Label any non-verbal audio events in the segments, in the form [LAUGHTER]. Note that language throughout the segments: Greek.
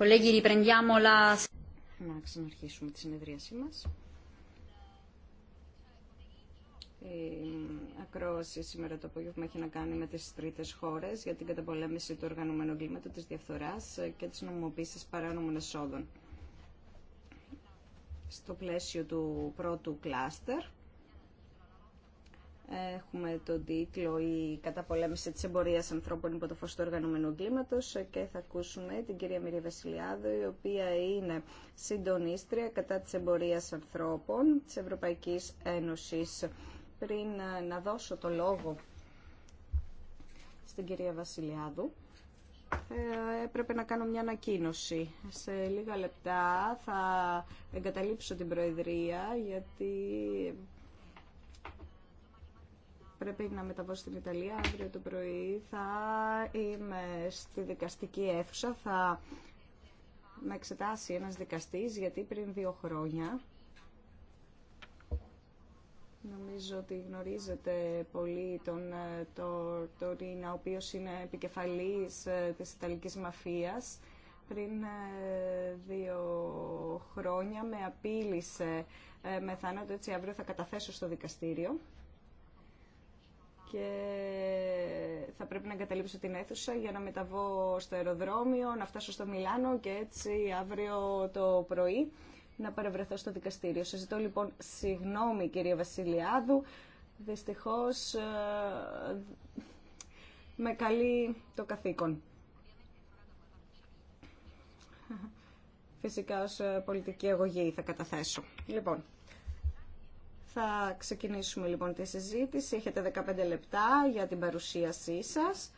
Να ξαναρχίσουμε τη συνεδρίασή μα. Η ακρόαση σήμερα το απόγευμα έχει να κάνει με τι τρίτε χώρε για την καταπολέμηση του οργανωμένου εγκλήματο τη διαφθορά και τη νομιμοποίηση παράνομων εσόδων. Στο πλαίσιο του πρώτου κλάστερ, Έχουμε τον τίτλο «Η καταπολέμηση της εμπορίας ανθρώπων υπό το φως του οργανωμένου κλίματος» και θα ακούσουμε την κυρία Μυρία Βασιλιάδου, η οποία είναι συντονίστρια κατά της εμπορίας ανθρώπων της Ευρωπαϊκής Ένωσης. Πριν ε, να δώσω το λόγο στην κυρία Βασιλιάδου, ε, έπρεπε να κάνω μια ανακοίνωση. Σε λίγα λεπτά θα εγκαταλείψω την Προεδρία, γιατί πρέπει να μεταβώ στην Ιταλία αύριο το πρωί. Θα είμαι στη δικαστική αίθουσα, θα με εξετάσει ένας δικαστής, γιατί πριν δύο χρόνια, νομίζω ότι γνωρίζετε πολύ τον ε, Τωρίνα, ο οποίος είναι επικεφαλής ε, της Ιταλικής Μαφίας, πριν ε, δύο χρόνια με απείλησε με θάνατο, έτσι αύριο θα καταθέσω στο δικαστήριο και θα πρέπει να εγκαταλείψω την αίθουσα για να μεταβώ στο αεροδρόμιο, να φτάσω στο Μιλάνο και έτσι αύριο το πρωί να παρευρεθώ στο δικαστήριο. Σας ζητώ λοιπόν συγγνώμη κυρία Βασιλιάδου, δυστυχώς ε, με καλεί το καθήκον. Φυσικά ως πολιτική αγωγή θα καταθέσω. Λοιπόν, θα ξεκινήσουμε λοιπόν τη συζήτηση. Έχετε 15 λεπτά για την παρουσίασή σας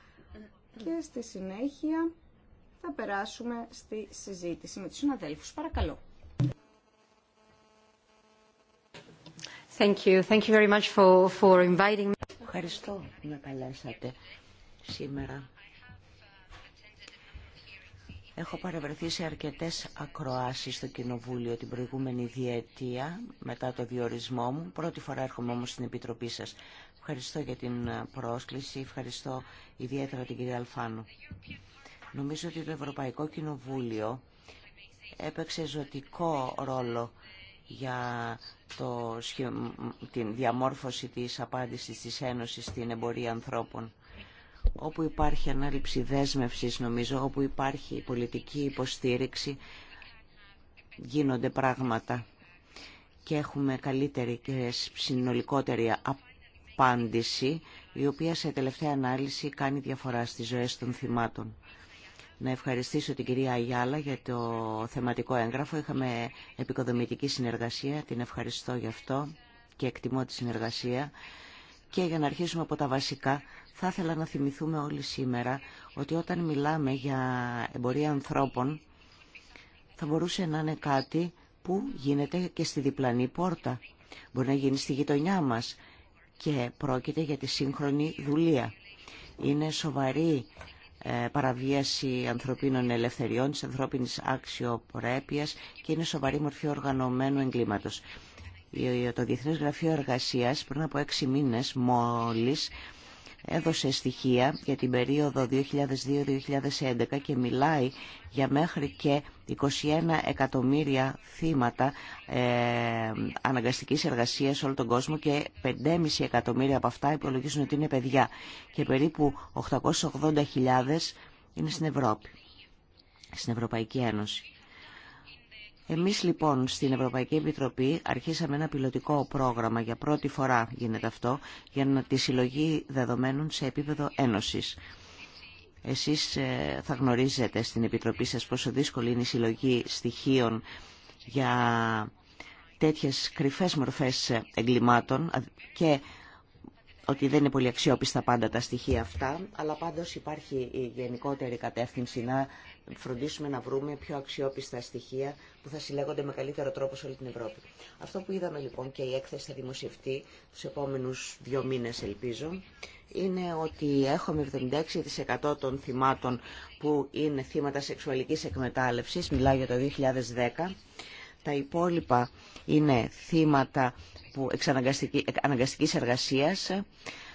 και στη συνέχεια θα περάσουμε στη συζήτηση με τους συναδέλφους. Παρακαλώ. Thank you. Thank you very much for, for inviting me. Ευχαριστώ που με καλέσατε σήμερα. Έχω παρευρεθεί σε αρκετές ακροάσεις στο Κοινοβούλιο την προηγούμενη διετία μετά το διορισμό μου. Πρώτη φορά έρχομαι όμως στην Επιτροπή σας. Ευχαριστώ για την ε, πρόσκληση, ευχαριστώ ιδιαίτερα την κυρία Αλφάνου. Νομίζω ότι το Ευρωπαϊκό Κοινοβούλιο έπαιξε ζωτικό ρόλο για το, την διαμόρφωση της απάντησης της Ένωσης στην εμπορία ανθρώπων όπου υπάρχει ανάληψη δέσμευσης νομίζω, όπου υπάρχει πολιτική υποστήριξη, γίνονται πράγματα και έχουμε καλύτερη και συνολικότερη απάντηση, η οποία σε τελευταία ανάλυση κάνει διαφορά στις ζωές των θυμάτων. Να ευχαριστήσω την κυρία Αγιάλα για το θεματικό έγγραφο. Είχαμε επικοδομητική συνεργασία, την ευχαριστώ γι' αυτό και εκτιμώ τη συνεργασία. Και για να αρχίσουμε από τα βασικά, θα ήθελα να θυμηθούμε όλοι σήμερα ότι όταν μιλάμε για εμπορία ανθρώπων θα μπορούσε να είναι κάτι που γίνεται και στη διπλανή πόρτα. Μπορεί να γίνει στη γειτονιά μας και πρόκειται για τη σύγχρονη δουλεία. Είναι σοβαρή ε, παραβίαση ανθρωπίνων ελευθεριών, της ανθρώπινης αξιοπρέπειας και είναι σοβαρή μορφή οργανωμένου εγκλήματος. Το Διεθνές Γραφείο Εργασίας πριν από έξι μήνες μόλις έδωσε στοιχεία για την περίοδο 2002-2011 και μιλάει για μέχρι και 21 εκατομμύρια θύματα ε, αναγκαστικής εργασίας σε όλο τον κόσμο και 5,5 εκατομμύρια από αυτά υπολογίζουν ότι είναι παιδιά και περίπου 880.000 είναι στην Ευρώπη, στην Ευρωπαϊκή Ένωση. Εμείς λοιπόν στην Ευρωπαϊκή Επιτροπή αρχίσαμε ένα πιλωτικό πρόγραμμα, για πρώτη φορά γίνεται αυτό, για τη συλλογή δεδομένων σε επίπεδο ένωσης. Εσείς ε, θα γνωρίζετε στην Επιτροπή σας πόσο δύσκολη είναι η συλλογή στοιχείων για τέτοιες κρυφές μορφές εγκλημάτων και ότι δεν είναι πολύ αξιόπιστα πάντα τα στοιχεία αυτά, αλλά πάντως υπάρχει η γενικότερη κατεύθυνση να φροντίσουμε να βρούμε πιο αξιόπιστα στοιχεία που θα συλλέγονται με καλύτερο τρόπο σε όλη την Ευρώπη. Αυτό που είδαμε λοιπόν και η έκθεση θα δημοσιευτεί τους επόμενους δύο μήνες ελπίζω, είναι ότι έχουμε 76% των θυμάτων που είναι θύματα σεξουαλικής εκμετάλλευσης, μιλάω για το 2010, τα υπόλοιπα είναι θύματα που, αναγκαστικής εργασίας,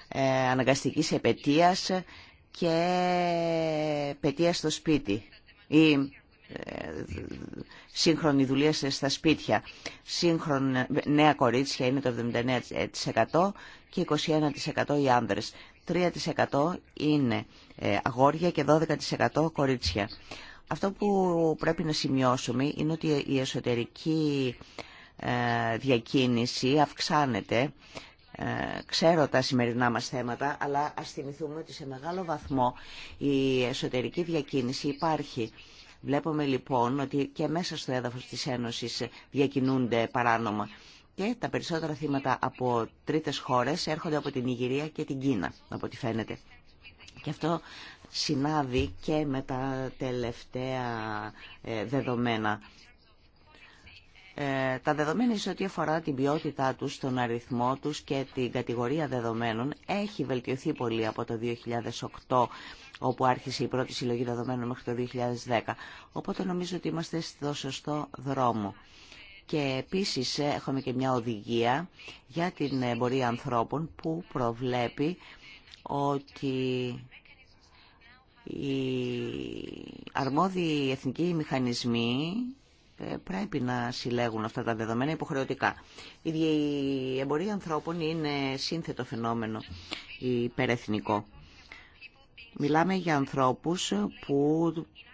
ε, αναγκαστικής επαιτίας και πετία στο σπίτι η ε, σύγχρονη δουλεία στα σπίτια. Σύγχρονα νέα κορίτσια είναι το 79% και 21% οι άνδρες. 3% είναι ε, αγόρια και 12% κορίτσια. Αυτό που πρέπει να σημειώσουμε είναι ότι η εσωτερική ε, διακίνηση αυξάνεται ε, ξέρω τα σημερινά μας θέματα, αλλά ας θυμηθούμε ότι σε μεγάλο βαθμό η εσωτερική διακίνηση υπάρχει. Βλέπουμε λοιπόν ότι και μέσα στο έδαφος της Ένωσης διακινούνται παράνομα. Και τα περισσότερα θύματα από τρίτες χώρες έρχονται από την Ιγυρία και την Κίνα, από ό,τι φαίνεται. Και αυτό συνάδει και με τα τελευταία ε, δεδομένα ε, τα δεδομένα σε ό,τι αφορά την ποιότητά τους, τον αριθμό τους και την κατηγορία δεδομένων έχει βελτιωθεί πολύ από το 2008 όπου άρχισε η πρώτη συλλογή δεδομένων μέχρι το 2010. Οπότε νομίζω ότι είμαστε στο σωστό δρόμο. Και επίσης ε, έχουμε και μια οδηγία για την εμπορία ανθρώπων που προβλέπει ότι οι αρμόδιοι εθνικοί μηχανισμοί πρέπει να συλλέγουν αυτά τα δεδομένα υποχρεωτικά. Η εμπορία ανθρώπων είναι σύνθετο φαινόμενο υπερεθνικό. Μιλάμε για ανθρώπους που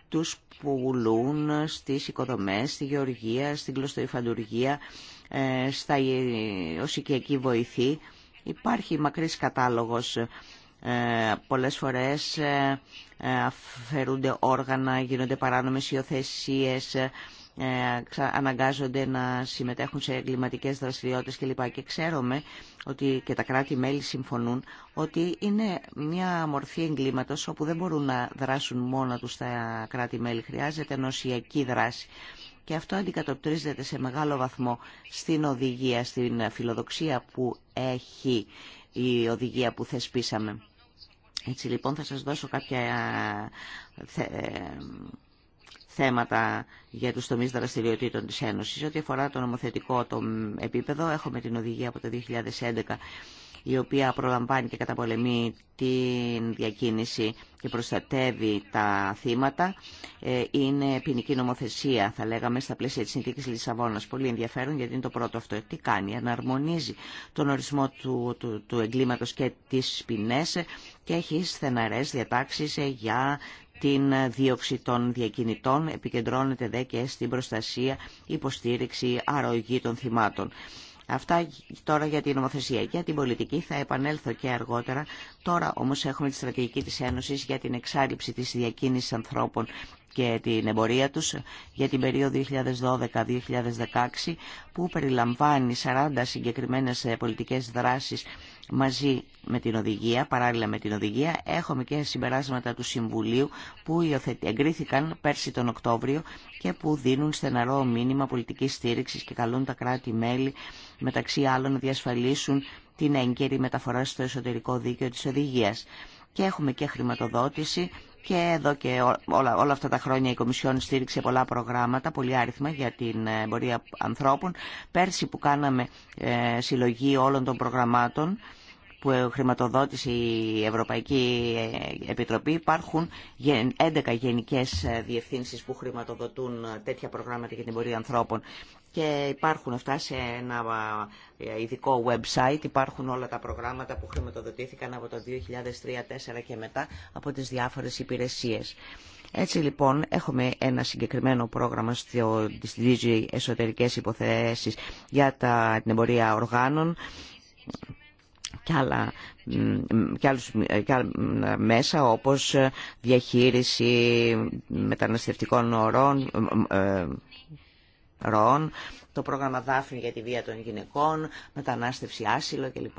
τους πουλούν στις οικοδομές, στη γεωργία, στην κλωστοϊφαντουργία, ε, στα ε, οσικιακή βοηθή. Υπάρχει μακρύς κατάλογος. Ε, πολλές φορές αφαιρούνται όργανα, γίνονται παράνομες υιοθεσίες, ε, αναγκάζονται να συμμετέχουν σε εγκληματικές δραστηριότητες κλπ. Και ξέρουμε ότι και τα κράτη-μέλη συμφωνούν ότι είναι μια μορφή εγκλήματος όπου δεν μπορούν να δράσουν μόνο τους τα κράτη-μέλη. Χρειάζεται νοσιακή δράση. Και αυτό αντικατοπτρίζεται σε μεγάλο βαθμό στην οδηγία, στην φιλοδοξία που έχει η οδηγία που θεσπίσαμε. Έτσι λοιπόν θα σας δώσω κάποια ε, θέματα για τους τομείς δραστηριοτήτων της Ένωσης. Ό,τι αφορά το νομοθετικό το επίπεδο, έχουμε την οδηγία από το 2011 η οποία προλαμβάνει και καταπολεμεί την διακίνηση και προστατεύει τα θύματα. Ε, είναι ποινική νομοθεσία, θα λέγαμε, στα πλαίσια της συνθήκης Λισαβόνας. Πολύ ενδιαφέρον γιατί είναι το πρώτο αυτό. Τι κάνει, αναρμονίζει τον ορισμό του, του, εγκλήματος και τις ποινές και έχει στεναρές διατάξεις για την δίωξη των διακινητών, επικεντρώνεται δε και στην προστασία, υποστήριξη, αρρωγή των θυμάτων. Αυτά τώρα για την νομοθεσία. Για την πολιτική θα επανέλθω και αργότερα. Τώρα όμως έχουμε τη στρατηγική της Ένωσης για την εξάλληψη της διακίνησης ανθρώπων και την εμπορία τους για την περίοδο 2012-2016 που περιλαμβάνει 40 συγκεκριμένες πολιτικές δράσεις μαζί με την οδηγία, παράλληλα με την οδηγία, έχουμε και συμπεράσματα του Συμβουλίου που εγκρίθηκαν πέρσι τον Οκτώβριο και που δίνουν στεναρό μήνυμα πολιτικής στήριξης και καλούν τα κράτη-μέλη μεταξύ άλλων να διασφαλίσουν την έγκαιρη μεταφορά στο εσωτερικό δίκαιο της οδηγίας. Και έχουμε και χρηματοδότηση και εδώ και όλα, αυτά τα χρόνια η Κομισιόν στήριξε πολλά προγράμματα, πολύ άριθμα για την εμπορία ανθρώπων. Πέρσι που κάναμε ε, συλλογή όλων των προγραμμάτων που χρηματοδότησε η Ευρωπαϊκή Επιτροπή υπάρχουν 11 γενικές ε, διευθύνσεις που χρηματοδοτούν ε, τέτοια προγράμματα για την εμπορία ανθρώπων και υπάρχουν αυτά σε ένα ειδικό website, υπάρχουν όλα τα προγράμματα που χρηματοδοτήθηκαν από το 2003-2004 και μετά από τις διάφορες υπηρεσίες. Έτσι λοιπόν έχουμε ένα συγκεκριμένο πρόγραμμα στο DG Εσωτερικές Υποθέσεις για τα, την εμπορία οργάνων και άλλα, και, άλλους, και άλλα μέσα όπως διαχείριση μεταναστευτικών ορών, ε, το πρόγραμμα Δάφνη για τη βία των γυναικών, μετανάστευση άσυλο κλπ.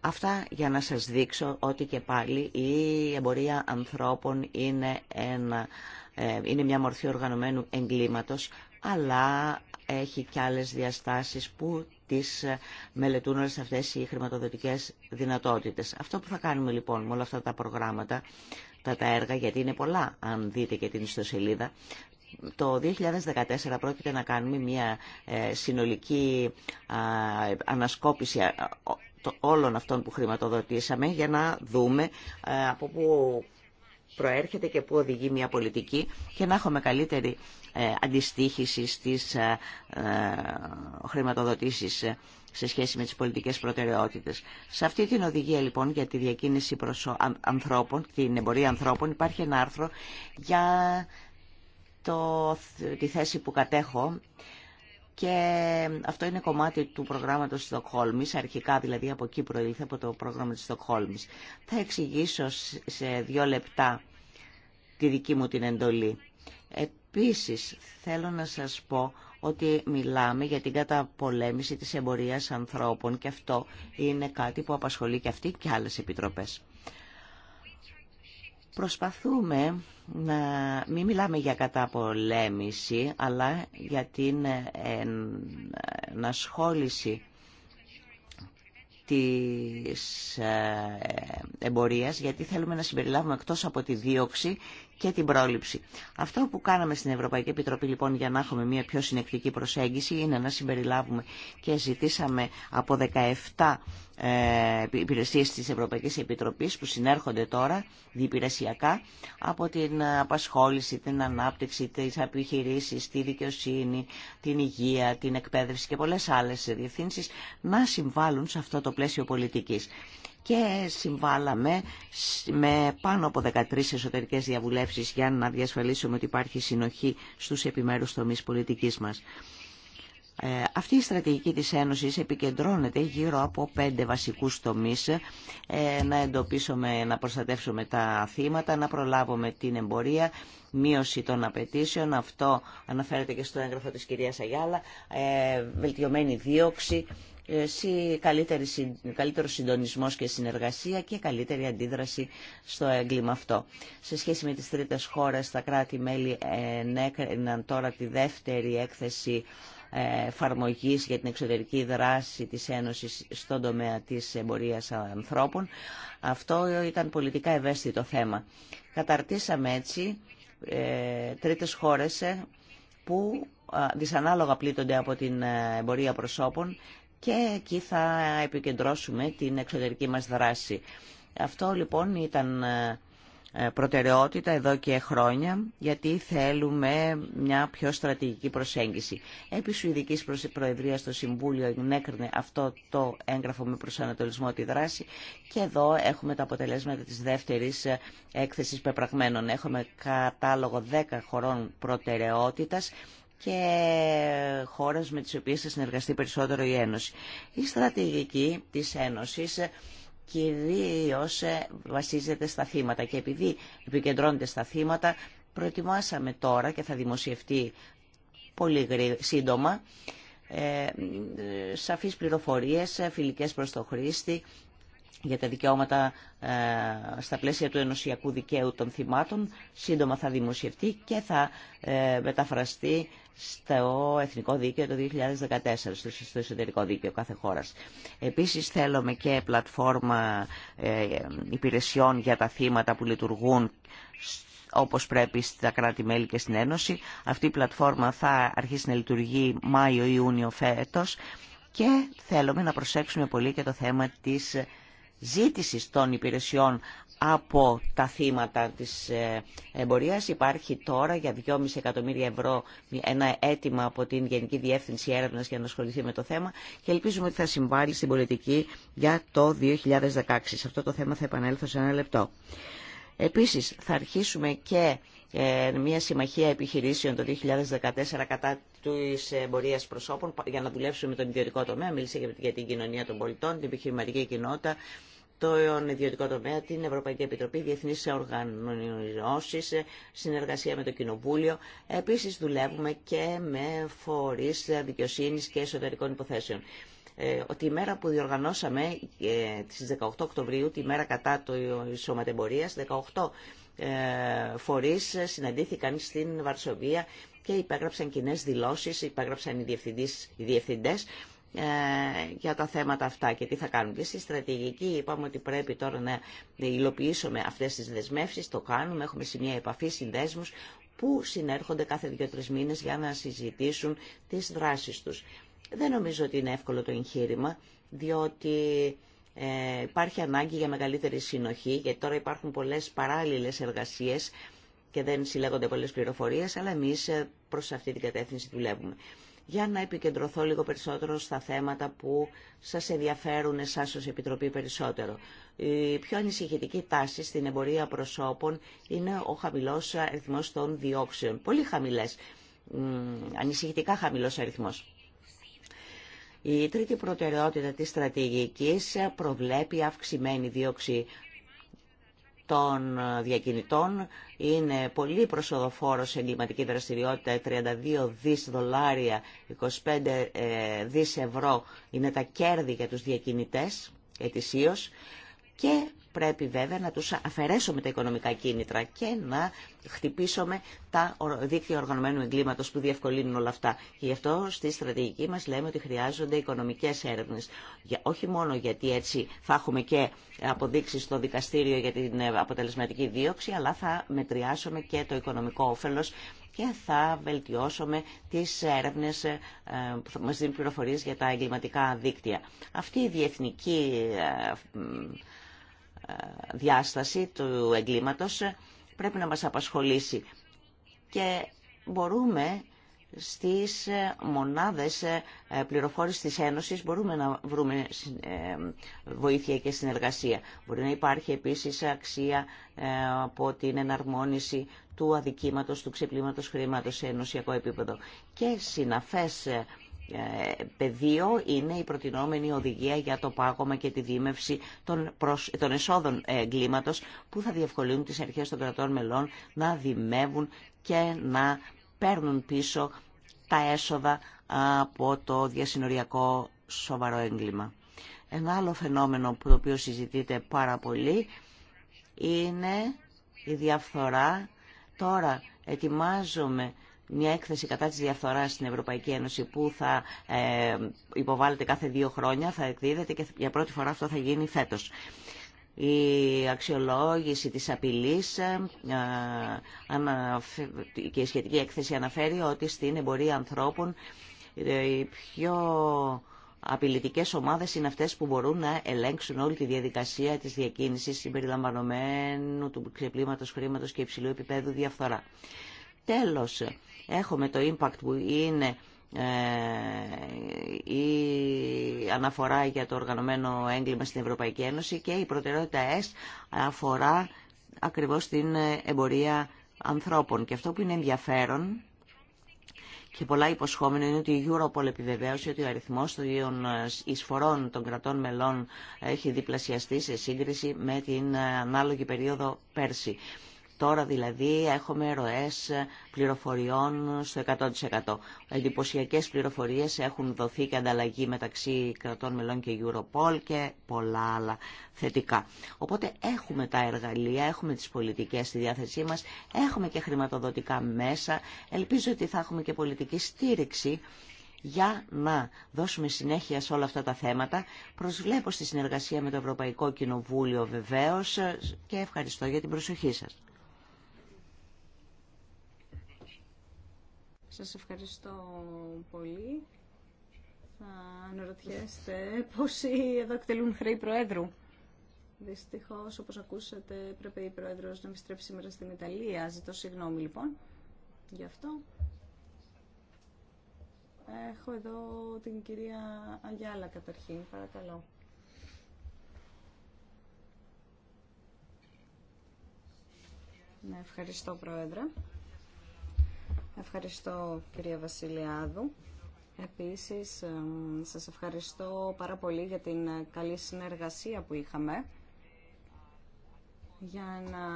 Αυτά για να σας δείξω ότι και πάλι η εμπορία ανθρώπων είναι, ένα, ε, είναι μια μορφή οργανωμένου εγκλήματος, αλλά έχει και άλλες διαστάσεις που τις ε, μελετούν όλες αυτές οι χρηματοδοτικές δυνατότητες. Αυτό που θα κάνουμε λοιπόν με όλα αυτά τα προγράμματα, τα, τα έργα, γιατί είναι πολλά, αν δείτε και την ιστοσελίδα, το 2014 πρόκειται να κάνουμε μια ε, συνολική ανασκόπηση όλων αυτών που χρηματοδοτήσαμε για να δούμε ε, από πού προέρχεται και πού οδηγεί μια πολιτική και να έχουμε καλύτερη ε, αντιστήχηση στις χρηματοδοτήσεις σε σχέση με τις πολιτικές προτεραιότητες. Σε αυτή την οδηγία λοιπόν για τη διακίνηση προς ανθρώπων, την εμπορία ανθρώπων, υπάρχει ένα άρθρο για το, τη θέση που κατέχω και αυτό είναι κομμάτι του προγράμματος Στοκχόλμης, αρχικά δηλαδή από εκεί προήλθε από το πρόγραμμα της Στοκχόλμης. Θα εξηγήσω σε δύο λεπτά τη δική μου την εντολή. Επίσης θέλω να σας πω ότι μιλάμε για την καταπολέμηση της εμπορίας ανθρώπων και αυτό είναι κάτι που απασχολεί και αυτή και άλλες επιτροπές. Προσπαθούμε να μην μιλάμε για καταπολέμηση, αλλά για την ε, ενασχόληση της ε, εμπορίας, γιατί θέλουμε να συμπεριλάβουμε εκτός από τη δίωξη και την πρόληψη. Αυτό που κάναμε στην Ευρωπαϊκή Επιτροπή λοιπόν για να έχουμε μια πιο συνεκτική προσέγγιση είναι να συμπεριλάβουμε και ζητήσαμε από 17 ε, υπηρεσίε υπηρεσίες της Ευρωπαϊκής Επιτροπής που συνέρχονται τώρα διπηρεσιακά από την απασχόληση, την ανάπτυξη, τις επιχειρήσει, τη δικαιοσύνη, την υγεία, την εκπαίδευση και πολλές άλλες διευθύνσεις να συμβάλλουν σε αυτό το πλαίσιο πολιτικής και συμβάλαμε με πάνω από 13 εσωτερικές διαβουλεύσεις για να διασφαλίσουμε ότι υπάρχει συνοχή στους επιμέρους τομείς πολιτικής μας. Ε, αυτή η στρατηγική της Ένωσης επικεντρώνεται γύρω από πέντε βασικούς τομείς ε, να εντοπίσουμε, να προστατεύσουμε τα θύματα, να προλάβουμε την εμπορία, μείωση των απαιτήσεων, αυτό αναφέρεται και στο έγγραφο της κυρίας Αγιάλα, ε, βελτιωμένη δίωξη, καλύτερο συντονισμό και συνεργασία και καλύτερη αντίδραση στο έγκλημα αυτό. Σε σχέση με τις τρίτες χώρες, τα κράτη-μέλη ενέκριναν τώρα τη δεύτερη έκθεση ε, εφαρμογή για την εξωτερική δράση της Ένωσης στον τομέα της εμπορίας ανθρώπων. Αυτό ήταν πολιτικά ευαίσθητο θέμα. Καταρτήσαμε έτσι ε, τρίτες χώρες ε, που δυσανάλογα πλήττονται από την εμπορία προσώπων και εκεί θα επικεντρώσουμε την εξωτερική μας δράση. Αυτό λοιπόν ήταν ε, προτεραιότητα εδώ και χρόνια, γιατί θέλουμε μια πιο στρατηγική προσέγγιση. Επί Σουηδικής Προεδρίας το Συμβούλιο ενέκρινε αυτό το έγγραφο με προσανατολισμό τη δράση και εδώ έχουμε τα αποτελέσματα της δεύτερης ε, έκθεσης πεπραγμένων. Έχουμε κατάλογο 10 χωρών προτεραιότητας και χώρες με τις οποίες θα συνεργαστεί περισσότερο η Ένωση. Η στρατηγική της Ένωσης ε, κυρίως ε, βασίζεται στα θύματα και επειδή επικεντρώνεται στα θύματα προετοιμάσαμε τώρα και θα δημοσιευτεί πολύ σύντομα ε, σαφείς πληροφορίες ε, φιλικές προς το χρήστη για τα δικαιώματα στα πλαίσια του ενωσιακού δικαίου των θυμάτων. Σύντομα θα δημοσιευτεί και θα μεταφραστεί στο Εθνικό Δίκαιο το 2014, στο εσωτερικό δίκαιο κάθε χώρας. Επίσης θέλουμε και πλατφόρμα ε, υπηρεσιών για τα θύματα που λειτουργούν όπως πρέπει στα κράτη-μέλη και στην Ένωση. Αυτή η πλατφόρμα θα αρχίσει να λειτουργεί Μάιο-Ιούνιο φέτος και θέλουμε να προσέξουμε πολύ και το θέμα της ζήτησης των υπηρεσιών από τα θύματα της ε, εμπορίας. Υπάρχει τώρα για 2,5 εκατομμύρια ευρώ ένα αίτημα από την Γενική Διεύθυνση Έρευνας για να ασχοληθεί με το θέμα και ελπίζουμε ότι θα συμβάλλει στην πολιτική για το 2016. Σε αυτό το θέμα θα επανέλθω σε ένα λεπτό. Επίσης θα αρχίσουμε και ε, μια συμμαχία επιχειρήσεων το 2014 κατά της εμπορίας προσώπων για να δουλέψουμε με τον ιδιωτικό τομέα. Μίλησε για την κοινωνία των πολιτών, την επιχειρηματική κοινότητα, τον ιδιωτικό τομέα, την Ευρωπαϊκή Επιτροπή, διεθνείς Οργανώσει, συνεργασία με το Κοινοβούλιο. Επίσης δουλεύουμε και με φορείς δικαιοσύνη και εσωτερικών υποθέσεων ε, ότι η μέρα που διοργανώσαμε ε, στις 18 Οκτωβρίου, τη μέρα κατά το σωματεμπορίας, 18 ε, φορείς συναντήθηκαν στην Βαρσοβία και υπέγραψαν κοινέ δηλώσει, υπέγραψαν οι, διευθυντές, οι ε, για τα θέματα αυτά και τι θα κάνουν. Και στη στρατηγική είπαμε ότι πρέπει τώρα να υλοποιήσουμε αυτέ τι δεσμεύσει. το κάνουμε, έχουμε σημεία επαφή, συνδέσμους που συνέρχονται κάθε δύο-τρει μήνε για να συζητήσουν τι δράσει του. Δεν νομίζω ότι είναι εύκολο το εγχείρημα, διότι ε, υπάρχει ανάγκη για μεγαλύτερη συνοχή, γιατί τώρα υπάρχουν πολλές παράλληλες εργασίες και δεν συλλέγονται πολλές πληροφορίες, αλλά εμείς ε, προς αυτή την κατεύθυνση δουλεύουμε. Για να επικεντρωθώ λίγο περισσότερο στα θέματα που σας ενδιαφέρουν εσάς ως Επιτροπή περισσότερο. Η πιο ανησυχητική τάση στην εμπορία προσώπων είναι ο χαμηλός αριθμός των διώξεων. Πολύ χαμηλές, ανησυχητικά χαμηλός αριθμός. Η τρίτη προτεραιότητα της στρατηγικής προβλέπει αυξημένη δίωξη των διακινητών είναι πολύ προσοδοφόρο σε εγκληματική δραστηριότητα, 32 δις δολάρια, 25 ε, δις ευρώ είναι τα κέρδη για τους διακινητές ετησίως και Πρέπει βέβαια να τους αφαιρέσουμε τα οικονομικά κίνητρα και να χτυπήσουμε τα δίκτυα οργανωμένου εγκλήματος που διευκολύνουν όλα αυτά. Και γι' αυτό στη στρατηγική μας λέμε ότι χρειάζονται οικονομικές έρευνες. Για, όχι μόνο γιατί έτσι θα έχουμε και αποδείξεις στο δικαστήριο για την ε, αποτελεσματική δίωξη, αλλά θα μετριάσουμε και το οικονομικό όφελος και θα βελτιώσουμε τις έρευνες ε, που θα μας δίνουν πληροφορίες για τα εγκληματικά δίκτυα. Αυτή η διεθνική ε, διάσταση του εγκλήματος πρέπει να μας απασχολήσει. Και μπορούμε στις μονάδες ε, πληροφόρησης της Ένωσης μπορούμε να βρούμε ε, βοήθεια και συνεργασία. Μπορεί να υπάρχει επίσης αξία ε, από την εναρμόνιση του αδικήματος, του ξεπλήματος χρήματος σε ενωσιακό επίπεδο. Και συναφές ε, πεδίο είναι η προτινόμενη οδηγία για το πάγωμα και τη δίμευση των, προσ... εσόδων εγκλήματος που θα διευκολύνουν τις αρχές των κρατών μελών να δημεύουν και να παίρνουν πίσω τα έσοδα από το διασυνοριακό σοβαρό έγκλημα. Ένα άλλο φαινόμενο που το οποίο συζητείται πάρα πολύ είναι η διαφθορά. Τώρα ετοιμάζομαι μια έκθεση κατά της διαφθοράς στην Ευρωπαϊκή Ένωση που θα ε, υποβάλλεται κάθε δύο χρόνια, θα εκδίδεται και για πρώτη φορά αυτό θα γίνει φέτος. Η αξιολόγηση της απειλής ε, ε, και η σχετική έκθεση αναφέρει ότι στην εμπορία ανθρώπων ε, οι πιο απειλητικές ομάδες είναι αυτές που μπορούν να ελέγξουν όλη τη διαδικασία της διακίνησης συμπεριλαμβανομένου του ξεπλήματος χρήματος και υψηλού επίπεδου διαφθορά. Τέλος, Έχουμε το impact που είναι ε, η αναφορά για το οργανωμένο έγκλημα στην Ευρωπαϊκή Ένωση και η προτεραιότητα S αφορά ακριβώς την εμπορία ανθρώπων. Και αυτό που είναι ενδιαφέρον και πολλά υποσχόμενο είναι ότι η Europol επιβεβαίωσε ότι ο αριθμός των εισφορών των κρατών μελών έχει διπλασιαστεί σε σύγκριση με την ανάλογη περίοδο πέρσι. Τώρα δηλαδή έχουμε ροές πληροφοριών στο 100%. Εντυπωσιακέ πληροφορίες έχουν δοθεί και ανταλλαγή μεταξύ κρατών μελών και Europol και πολλά άλλα θετικά. Οπότε έχουμε τα εργαλεία, έχουμε τις πολιτικές στη διάθεσή μας, έχουμε και χρηματοδοτικά μέσα. Ελπίζω ότι θα έχουμε και πολιτική στήριξη για να δώσουμε συνέχεια σε όλα αυτά τα θέματα. Προσβλέπω στη συνεργασία με το Ευρωπαϊκό Κοινοβούλιο βεβαίως και ευχαριστώ για την προσοχή σας. Σας ευχαριστώ πολύ. Θα αναρωτιέστε πόσοι εδώ εκτελούν χρέη Προέδρου. Δυστυχώς, όπως ακούσατε, πρέπει η Πρόεδρος να στρέψει σήμερα στην Ιταλία. Ζητώ συγγνώμη, λοιπόν, γι' αυτό. Έχω εδώ την κυρία Αγιάλα, καταρχήν. Παρακαλώ. Ναι, ευχαριστώ, Πρόεδρε. Ευχαριστώ κυρία Βασιλιάδου. Επίσης, ε, σας ευχαριστώ πάρα πολύ για την ε, καλή συνεργασία που είχαμε για να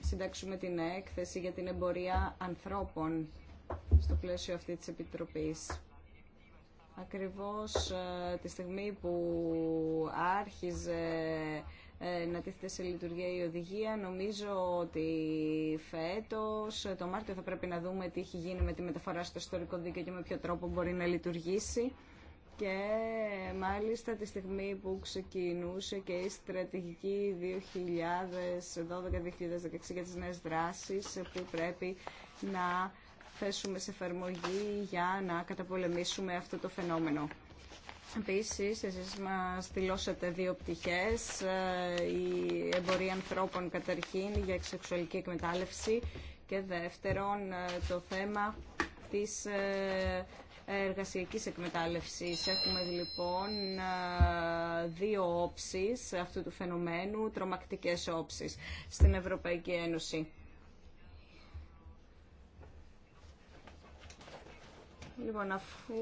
συντάξουμε την έκθεση για την εμπορία ανθρώπων στο πλαίσιο αυτή της Επιτροπής. Ακριβώς ε, τη στιγμή που άρχιζε ε, να τίθεται σε λειτουργία η οδηγία. Νομίζω ότι φέτος, ε, το Μάρτιο, θα πρέπει να δούμε τι έχει γίνει με τη μεταφορά στο ιστορικό δίκαιο και με ποιο τρόπο μπορεί να λειτουργήσει. Και μάλιστα τη στιγμή που ξεκινούσε και η στρατηγική 2012-2016 για τις νέες δράσεις ε, που πρέπει να θέσουμε σε εφαρμογή για να καταπολεμήσουμε αυτό το φαινόμενο. Επίσης, εσείς μας δηλώσατε δύο πτυχές, ε, η εμπορία ανθρώπων καταρχήν για σεξουαλική εκμετάλλευση και δεύτερον ε, το θέμα της ε, εργασιακής εκμετάλλευσης. Έχουμε λοιπόν δύο όψεις αυτού του φαινομένου, τρομακτικές όψεις στην Ευρωπαϊκή Ένωση. Λοιπόν, αφού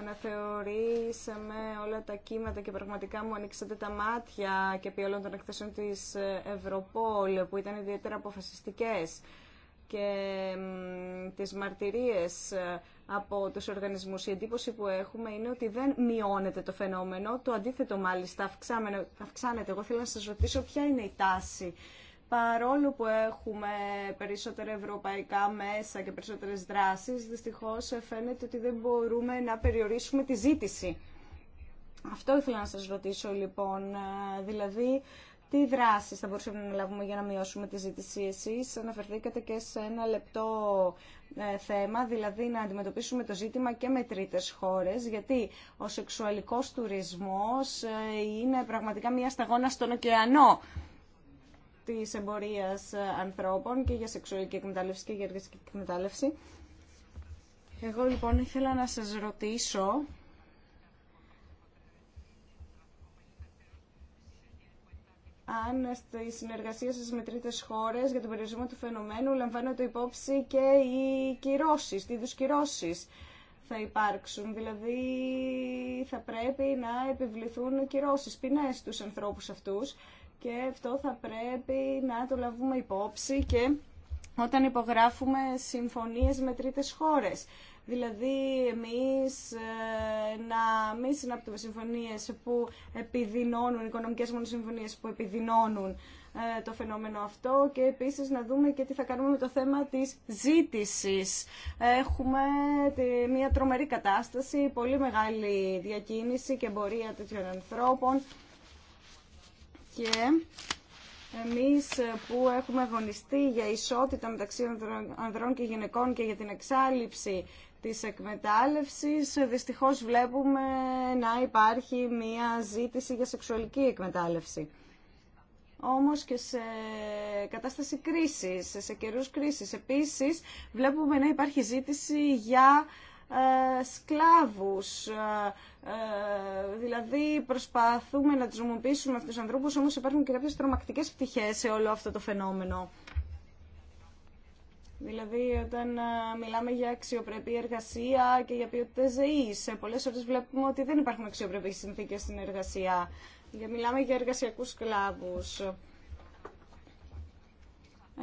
Αναθεωρήσαμε όλα τα κύματα και πραγματικά μου ανοίξατε τα μάτια και επί όλων των εκθέσεων της Ευρωπόλ που ήταν ιδιαίτερα αποφασιστικές και τις μαρτυρίες ε, από τους οργανισμούς. Η εντύπωση που έχουμε είναι ότι δεν μειώνεται το φαινόμενο, το αντίθετο μάλιστα αυξάνεται. Εγώ θέλω να σας ρωτήσω ποια είναι η τάση παρόλο που έχουμε περισσότερα ευρωπαϊκά μέσα και περισσότερες δράσεις, δυστυχώς φαίνεται ότι δεν μπορούμε να περιορίσουμε τη ζήτηση. Αυτό ήθελα να σας ρωτήσω λοιπόν, δηλαδή τι δράσεις θα μπορούσαμε να λάβουμε για να μειώσουμε τη ζήτηση εσείς. Αναφερθήκατε και σε ένα λεπτό ε, θέμα, δηλαδή να αντιμετωπίσουμε το ζήτημα και με τρίτες χώρες, γιατί ο σεξουαλικός τουρισμός ε, είναι πραγματικά μια σταγόνα στον ωκεανό. Τη εμπορία ε, ανθρώπων και για σεξουαλική εκμετάλλευση και για εργασική εκμετάλλευση. Εγώ λοιπόν ήθελα να σας ρωτήσω αν στη συνεργασία σας με τρίτες χώρες για τον περιορισμό του φαινομένου λαμβάνονται υπόψη και οι κυρώσεις, τι είδους κυρώσεις θα υπάρξουν. Δηλαδή θα πρέπει να επιβληθούν κυρώσεις, ποινές στους ανθρώπους αυτούς και αυτό θα πρέπει να το λαβούμε υπόψη και όταν υπογράφουμε συμφωνίες με τρίτες χώρες. Δηλαδή, εμείς ε, να μην συνάπτουμε συμφωνίες που επιδεινώνουν, οικονομικές μόνο συμφωνίες που επιδεινώνουν ε, το φαινόμενο αυτό και επίσης να δούμε και τι θα κάνουμε με το θέμα της ζήτησης. Έχουμε μια τρομερή κατάσταση, πολύ μεγάλη διακίνηση και εμπορία τέτοιων ανθρώπων και εμείς που έχουμε αγωνιστεί για ισότητα μεταξύ ανδρών και γυναικών και για την εξάλληψη της εκμετάλλευσης, δυστυχώς βλέπουμε να υπάρχει μία ζήτηση για σεξουαλική εκμετάλλευση. Όμως και σε κατάσταση κρίσης, σε καιρούς κρίσης. Επίσης, βλέπουμε να υπάρχει ζήτηση για ε, σκλάβους. Ε, ε, δηλαδή προσπαθούμε να τους νομοποιήσουμε αυτούς τους ανθρώπους, όμως υπάρχουν και κάποιες τρομακτικές πτυχές σε όλο αυτό το φαινόμενο. Δηλαδή, όταν μιλάμε για αξιοπρεπή εργασία και για ποιότητα ζωή, σε πολλέ φορές βλέπουμε ότι δεν υπάρχουν αξιοπρεπεί συνθήκε στην εργασία. Για μιλάμε για εργασιακού σκλάβου.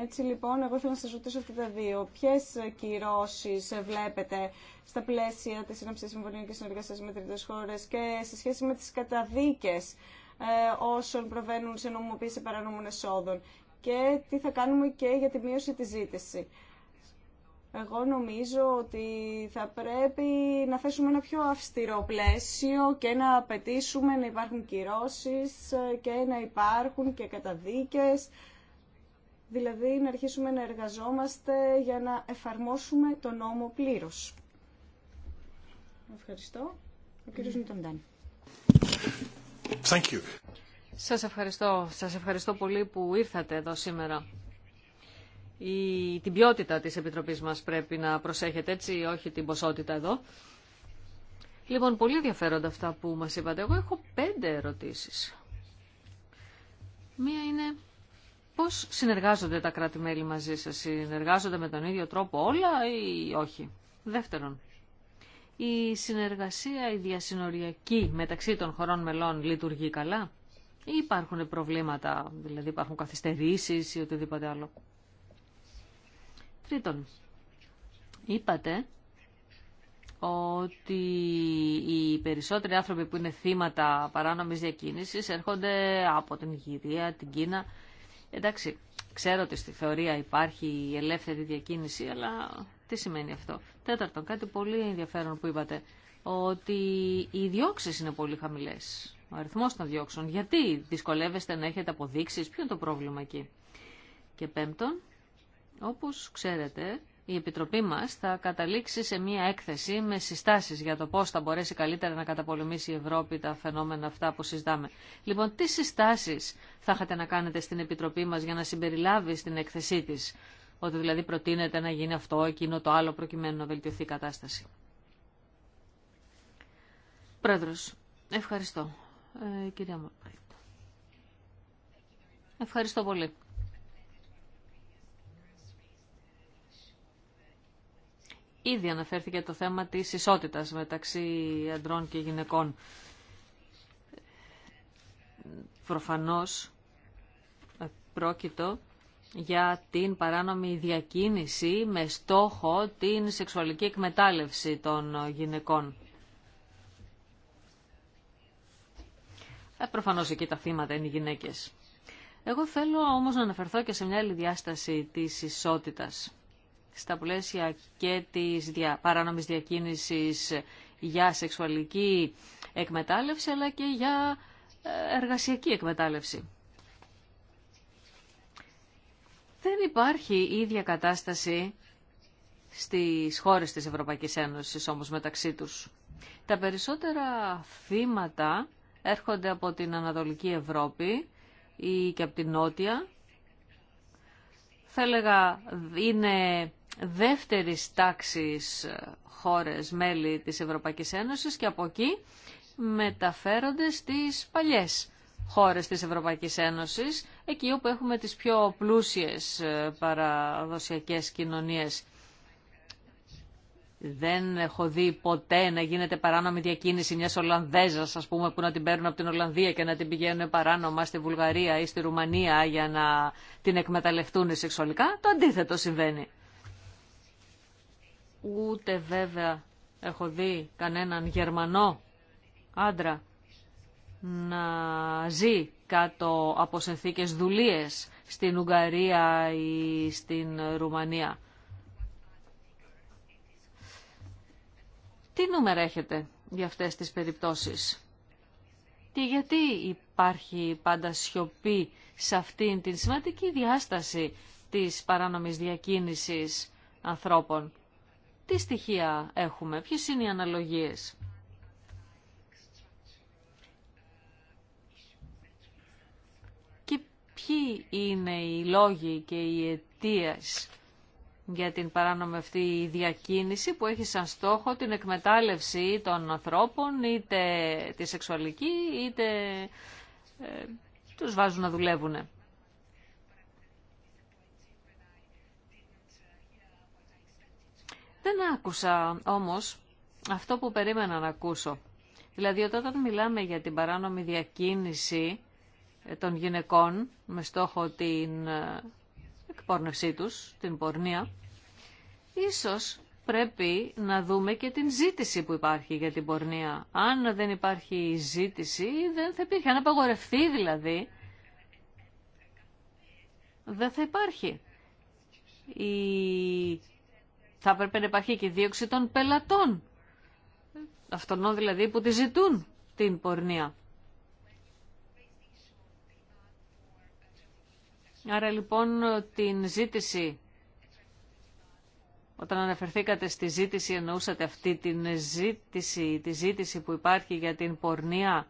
Έτσι λοιπόν, εγώ ήθελα να σας ρωτήσω αυτά τα δύο. Ποιες κυρώσεις βλέπετε στα πλαίσια της Συνάψης Συμφωνίας και Συνεργασίας με τρίτες χώρες και σε σχέση με τις καταδίκες ε, όσων προβαίνουν σε νομοποίηση παρανόμων εσόδων και τι θα κάνουμε και για τη μείωση της ζήτηση. Εγώ νομίζω ότι θα πρέπει να θέσουμε ένα πιο αυστηρό πλαίσιο και να απαιτήσουμε να υπάρχουν κυρώσεις ε, και να υπάρχουν και καταδίκες δηλαδή να αρχίσουμε να εργαζόμαστε για να εφαρμόσουμε τον νόμο πλήρως. Ευχαριστώ. Ο κύριος Νιτοντάν. Thank you. Σας ευχαριστώ. Σας ευχαριστώ πολύ που ήρθατε εδώ σήμερα. Η, την ποιότητα της Επιτροπής μας πρέπει να προσέχετε έτσι, όχι την ποσότητα εδώ. Λοιπόν, πολύ ενδιαφέροντα αυτά που μας είπατε. Εγώ έχω πέντε ερωτήσεις. Μία είναι Πώς συνεργάζονται τα κράτη-μέλη μαζί σας, συνεργάζονται με τον ίδιο τρόπο όλα ή όχι. Δεύτερον, η συνεργασία η διασυνοριακή μεταξύ των χωρών μελών λειτουργεί καλά ή υπάρχουν προβλήματα, δηλαδή υπάρχουν καθυστερήσεις ή οτιδήποτε άλλο. Τρίτον, είπατε ότι οι περισσότεροι άνθρωποι που είναι θύματα παράνομης διακίνησης έρχονται από την Ιγυρία, την Κίνα Εντάξει, ξέρω ότι στη θεωρία υπάρχει η ελεύθερη διακίνηση, αλλά τι σημαίνει αυτό. Τέταρτον, κάτι πολύ ενδιαφέρον που είπατε, ότι οι διώξει είναι πολύ χαμηλέ. Ο αριθμό των διώξεων. Γιατί δυσκολεύεστε να έχετε αποδείξει, ποιο είναι το πρόβλημα εκεί. Και πέμπτον, όπως ξέρετε, η Επιτροπή μας θα καταλήξει σε μία έκθεση με συστάσεις για το πώς θα μπορέσει καλύτερα να καταπολεμήσει η Ευρώπη τα φαινόμενα αυτά που συζητάμε. Λοιπόν, τι συστάσεις θα είχατε να κάνετε στην Επιτροπή μας για να συμπεριλάβει στην έκθεσή της, ότι δηλαδή προτείνεται να γίνει αυτό, εκείνο, το άλλο, προκειμένου να βελτιωθεί η κατάσταση. Πρόεδρος, ευχαριστώ. Ε, κυρία Ευχαριστώ πολύ. Ήδη αναφέρθηκε το θέμα της ισότητας μεταξύ αντρών και γυναικών. Προφανώς πρόκειτο για την παράνομη διακίνηση με στόχο την σεξουαλική εκμετάλλευση των γυναικών. Ε, προφανώς εκεί τα θύματα είναι οι γυναίκες. Εγώ θέλω όμως να αναφερθώ και σε μια άλλη διάσταση της ισότητας στα πλαίσια και της δια, παράνομης διακίνησης για σεξουαλική εκμετάλλευση αλλά και για ε, εργασιακή εκμετάλλευση. Δεν υπάρχει η ίδια κατάσταση στις χώρες της Ευρωπαϊκής Ένωσης όμως μεταξύ τους. Τα περισσότερα θύματα έρχονται από την Ανατολική Ευρώπη ή και από την Νότια. Θα έλεγα είναι δεύτερης τάξης ε, χώρες μέλη της Ευρωπαϊκής Ένωσης και από εκεί μεταφέρονται στις παλιές χώρες της Ευρωπαϊκής Ένωσης, εκεί όπου έχουμε τις πιο πλούσιες ε, παραδοσιακές κοινωνίες. Δεν έχω δει ποτέ να γίνεται παράνομη διακίνηση μιας Ολλανδέζας, ας πούμε, που να την παίρνουν από την Ολλανδία και να την πηγαίνουν παράνομα στη Βουλγαρία ή στη Ρουμανία για να την εκμεταλλευτούν σεξουαλικά. Το αντίθετο συμβαίνει. Ούτε βέβαια έχω δει κανέναν Γερμανό άντρα να ζει κάτω από συνθήκες δουλείες στην Ουγγαρία ή στην Ρουμανία. Τι νούμερα έχετε για αυτές τις περιπτώσεις και γιατί υπάρχει πάντα σιωπή σε αυτήν την σημαντική διάσταση της παράνομης διακίνησης ανθρώπων. Τι στοιχεία έχουμε, ποιες είναι οι αναλογίες. Και ποιοι είναι οι λόγοι και οι αιτίες για την παράνομη αυτή διακίνηση που έχει σαν στόχο την εκμετάλλευση των ανθρώπων, είτε τη σεξουαλική, είτε ε, τους βάζουν να δουλεύουν. Δεν άκουσα όμως αυτό που περίμενα να ακούσω. Δηλαδή όταν μιλάμε για την παράνομη διακίνηση ε, των γυναικών με στόχο την ε, εκπόρνευσή τους, την πορνεία, ίσως πρέπει να δούμε και την ζήτηση που υπάρχει για την πορνεία. Αν δεν υπάρχει ζήτηση, δεν θα υπήρχε. Αν απαγορευτεί δηλαδή, δεν θα υπάρχει. Η θα έπρεπε να υπάρχει και δίωξη των πελατών. αυτόν δηλαδή που τη ζητούν την πορνεία. Άρα λοιπόν την ζήτηση, όταν αναφερθήκατε στη ζήτηση εννοούσατε αυτή την ζήτηση, τη ζήτηση που υπάρχει για την πορνεία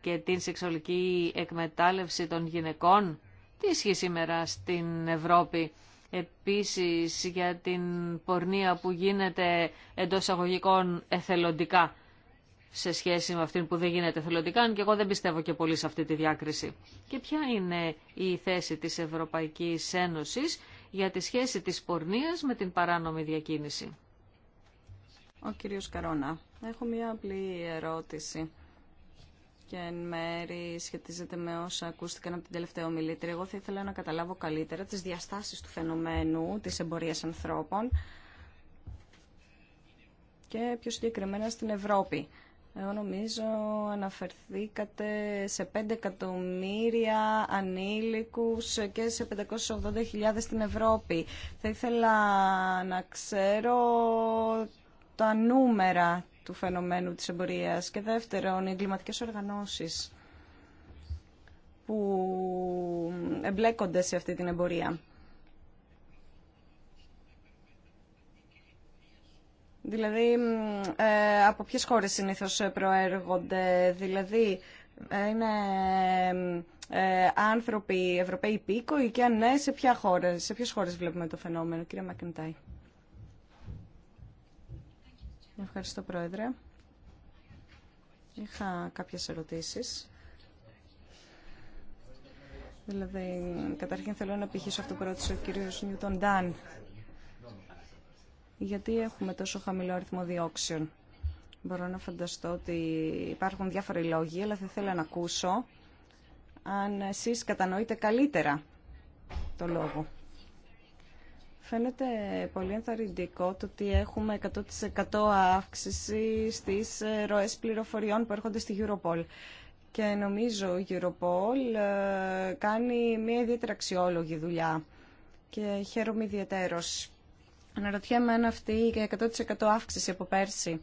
και την σεξουαλική εκμετάλλευση των γυναικών. Τι ισχύει σήμερα στην Ευρώπη επίσης για την πορνεία που γίνεται εντό αγωγικών εθελοντικά σε σχέση με αυτήν που δεν γίνεται εθελοντικά, και εγώ δεν πιστεύω και πολύ σε αυτή τη διάκριση. Και ποια είναι η θέση της Ευρωπαϊκής Ένωσης για τη σχέση της πορνείας με την παράνομη διακίνηση. Ο κύριος Καρόνα, έχω μία απλή ερώτηση και εν μέρη σχετίζεται με όσα ακούστηκαν από την τελευταία ομιλήτρια. Εγώ θα ήθελα να καταλάβω καλύτερα τις διαστάσεις του φαινομένου της εμπορίας ανθρώπων και πιο συγκεκριμένα στην Ευρώπη. Εγώ νομίζω αναφερθήκατε σε 5 εκατομμύρια ανήλικους και σε 580.000 στην Ευρώπη. Θα ήθελα να ξέρω τα νούμερα του φαινομένου της εμπορίας και δεύτερον οι εγκληματικές οργανώσεις που εμπλέκονται σε αυτή την εμπορία. Δηλαδή, ε, από ποιες χώρες συνήθως προέρχονται, δηλαδή ε, είναι ε, άνθρωποι Ευρωπαίοι πήκοοι και αν ναι, σε, ποια χώρες; σε ποιες χώρες βλέπουμε το φαινόμενο, κύριε Μακεντάι. Ευχαριστώ, Πρόεδρε. Είχα κάποιες ερωτήσεις. Δηλαδή, καταρχήν θέλω να πηχήσω αυτό που ρώτησε ο κύριος Νιούτον Ντάν. Γιατί έχουμε τόσο χαμηλό αριθμό διώξεων. Μπορώ να φανταστώ ότι υπάρχουν διάφοροι λόγοι, αλλά θα ήθελα να ακούσω αν εσείς κατανοείτε καλύτερα το λόγο. Φαίνεται πολύ ενθαρρυντικό το ότι έχουμε 100% αύξηση στις ε, ροές πληροφοριών που έρχονται στη Europol. Και νομίζω η Europol ε, κάνει μια ιδιαίτερα αξιόλογη δουλειά και χαίρομαι ιδιαίτερος. Αναρωτιέμαι αν αυτή η 100% αύξηση από πέρσι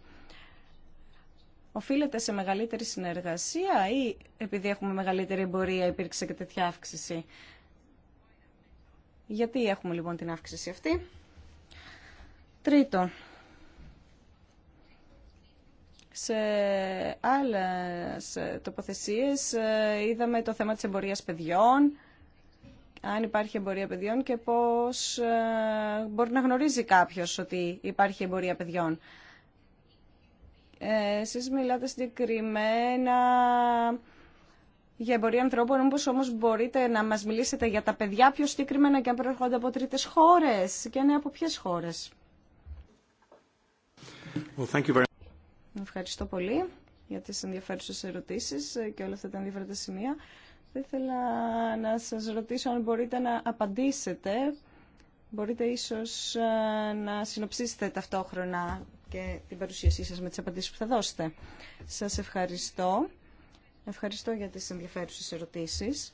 οφείλεται σε μεγαλύτερη συνεργασία ή επειδή έχουμε μεγαλύτερη εμπορία υπήρξε και τέτοια αύξηση. Γιατί έχουμε λοιπόν την αύξηση αυτή. Τρίτον, σε άλλες τοποθεσίες ε, είδαμε το θέμα της εμπορίας παιδιών, αν υπάρχει εμπορία παιδιών και πώς ε, μπορεί να γνωρίζει κάποιος ότι υπάρχει εμπορία παιδιών. Ε, εσείς μιλάτε συγκεκριμένα για εμπορία ανθρώπων, όμω όμως μπορείτε να μας μιλήσετε για τα παιδιά πιο συγκεκριμένα και αν προέρχονται από τρίτες χώρες και ναι, από ποιες χώρες. Well, thank you very Ευχαριστώ πολύ για τις ενδιαφέρουσες ερωτήσεις και όλα αυτά τα ενδιαφέροντα σημεία. Θα ήθελα να σας ρωτήσω αν μπορείτε να απαντήσετε. Μπορείτε ίσως ε, να συνοψίσετε ταυτόχρονα και την παρουσίασή σας με τις απαντήσεις που θα δώσετε. Σας ευχαριστώ. Ευχαριστώ για τις ενδιαφέρουσες ερωτήσεις.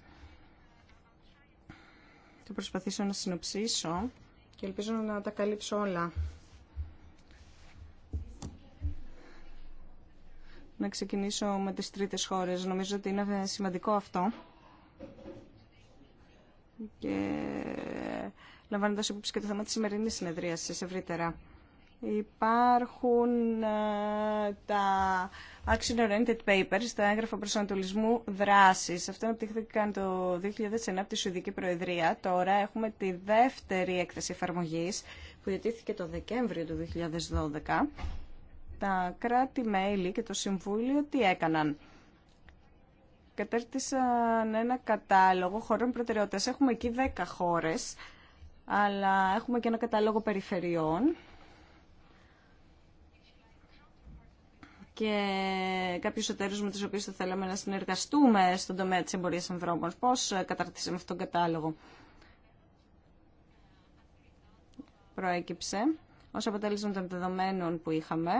Θα προσπαθήσω να συνοψίσω και ελπίζω να τα καλύψω όλα. Να ξεκινήσω με τις τρίτες χώρες. Νομίζω ότι είναι σημαντικό αυτό. Και λαμβάνοντας υπόψη και το θέμα της σημερινής συνεδρίασης ευρύτερα. Υπάρχουν ε, τα Action Oriented Papers, τα έγγραφα προσανατολισμού δράσης. Αυτά αναπτύχθηκαν το 2009 από τη Σουηδική Προεδρία. Τώρα έχουμε τη δεύτερη έκθεση εφαρμογή που διατήθηκε το Δεκέμβριο του 2012. Τα κράτη-μέλη και το Συμβούλιο τι έκαναν κατέρτισαν ένα κατάλογο χωρών προτεραιότητας. Έχουμε εκεί 10 χώρες, αλλά έχουμε και ένα κατάλογο περιφερειών και κάποιου εταίρου με του οποίου θα θέλαμε να συνεργαστούμε στον τομέα τη εμπορία ανθρώπων. Πώ ε, καταρτήσαμε αυτόν τον κατάλογο, Προέκυψε ω αποτέλεσμα των δεδομένων που είχαμε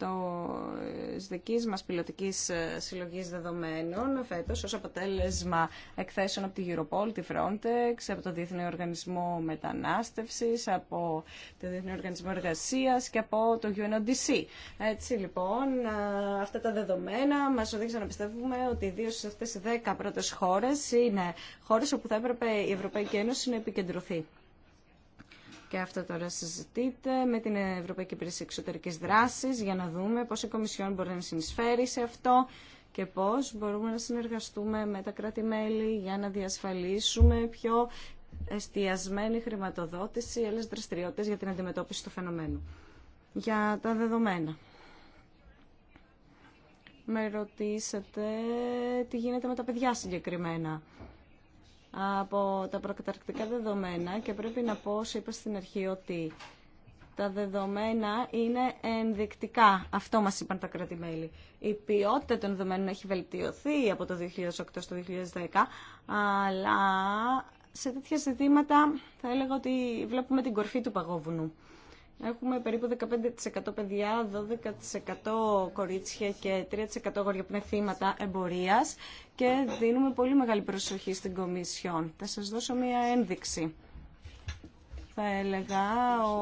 ε, της δικής μας πιλωτικής ε, συλλογής δεδομένων φέτος ως αποτέλεσμα εκθέσεων από τη Europol, τη Frontex, από το Διεθνή Οργανισμό Μετανάστευσης, από το Διεθνή Οργανισμό Εργασίας και από το UNODC. Έτσι λοιπόν, ε, αυτά τα δεδομένα μας οδήγησαν να πιστεύουμε ότι ιδίω σε αυτές οι δέκα πρώτες χώρες είναι χώρες όπου θα έπρεπε η Ευρωπαϊκή Ένωση να επικεντρωθεί. Και αυτό τώρα συζητείτε με την Ευρωπαϊκή Υπηρεσία Εξωτερική Δράση για να δούμε πώ η Κομισιόν μπορεί να συνεισφέρει σε αυτό και πώ μπορούμε να συνεργαστούμε με τα κράτη-μέλη για να διασφαλίσουμε πιο εστιασμένη χρηματοδότηση ή άλλε δραστηριότητε για την αντιμετώπιση του φαινομένου. Για τα δεδομένα. Με ρωτήσατε τι γίνεται με τα παιδιά συγκεκριμένα από τα προκαταρκτικά δεδομένα και πρέπει να πω, όσο είπα στην αρχή, ότι τα δεδομένα είναι ενδεικτικά. Αυτό μας είπαν τα κράτη-μέλη. Η ποιότητα των δεδομένων έχει βελτιωθεί από το 2008 στο 2010, αλλά σε τέτοια ζητήματα θα έλεγα ότι βλέπουμε την κορφή του παγόβουνου. Έχουμε περίπου 15% παιδιά, 12% κορίτσια και 3% γόρια που είναι θύματα εμπορίας και δίνουμε πολύ μεγάλη προσοχή στην Κομισιόν. Θα σας δώσω μία ένδειξη. Θα έλεγα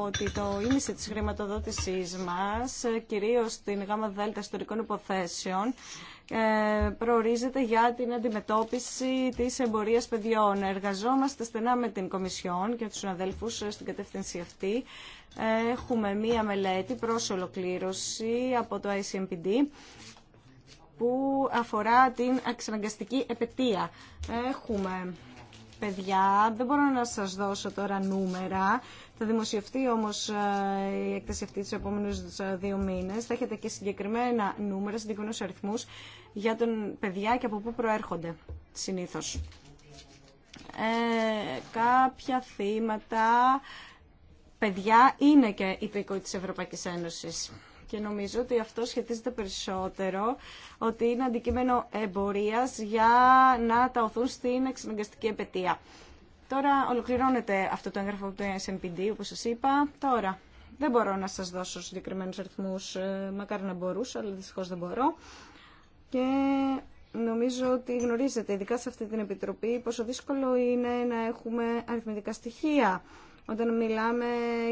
ότι το ίμιση της χρηματοδότησής μας, κυρίως στην δέλτα ιστορικών υποθέσεων, ε, προορίζεται για την αντιμετώπιση της εμπορίας παιδιών. Εργαζόμαστε στενά με την Κομισιόν και τους συναδέλφους ε, στην κατεύθυνση αυτή. Ε, έχουμε μία μελέτη προς ολοκλήρωση από το ICMPD που αφορά την αξιναγκαστική επαιτία. Έχουμε παιδιά. Δεν μπορώ να σας δώσω τώρα νούμερα. Θα δημοσιευτεί όμως ε, η έκθεση αυτή του επόμενους ε, δύο μήνες. Θα έχετε και συγκεκριμένα νούμερα, συγκεκριμένους αριθμούς για τον παιδιά και από πού προέρχονται συνήθως. Ε, κάποια θύματα παιδιά είναι και υπηκοί της Ευρωπαϊκής Ένωσης και νομίζω ότι αυτό σχετίζεται περισσότερο ότι είναι αντικείμενο εμπορία για να ταωθούν στην εξαναγκαστική επαιτία. Τώρα ολοκληρώνεται αυτό το έγγραφο του SMPD, όπω σα είπα. Τώρα, δεν μπορώ να σα δώσω συγκεκριμένου αριθμού, ε, μακάρι να μπορούσα, αλλά δυστυχώ δεν μπορώ. Και νομίζω ότι γνωρίζετε, ειδικά σε αυτή την Επιτροπή, πόσο δύσκολο είναι να έχουμε αριθμητικά στοιχεία όταν μιλάμε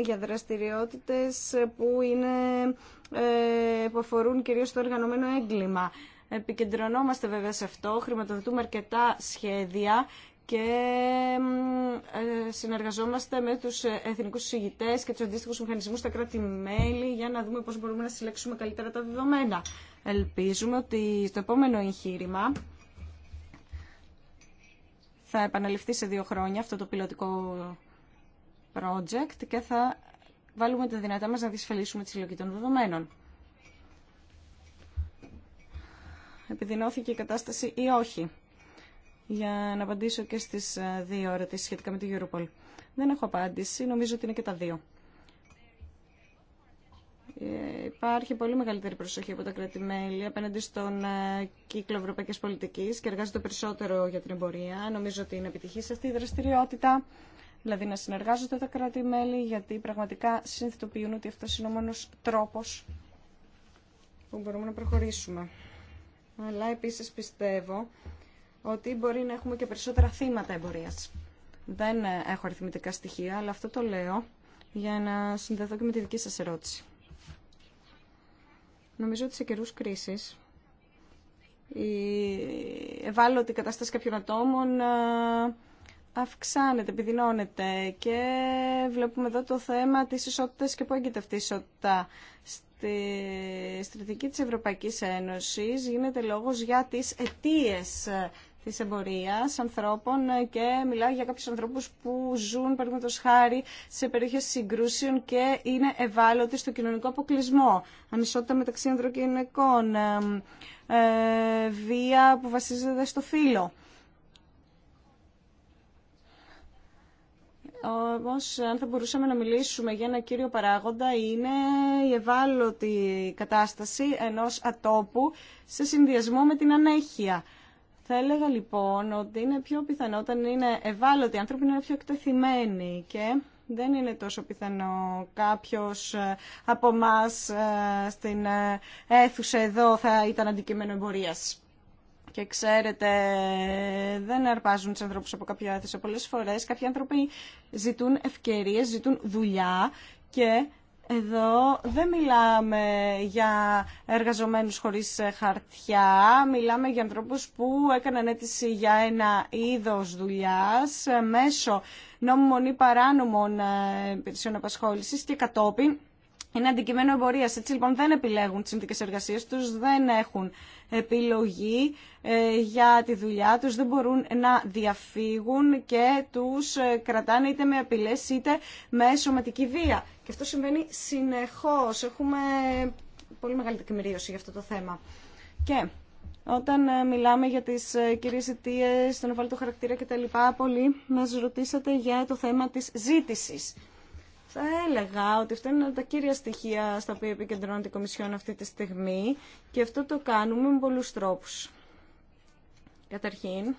για δραστηριότητες που, είναι, ε, που αφορούν κυρίως το οργανωμένο έγκλημα. Επικεντρωνόμαστε βέβαια σε αυτό, χρηματοδοτούμε αρκετά σχέδια και ε, συνεργαζόμαστε με τους εθνικούς συγητές και τους αντίστοιχους μηχανισμούς στα κράτη-μέλη για να δούμε πώς μπορούμε να συλλέξουμε καλύτερα τα δεδομένα. Ελπίζουμε ότι στο επόμενο εγχείρημα θα επαναληφθεί σε δύο χρόνια αυτό το πιλωτικό project και θα βάλουμε τα δυνατά μας να δυσφαλίσουμε τη συλλογή των δεδομένων. Επιδεινώθηκε η κατάσταση ή όχι. Για να απαντήσω και στις ε, δύο ερωτήσεις σχετικά με την Europol. Δεν έχω απάντηση, νομίζω ότι είναι και τα δύο. Ε, υπάρχει πολύ μεγαλύτερη προσοχή από τα κράτη-μέλη απέναντι στον ε, κύκλο ευρωπαϊκής πολιτικής και εργάζεται περισσότερο για την εμπορία. Νομίζω ότι είναι επιτυχή αυτή η δραστηριότητα δηλαδή να συνεργάζονται τα κράτη-μέλη, γιατί πραγματικά συνειδητοποιούν ότι αυτό είναι ο μόνος τρόπος που μπορούμε να προχωρήσουμε. Αλλά επίσης πιστεύω ότι μπορεί να έχουμε και περισσότερα θύματα εμπορίας. Δεν έχω αριθμητικά στοιχεία, αλλά αυτό το λέω για να συνδεθώ και με τη δική σας ερώτηση. Νομίζω ότι σε καιρούς κρίσης η ευάλωτη κατάσταση κάποιων ατόμων αυξάνεται, επιδεινώνεται και βλέπουμε εδώ το θέμα της ισότητας και πού έγκυται αυτή η ισότητα. Στη στρατηγική της Ευρωπαϊκής Ένωσης γίνεται λόγος για τις αιτίες της εμπορίας ανθρώπων και μιλάει για κάποιους ανθρώπους που ζουν, παραδείγματος χάρη, σε περιοχές συγκρούσεων και είναι ευάλωτοι στο κοινωνικό αποκλεισμό. Ανισότητα μεταξύ ανδρών ε, βία που βασίζεται στο φύλλο. Όμω, αν θα μπορούσαμε να μιλήσουμε για ένα κύριο παράγοντα, είναι η ευάλωτη κατάσταση ενός ατόπου σε συνδυασμό με την ανέχεια. Θα έλεγα λοιπόν ότι είναι πιο πιθανό όταν είναι ευάλωτοι άνθρωποι να είναι πιο εκτεθειμένοι και δεν είναι τόσο πιθανό κάποιος ε, από εμά ε, στην ε, αίθουσα εδώ θα ήταν αντικείμενο εμπορίας. Και ξέρετε, δεν αρπάζουν του ανθρώπου από κάποια άθεση. Πολλέ φορέ κάποιοι άνθρωποι ζητούν ευκαιρίε, ζητούν δουλειά και εδώ δεν μιλάμε για εργαζομένους χωρίς χαρτιά, μιλάμε για ανθρώπους που έκαναν αίτηση για ένα είδος δουλειάς ε, μέσω νόμιμων ή παράνομων ε, υπηρεσιών απασχόλησης και κατόπιν είναι αντικειμένο εμπορία. Έτσι λοιπόν δεν επιλέγουν τι συνθήκε εργασία του, δεν έχουν επιλογή ε, για τη δουλειά του, δεν μπορούν να διαφύγουν και του ε, κρατάνε είτε με απειλέ είτε με σωματική βία. Και αυτό συμβαίνει συνεχώ. Έχουμε πολύ μεγάλη τεκμηρίωση για αυτό το θέμα. Και όταν ε, μιλάμε για τις κυρίες αιτίε, τον ευάλωτο χαρακτήρα κτλ, πολλοί μας ρωτήσατε για το θέμα της ζήτησης θα έλεγα ότι αυτά είναι τα κύρια στοιχεία στα οποία επικεντρώνεται η Κομισιόν αυτή τη στιγμή και αυτό το κάνουμε με πολλούς τρόπους. Καταρχήν,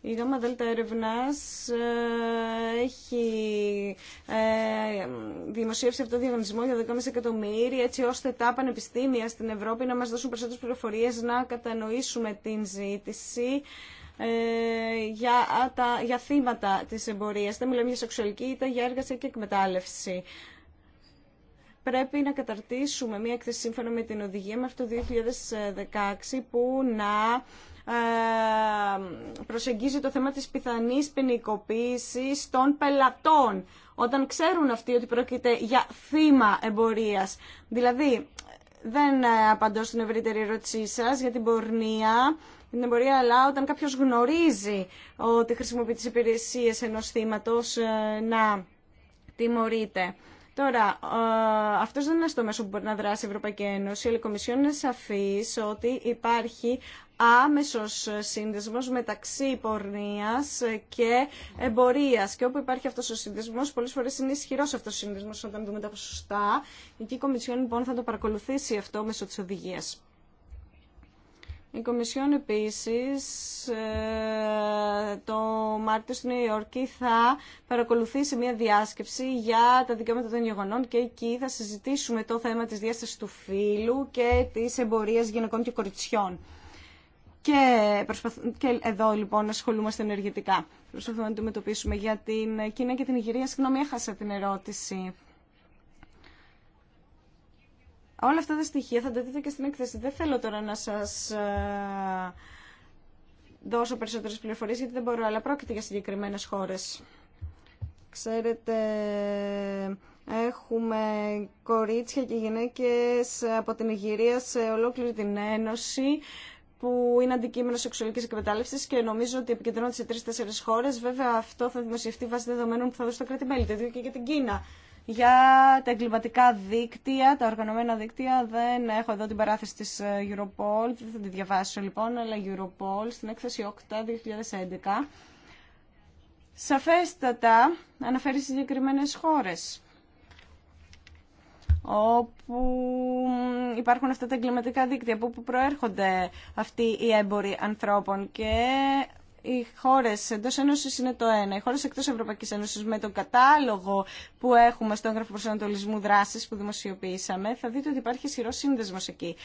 η ΓΑΜΑ ΔΕΛΤΑ έρευνας ε, έχει ε, δημοσίευσει αυτό το διαγωνισμό για 12,5 εκατομμύρια έτσι ώστε τα πανεπιστήμια στην Ευρώπη να μας δώσουν περισσότερες πληροφορίες, να κατανοήσουμε την ζήτηση ε, για, τα, για θύματα της εμπορίας, Δεν μιλάμε για σεξουαλική είτε για έργαση και εκμετάλλευση. Πρέπει να καταρτήσουμε μία έκθεση σύμφωνα με την οδηγία αυτό το 2016 που να ε, προσεγγίζει το θέμα της πιθανής ποινικοποίηση των πελατών όταν ξέρουν αυτοί ότι πρόκειται για θύμα εμπορίας. Δηλαδή, δεν ε, απαντώ στην ευρύτερη ερώτησή σας για την πορνεία την εμπορία, αλλά όταν κάποιος γνωρίζει ότι χρησιμοποιεί τις υπηρεσίες ενός θύματος ε, να τιμωρείται. Τώρα, ε, αυτός δεν είναι στο μέσο που μπορεί να δράσει η Ευρωπαϊκή Ένωση. Η Κομισιόν είναι σαφή ότι υπάρχει άμεσος σύνδεσμος μεταξύ πορνείας και εμπορίας. Και όπου υπάρχει αυτός ο σύνδεσμος, πολλές φορές είναι ισχυρός αυτός ο σύνδεσμος όταν δούμε τα ποσοστά. Η Κομισιόν λοιπόν θα το παρακολουθήσει αυτό μέσω της οδηγίας. Η Κομισιόν επίσης ε, το Μάρτιο στη Νέα Υόρκη θα παρακολουθήσει μια διάσκεψη για τα δικαιώματα των γεγονών και εκεί θα συζητήσουμε το θέμα της διάστασης του φύλου και της εμπορίας γυναικών και κοριτσιών. Και, και εδώ λοιπόν ασχολούμαστε ενεργητικά. Προσπαθούμε να αντιμετωπίσουμε για την Κίνα και την Ιγυρία. Συγγνώμη, έχασα την ερώτηση. Όλα αυτά τα στοιχεία θα τα δείτε και στην έκθεση. Δεν θέλω τώρα να σας ε, δώσω περισσότερες πληροφορίες γιατί δεν μπορώ, αλλά πρόκειται για συγκεκριμένες χώρες. Ξέρετε, έχουμε κορίτσια και γυναίκες από την Ιγυρία σε ολόκληρη την Ένωση που είναι αντικείμενο σεξουαλική εκμετάλλευση και νομίζω ότι επικεντρώνεται σε τρει-τέσσερι χώρε. Βέβαια, αυτό θα δημοσιευτεί βάσει δεδομένων που θα δώσει το κράτη-μέλη. Το ίδιο και για την Κίνα για τα εγκληματικά δίκτυα, τα οργανωμένα δίκτυα. Δεν έχω εδώ την παράθεση της ε, Europol, δεν θα τη διαβάσω λοιπόν, αλλά Europol στην έκθεση 8 2011. Σαφέστατα αναφέρει συγκεκριμένες χώρες όπου υπάρχουν αυτά τα εγκληματικά δίκτυα, από όπου προέρχονται αυτοί οι έμποροι ανθρώπων και οι χώρε εντό Ένωση είναι το ένα. Οι χώρε εκτό Ευρωπαϊκή Ένωση με τον κατάλογο που έχουμε στο έγγραφο προσανατολισμού δράση που δημοσιοποιήσαμε, θα δείτε ότι υπάρχει ισχυρό σύνδεσμο εκεί.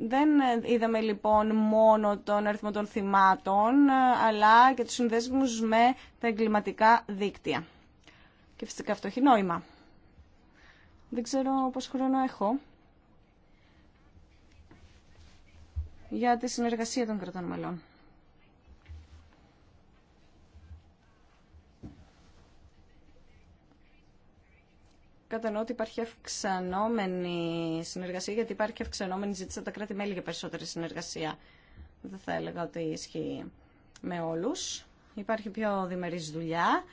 Δεν είδαμε λοιπόν μόνο τον αριθμό των θυμάτων, αλλά και τους συνδέσμους με τα εγκληματικά δίκτυα. Και φυσικά αυτό έχει νόημα. Δεν ξέρω πόσο χρόνο έχω για τη συνεργασία των κρατών μελών. κατανοώ ότι υπάρχει αυξανόμενη συνεργασία, γιατί υπάρχει αυξανόμενη ζήτηση από τα κράτη-μέλη για περισσότερη συνεργασία. Δεν θα έλεγα ότι ισχύει με όλους. Υπάρχει πιο διμερής δουλειά.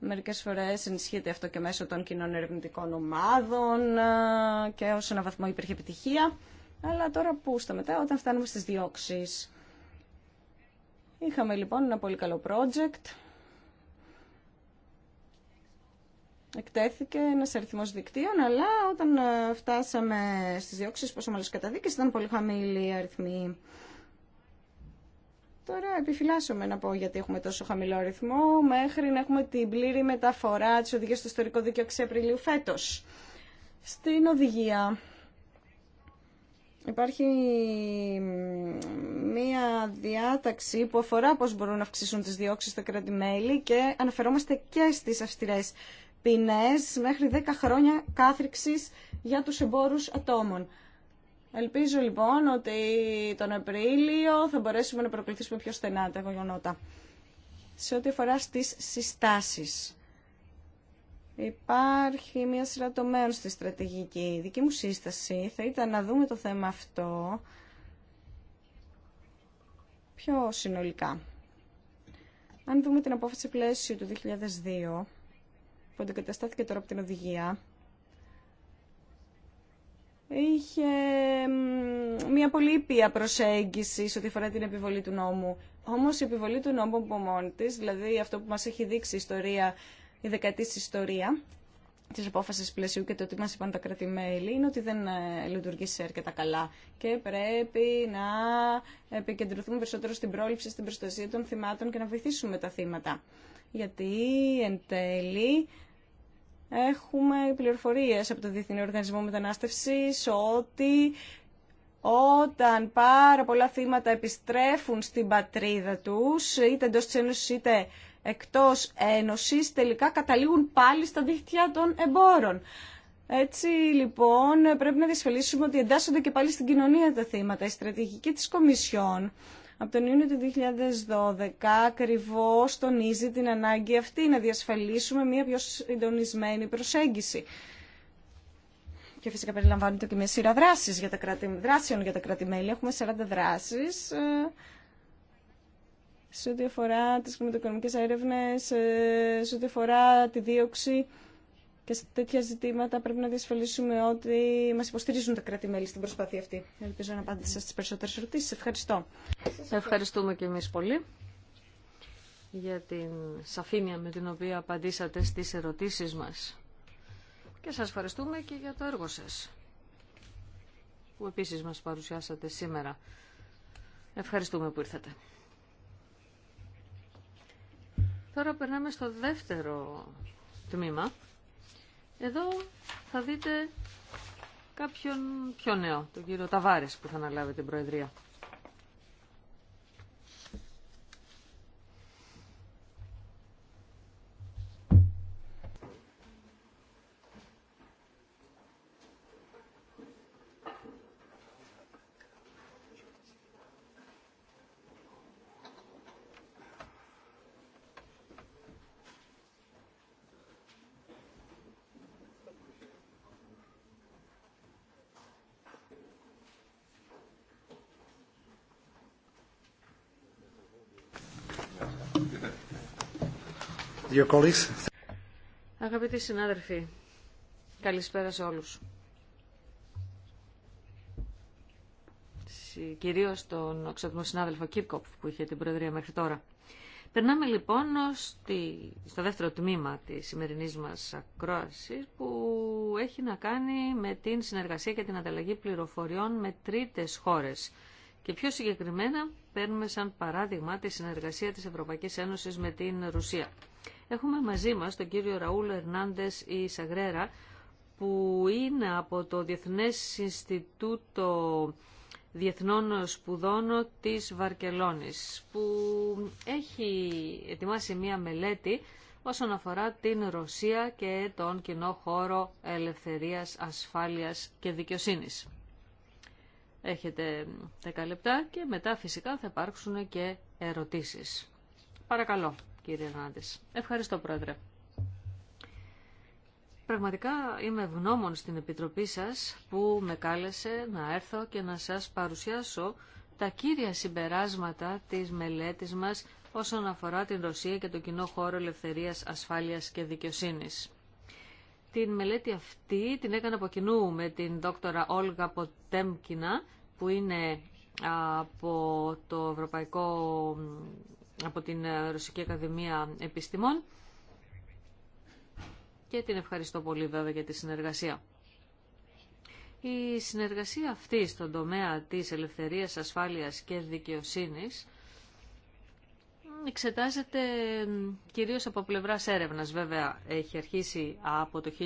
Μερικέ φορέ ενισχύεται αυτό και μέσω των κοινών ομάδων ε, και ω ένα βαθμό υπήρχε επιτυχία. Αλλά τώρα που στα μετά, όταν φτάνουμε στι διώξει. Είχαμε λοιπόν ένα πολύ καλό project εκτέθηκε ένα αριθμό δικτύων, αλλά όταν ε, φτάσαμε στι διώξει πόσο μάλλον καταδίκε ήταν πολύ χαμηλή η αριθμή. Τώρα επιφυλάσσομαι να πω γιατί έχουμε τόσο χαμηλό αριθμό, μέχρι να έχουμε την πλήρη μεταφορά τη οδηγία στο ιστορικό δίκαιο 6 Απριλίου φέτο. Στην οδηγία Υπάρχει μία διάταξη που αφορά πώς μπορούν να αυξήσουν τις διώξεις στα κράτη-μέλη και αναφερόμαστε και στις αυστηρές ποινές μέχρι 10 χρόνια κάθριξης για τους εμπόρους ατόμων. Ελπίζω λοιπόν ότι τον Απρίλιο θα μπορέσουμε να προκληθήσουμε πιο στενά τα γεγονότα. Σε ό,τι αφορά στις συστάσεις. Υπάρχει μια σειρά τομέων στη στρατηγική. Η δική μου σύσταση θα ήταν να δούμε το θέμα αυτό πιο συνολικά. Αν δούμε την απόφαση πλαίσιο του 2002, που αντικαταστάθηκε τώρα από την οδηγία, είχε μια πολύ ήπια προσέγγιση σε ό,τι αφορά την επιβολή του νόμου. Όμως η επιβολή του νόμου από μόνη της, δηλαδή αυτό που μας έχει δείξει η ιστορία, η δεκατής ιστορία, τη απόφαση πλαισίου και το τι μα είπαν τα κρατημέλη είναι ότι δεν ε, λειτουργήσει αρκετά καλά. Και πρέπει να επικεντρωθούμε περισσότερο στην πρόληψη, στην προστασία των θυμάτων και να βοηθήσουμε τα θύματα. Γιατί εν τέλει έχουμε πληροφορίες από το Διεθνή Οργανισμό Μετανάστευσης ότι όταν πάρα πολλά θύματα επιστρέφουν στην πατρίδα τους, είτε εντός της Ένωσης είτε εκτός Ένωσης, τελικά καταλήγουν πάλι στα δίχτυα των εμπόρων. Έτσι λοιπόν πρέπει να διασφαλίσουμε ότι εντάσσονται και πάλι στην κοινωνία τα θύματα. Η στρατηγική της Κομισιόν από τον Ιούνιο του 2012 ακριβώ τονίζει την ανάγκη αυτή να διασφαλίσουμε μια πιο συντονισμένη προσέγγιση. Και φυσικά περιλαμβάνεται και μια σειρά δράσεις για τα κράτη, δράσεων για τα κράτη-μέλη. Έχουμε 40 δράσεις ε, σε ό,τι αφορά τις κλιματοοικονομικές έρευνες, ε, σε ό,τι αφορά τη δίωξη και σε τέτοια ζητήματα πρέπει να διασφαλίσουμε ότι μα υποστηρίζουν τα κράτη-μέλη στην προσπάθεια αυτή. Ελπίζω να απάντησα στι περισσότερε ερωτήσει. Ευχαριστώ. Ευχαριστούμε και εμεί πολύ για την σαφήνεια με την οποία απαντήσατε στις ερωτήσεις μας. Και σας ευχαριστούμε και για το έργο σας, που επίσης μας παρουσιάσατε σήμερα. Ευχαριστούμε που ήρθατε. Τώρα περνάμε στο δεύτερο τμήμα εδώ θα δείτε κάποιον πιο νέο, τον κύριο Ταβάρης που θα αναλάβει την Προεδρία. Αγαπητοί συνάδελφοι, καλησπέρα σε όλους. Κυρίως τον οξετιμό συνάδελφο Κίρκοπ που είχε την Προεδρία μέχρι τώρα. Περνάμε λοιπόν στη, στο δεύτερο τμήμα της σημερινής μας ακρόασης που έχει να κάνει με την συνεργασία και την ανταλλαγή πληροφοριών με τρίτες χώρες. Και πιο συγκεκριμένα παίρνουμε σαν παράδειγμα τη συνεργασία της Ευρωπαϊκής Ένωσης με την Ρουσία. Έχουμε μαζί μας τον κύριο Ραούλ Ερνάντες η Σαγρέρα, που είναι από το Διεθνές Ινστιτούτο Διεθνών Σπουδών της Βαρκελόνης, που έχει ετοιμάσει μία μελέτη όσον αφορά την Ρωσία και τον κοινό χώρο ελευθερίας, ασφάλειας και δικαιοσύνης. Έχετε 10 λεπτά και μετά φυσικά θα υπάρξουν και ερωτήσεις. Παρακαλώ κύριε Νάντης. Ευχαριστώ, Πρόεδρε. Πραγματικά είμαι ευγνώμων στην Επιτροπή σας που με κάλεσε να έρθω και να σας παρουσιάσω τα κύρια συμπεράσματα της μελέτης μας όσον αφορά την Ρωσία και το κοινό χώρο ελευθερίας, ασφάλειας και δικαιοσύνης. Την μελέτη αυτή την έκανα από κοινού με την δόκτωρα Όλγα Ποτέμκινα που είναι από το Ευρωπαϊκό από την ε, Ρωσική Ακαδημία Επιστημών και την ευχαριστώ πολύ βέβαια για τη συνεργασία. Η συνεργασία αυτή στον τομέα της ελευθερίας, ασφάλειας και δικαιοσύνης εξετάζεται κυρίως από πλευράς έρευνας. Βέβαια έχει αρχίσει από το 1990.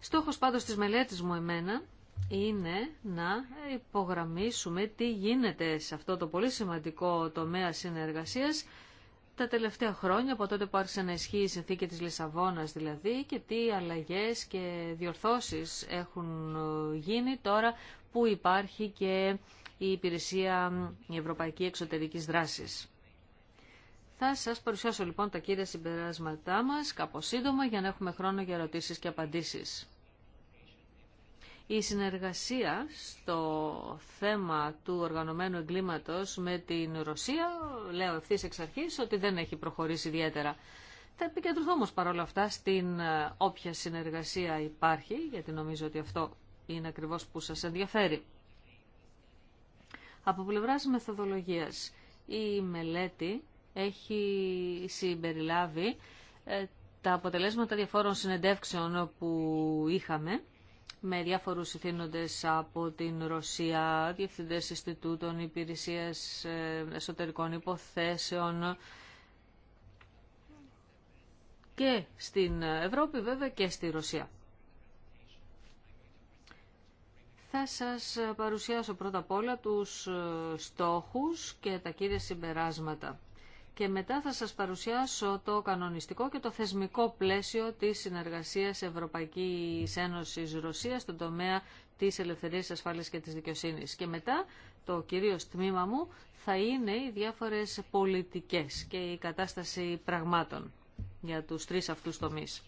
Στόχος πάντως της μελέτης μου εμένα είναι να υπογραμμίσουμε τι γίνεται σε αυτό το πολύ σημαντικό τομέα συνεργασίας τα τελευταία χρόνια, από τότε που άρχισε να ισχύει η συνθήκη της Λισαβόνας δηλαδή, και τι αλλαγές και διορθώσεις έχουν γίνει τώρα που υπάρχει και η υπηρεσία η Ευρωπαϊκή Εξωτερικής Δράσης. Θα σας παρουσιάσω λοιπόν τα κύρια συμπεράσματά μας, κάπως σύντομα, για να έχουμε χρόνο για ερωτήσεις και απαντήσεις. Η συνεργασία στο θέμα του οργανωμένου εγκλήματος με την Ρωσία, λέω ευθύ εξ αρχής, ότι δεν έχει προχωρήσει ιδιαίτερα. Θα επικεντρωθώ όμως παρόλα αυτά στην ε, όποια συνεργασία υπάρχει, γιατί νομίζω ότι αυτό είναι ακριβώς που σας ενδιαφέρει. Από πλευράς μεθοδολογίας, η μελέτη έχει συμπεριλάβει ε, τα αποτελέσματα διαφόρων συνεντεύξεων που είχαμε με διάφορους συθήνοντες από την Ρωσία, διευθυντές Ινστιτούτων, υπηρεσίες ε, εσωτερικών υποθέσεων και στην Ευρώπη βέβαια και στη Ρωσία. Θα σας παρουσιάσω πρώτα απ' όλα τους ε, στόχους και τα κύρια συμπεράσματα και μετά θα σας παρουσιάσω το κανονιστικό και το θεσμικό πλαίσιο της συνεργασίας Ευρωπαϊκής Ένωσης Ρωσίας στον τομέα της ελευθερίας ασφάλειας και της δικαιοσύνης. Και μετά το κυρίως τμήμα μου θα είναι οι διάφορες πολιτικές και η κατάσταση πραγμάτων για τους τρεις αυτούς τομείς.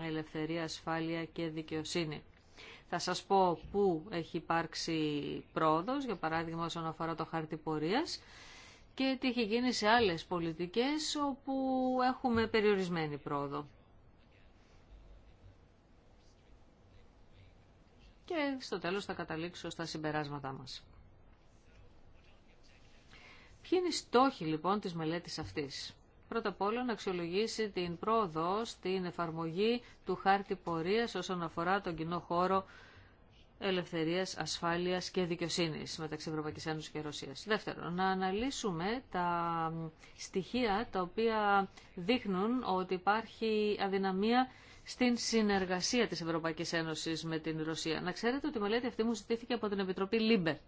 Ελευθερία, ασφάλεια και δικαιοσύνη. Θα σας πω πού έχει υπάρξει πρόοδος, για παράδειγμα όσον αφορά το χάρτη πορείας και τι έχει γίνει σε άλλες πολιτικές όπου έχουμε περιορισμένη πρόοδο. Και στο τέλος θα καταλήξω στα συμπεράσματά μας. Ποιοι είναι οι στόχοι λοιπόν της μελέτης αυτής. Πρώτα απ' όλα να αξιολογήσει την πρόοδο στην εφαρμογή του χάρτη πορείας όσον αφορά τον κοινό χώρο Ελευθερία, ασφάλεια και δικαιοσύνη μεταξύ Ευρωπαϊκή Ένωση και Ρωσία. Δεύτερον, να αναλύσουμε τα στοιχεία τα οποία δείχνουν ότι υπάρχει αδυναμία στην συνεργασία της Ευρωπαϊκής Ένωσης με την Ρωσία. Να ξέρετε ότι η μελέτη αυτή μου ζητήθηκε από την Επιτροπή ΛΥΜΠΕ.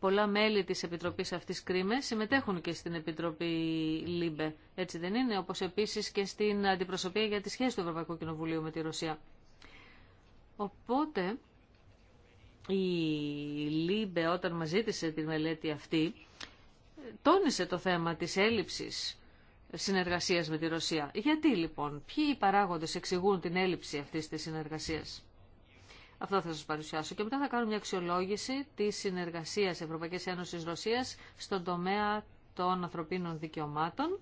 Πολλά μέλη της Επιτροπής αυτής κρίμε συμμετέχουν και στην Επιτροπή ΛΥΜΠΕ. Έτσι δεν είναι, όπως επίσης και στην Αντιπροσωπεία για τις σχέσεις του Ευρωπαϊκού Κοινοβουλίου με τη Ρωσία. Οπότε η Λίμπε όταν μας ζήτησε τη μελέτη αυτή τόνισε το θέμα της έλλειψης συνεργασίας με τη Ρωσία. Γιατί λοιπόν, ποιοι παράγοντες εξηγούν την έλλειψη αυτής της συνεργασίας. Αυτό θα σας παρουσιάσω και μετά θα κάνω μια αξιολόγηση της συνεργασίας Ευρωπαϊκής Ένωσης Ρωσίας στον τομέα των ανθρωπίνων δικαιωμάτων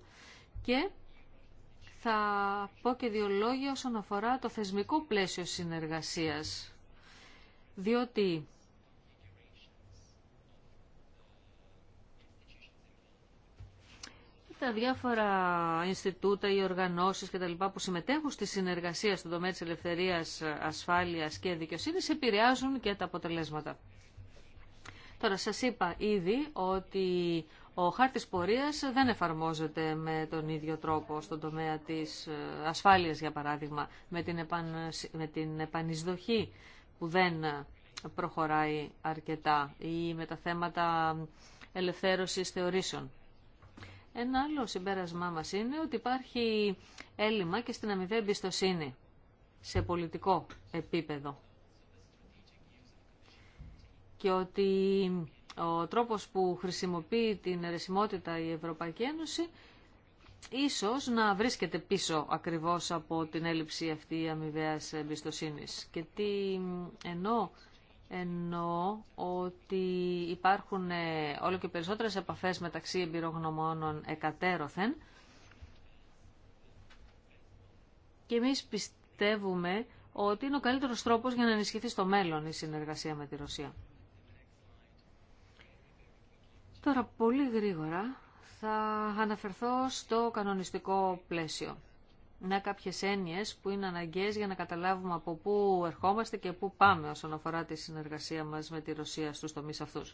και θα πω και δύο λόγια όσον αφορά το θεσμικό πλαίσιο συνεργασίας. Διότι τα διάφορα Ινστιτούτα ή οργανώσεις και τα λοιπά που συμμετέχουν στη συνεργασία στον τομέα της ελευθερίας, ασφάλειας και δικαιοσύνης επηρεάζουν και τα αποτελέσματα. Τώρα σας είπα ήδη ότι ο χάρτης πορείας δεν εφαρμόζεται με τον ίδιο τρόπο στον τομέα της ε, ασφάλειας, για παράδειγμα, με την, με την επανεισδοχή που δεν ε, προχωράει αρκετά ή με τα θέματα ελευθέρωσης θεωρήσεων. Ένα άλλο συμπέρασμά μας είναι ότι υπάρχει έλλειμμα και στην αμοιβή εμπιστοσύνη σε πολιτικό επίπεδο και ότι ο τρόπος που χρησιμοποιεί την αιρεσιμότητα η Ευρωπαϊκή Ένωση ίσως να βρίσκεται πίσω ακριβώς από την έλλειψη αυτή αμοιβαίας εμπιστοσύνη. Και τι εννοώ, εννοώ ότι υπάρχουν ε, όλο και περισσότερες επαφές μεταξύ εμπειρογνωμόνων εκατέρωθεν και εμείς πιστεύουμε ότι είναι ο καλύτερος τρόπος για να ενισχυθεί στο μέλλον η συνεργασία με τη Ρωσία. Τώρα πολύ γρήγορα θα αναφερθώ στο κανονιστικό πλαίσιο. Να κάποιες έννοιες που είναι αναγκαίες για να καταλάβουμε από πού ερχόμαστε και πού πάμε όσον αφορά τη συνεργασία μας με τη Ρωσία στους τομείς αυτούς.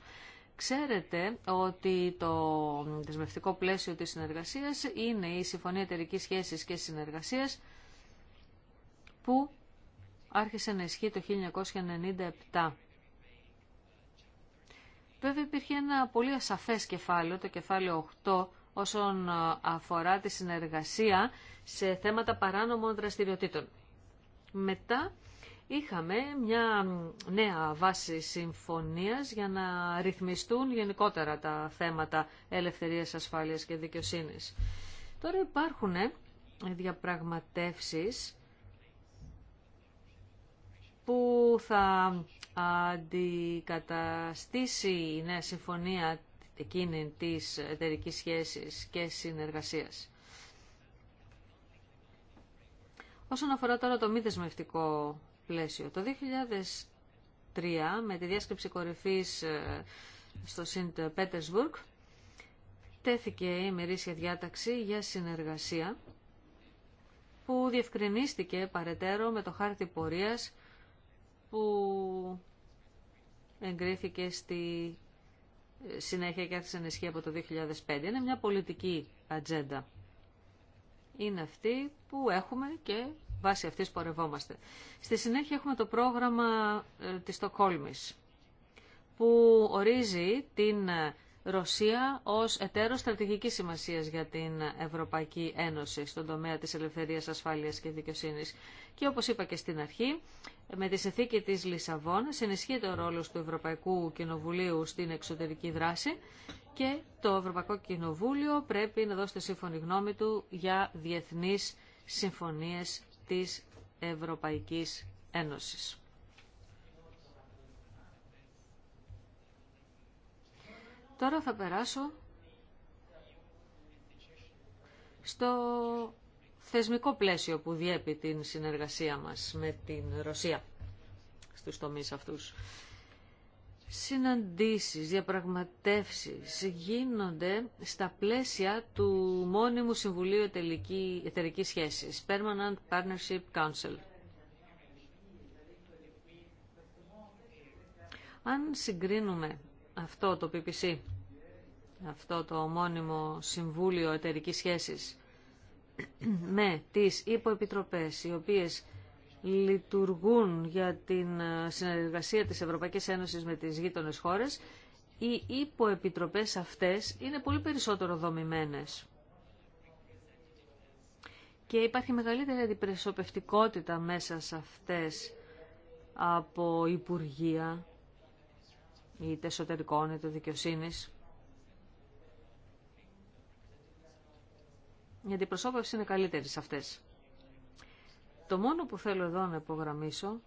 Ξέρετε ότι το δεσμευτικό πλαίσιο της συνεργασίας είναι η Συμφωνία Εταιρικής Σχέσης και Συνεργασίας που άρχισε να ισχύει το 1997 Βέβαια υπήρχε ένα πολύ ασαφές κεφάλαιο, το κεφάλαιο 8, όσον ε, αφορά τη συνεργασία σε θέματα παράνομων δραστηριοτήτων. Μετά είχαμε μια νέα βάση συμφωνίας για να ρυθμιστούν γενικότερα τα θέματα ελευθερίας, ασφάλειας και δικαιοσύνης. Τώρα υπάρχουν ε, διαπραγματεύσεις που θα αντικαταστήσει η νέα συμφωνία εκείνη της εταιρική σχέσης και συνεργασίας. Όσον αφορά τώρα το μη δεσμευτικό πλαίσιο, το 2003 με τη διάσκεψη κορυφής ε, στο Σιντ Πέτερσβουρκ τέθηκε η μερίσια διάταξη για συνεργασία που διευκρινίστηκε παρετέρω με το χάρτη πορείας που εγκρίθηκε στη συνέχεια και άρχισε να ισχύει από το 2005. Είναι μια πολιτική ατζέντα. Είναι αυτή που έχουμε και βάσει αυτής πορευόμαστε. Στη συνέχεια έχουμε το πρόγραμμα ε, της Στοκόλμης που ορίζει την Ρωσία ως εταίρος στρατηγικής σημασίας για την Ευρωπαϊκή Ένωση στον τομέα της ελευθερίας, ασφάλειας και δικαιοσύνης. Και όπως είπα και στην αρχή, με τη συνθήκη της Λισαβόνας ενισχύεται ο ρόλος του Ευρωπαϊκού Κοινοβουλίου στην εξωτερική δράση και το Ευρωπαϊκό Κοινοβούλιο πρέπει να δώσει τη σύμφωνη γνώμη του για διεθνείς συμφωνίες της Ευρωπαϊκής Ένωσης. Τώρα θα περάσω στο θεσμικό πλαίσιο που διέπει την συνεργασία μας με την Ρωσία στους τομείς αυτούς. Συναντήσεις, διαπραγματεύσεις γίνονται στα πλαίσια του μόνιμου Συμβουλίου Εταιρικής Σχέσης, Permanent Partnership Council. Αν συγκρίνουμε αυτό το PPC, αυτό το ομώνυμο Συμβούλιο Εταιρικής Σχέσης, [CLEARS THROAT] με τις υποεπιτροπές οι οποίες λειτουργούν για την ε, συνεργασία της Ευρωπαϊκής Ένωσης με τις γείτονες χώρες, οι υποεπιτροπές αυτές είναι πολύ περισσότερο δομημένες. Και υπάρχει μεγαλύτερη αντιπροσωπευτικότητα μέσα σε αυτές από υπουργεία, είτε εσωτερικών είτε γιατί Η προσώπευση είναι καλύτερη σε αυτές. Το μόνο που θέλω εδώ να υπογραμμίσω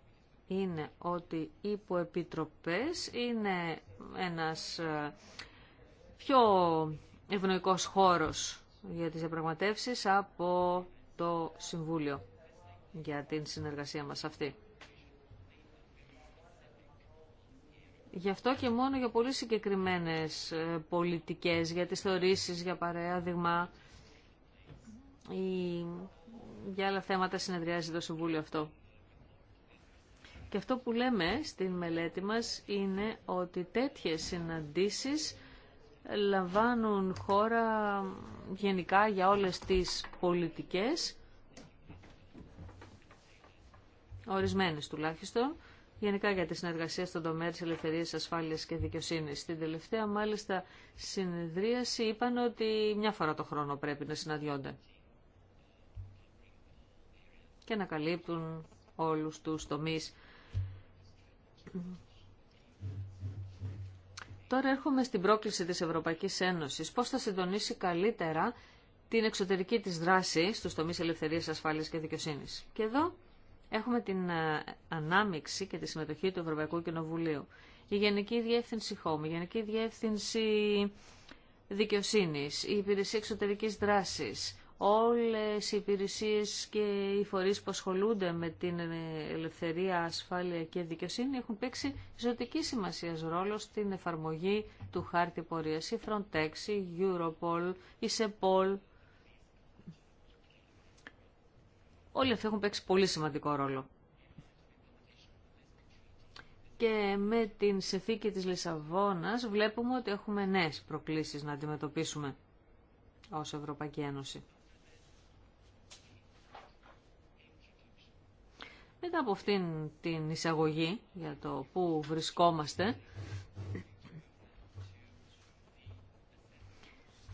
είναι ότι οι υποεπιτροπές είναι ένας ε, πιο ευνοϊκός χώρος για τις επραγματεύσεις από το Συμβούλιο για την συνεργασία μας αυτή. Γι' αυτό και μόνο για πολύ συγκεκριμένες ε, πολιτικές, για τις θεωρήσεις, για παράδειγμα, ή για άλλα θέματα συνεδριάζει το Συμβούλιο αυτό. Και αυτό που λέμε στην μελέτη μας είναι ότι τέτοιες συναντήσεις λαμβάνουν χώρα γενικά για όλες τις πολιτικές, ορισμένες τουλάχιστον, γενικά για τη συνεργασία στον τομέα της ελευθερίας, ασφάλειας και δικαιοσύνης. Στην τελευταία μάλιστα συνεδρίαση είπαν ότι μια φορά το χρόνο πρέπει να συναντιόνται και να καλύπτουν όλους τους τομείς. Τώρα έρχομαι στην πρόκληση της Ευρωπαϊκής Ένωσης. Πώς θα συντονίσει καλύτερα την εξωτερική της δράση στους τομείς ελευθερίας, ασφάλειας και δικαιοσύνης. Και εδώ έχουμε την ε, ανάμειξη και τη συμμετοχή του Ευρωπαϊκού Κοινοβουλίου. Η Γενική Διεύθυνση Home, η Γενική Διεύθυνση Δικαιοσύνης, η Υπηρεσία Εξωτερικής Δράσης, όλες οι υπηρεσίες και οι φορείς που ασχολούνται με την ε, ελευθερία, ασφάλεια και δικαιοσύνη έχουν παίξει ζωτική σημασία ρόλο στην εφαρμογή του χάρτη πορείας. Η Frontex, η Europol, η Sepol, Όλοι αυτοί έχουν παίξει πολύ σημαντικό ρόλο. Και με την συνθήκη της Λισαβόνας βλέπουμε ότι έχουμε νέες προκλήσεις να αντιμετωπίσουμε ως Ευρωπαϊκή Ένωση. Μετά από αυτήν την εισαγωγή για το πού βρισκόμαστε,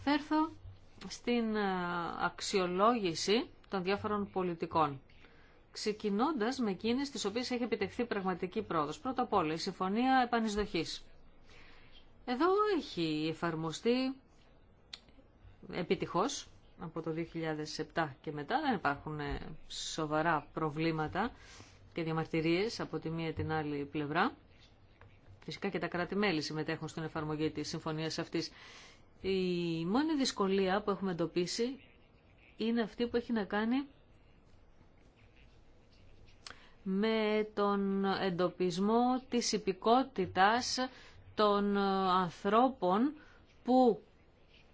θα έρθω στην ε, αξιολόγηση των διάφορων πολιτικών. Ξεκινώντα με εκείνε τι οποίε έχει επιτευχθεί πραγματική πρόοδο. Πρώτα απ' όλα η Συμφωνία Επανεισδοχή. Εδώ έχει εφαρμοστεί επιτυχώς από το 2007 και μετά δεν υπάρχουν ε, σοβαρά προβλήματα και διαμαρτυρίες από τη μία την άλλη πλευρά. Φυσικά και τα κράτη-μέλη συμμετέχουν στην εφαρμογή της συμφωνίας αυτής. Η μόνη δυσκολία που έχουμε εντοπίσει είναι αυτή που έχει να κάνει με τον εντοπισμό της υπηκότητας των ανθρώπων που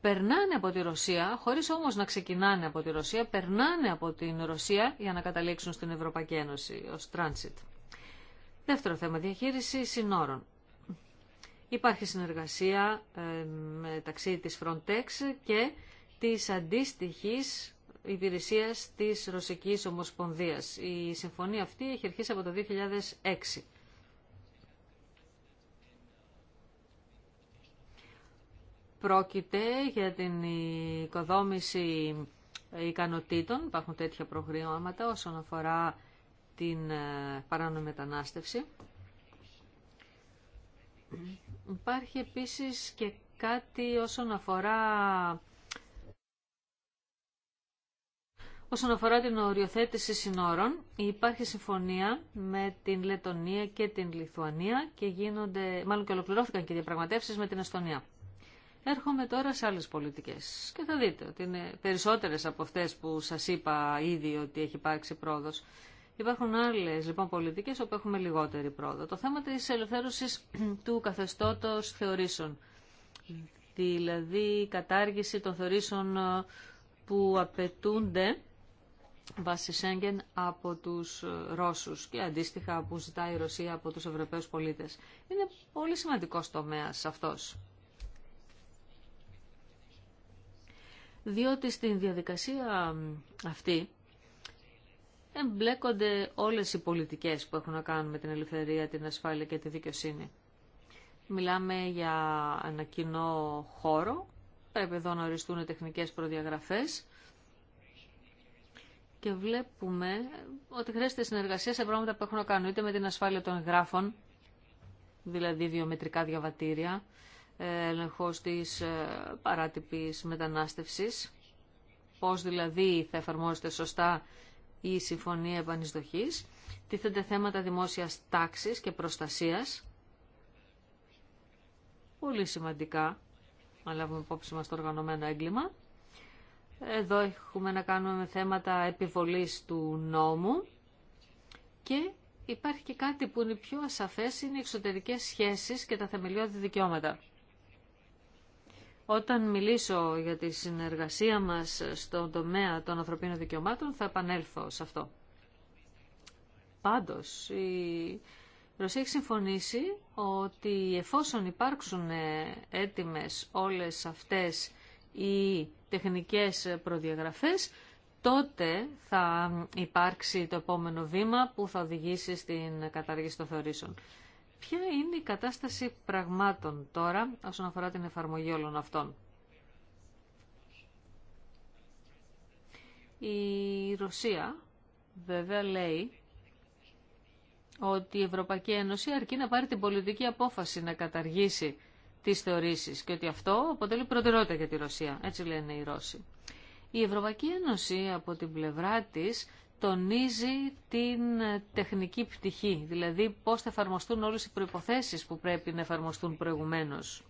περνάνε από τη Ρωσία, χωρίς όμως να ξεκινάνε από τη Ρωσία, περνάνε από την Ρωσία για να καταλήξουν στην Ευρωπαϊκή Ένωση ως transit. Δεύτερο θέμα, διαχείριση συνόρων. Υπάρχει συνεργασία ε, μεταξύ της Frontex και της αντίστοιχης υπηρεσίας της Ρωσικής Ομοσπονδίας. Η συμφωνία αυτή έχει αρχίσει από το 2006. Πρόκειται για την οικοδόμηση ικανοτήτων, υπάρχουν τέτοια προγράμματα όσον αφορά την ε, παράνομη μετανάστευση. Υπάρχει επίσης και κάτι όσον αφορά Όσον αφορά την οριοθέτηση συνόρων, υπάρχει συμφωνία με την Λετωνία και την Λιθουανία και γίνονται, μάλλον και ολοκληρώθηκαν και διαπραγματεύσεις με την Εστονία. Έρχομαι τώρα σε άλλες πολιτικές και θα δείτε ότι είναι περισσότερες από αυτές που σας είπα ήδη ότι έχει υπάρξει πρόοδος. Υπάρχουν άλλες λοιπόν πολιτικές όπου έχουμε λιγότερη πρόοδο. Το θέμα της ελευθέρωσης [CLEARS THROAT] του καθεστώτος θεωρήσεων, δηλαδή η κατάργηση των θεωρήσεων ε, που απαιτούνται βάση Σέγγεν από τους ε, Ρώσους και αντίστοιχα που ζητάει η Ρωσία από τους Ευρωπαίους πολίτες. Είναι πολύ σημαντικός τομέας αυτός. Διότι στην διαδικασία αυτή εμπλέκονται όλες οι πολιτικές που έχουν να κάνουν με την ελευθερία, την ασφάλεια και τη δικαιοσύνη. Μιλάμε για ένα κοινό χώρο, πρέπει εδώ να οριστούν τεχνικές προδιαγραφές και βλέπουμε ότι χρειάζεται συνεργασία σε πράγματα που έχουν να κάνουν είτε με την ασφάλεια των γράφων, δηλαδή βιομετρικά διαβατήρια, έλεγχο τη ε, παράτυπη μετανάστευση, πώς δηλαδή θα εφαρμόζεται σωστά η Συμφωνία επανεισδοχή, τίθενται θέματα δημόσιας τάξης και προστασίας, πολύ σημαντικά, αλλά λάβουμε υπόψη μας το οργανωμένο έγκλημα, εδώ έχουμε να κάνουμε με θέματα επιβολής του νόμου και υπάρχει και κάτι που είναι πιο ασαφές, είναι οι εξωτερικές σχέσεις και τα θεμελιώδη δικαιώματα. Όταν μιλήσω για τη συνεργασία μας στον τομέα των ανθρωπίνων δικαιωμάτων θα επανέλθω σε αυτό. Πάντως, η Ρωσία έχει συμφωνήσει ότι εφόσον υπάρξουν έτοιμες όλες αυτές οι τεχνικές προδιαγραφές, τότε θα υπάρξει το επόμενο βήμα που θα οδηγήσει στην κατάργηση των θεωρήσεων. Ποια είναι η κατάσταση πραγμάτων τώρα όσον αφορά την εφαρμογή όλων αυτών. Η Ρωσία βέβαια λέει ότι η Ευρωπαϊκή Ένωση αρκεί να πάρει την πολιτική απόφαση να καταργήσει και ότι αυτό αποτελεί προτεραιότητα για τη Ρωσία. Έτσι λένε οι Ρώσοι. Η Ευρωπαϊκή Ένωση από την πλευρά της τονίζει την τεχνική πτυχή, δηλαδή πώς θα εφαρμοστούν όλε οι προϋποθέσεις που πρέπει να εφαρμοστούν προηγουμένως.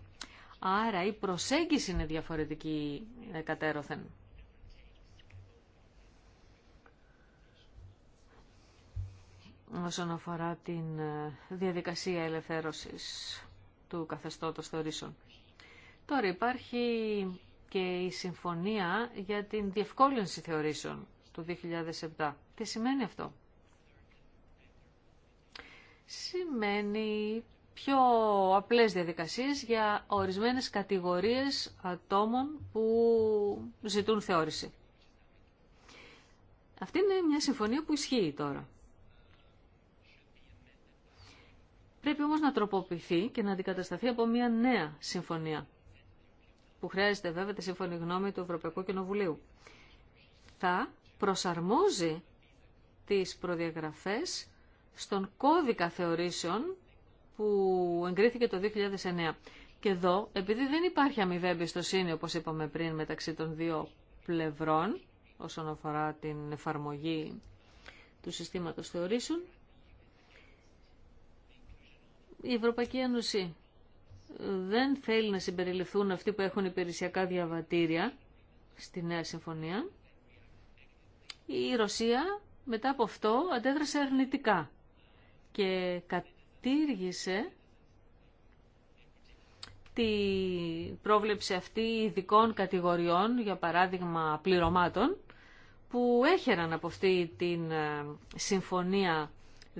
Άρα η προσέγγιση είναι διαφορετική ε, κατέρωθεν. όσον αφορά την ε, διαδικασία ελευθέρωσης του καθεστώτος θεωρήσεων. Τώρα υπάρχει και η συμφωνία για την διευκόλυνση θεωρήσεων του 2007. Τι σημαίνει αυτό. Σημαίνει πιο απλές διαδικασίες για ορισμένες κατηγορίες ατόμων που ζητούν θεώρηση. Αυτή είναι μια συμφωνία που ισχύει τώρα. Πρέπει όμως να τροποποιηθεί και να αντικατασταθεί από μια νέα συμφωνία, που χρειάζεται βέβαια τη σύμφωνη γνώμη του Ευρωπαϊκού Κοινοβουλίου. Θα προσαρμόζει τις προδιαγραφές στον κώδικα θεωρήσεων που εγκρίθηκε το 2009. Και εδώ, επειδή δεν υπάρχει αμοιβή εμπιστοσύνη, όπως είπαμε πριν, μεταξύ των δύο πλευρών, όσον αφορά την εφαρμογή του συστήματος θεωρήσεων, η Ευρωπαϊκή Ένωση δεν θέλει να συμπεριληφθούν αυτοί που έχουν υπηρεσιακά διαβατήρια στη Νέα Συμφωνία, η Ρωσία μετά από αυτό αντέδρασε αρνητικά και κατήργησε τη πρόβλεψη αυτή ειδικών κατηγοριών, για παράδειγμα πληρωμάτων, που έχεραν από αυτή την ε, συμφωνία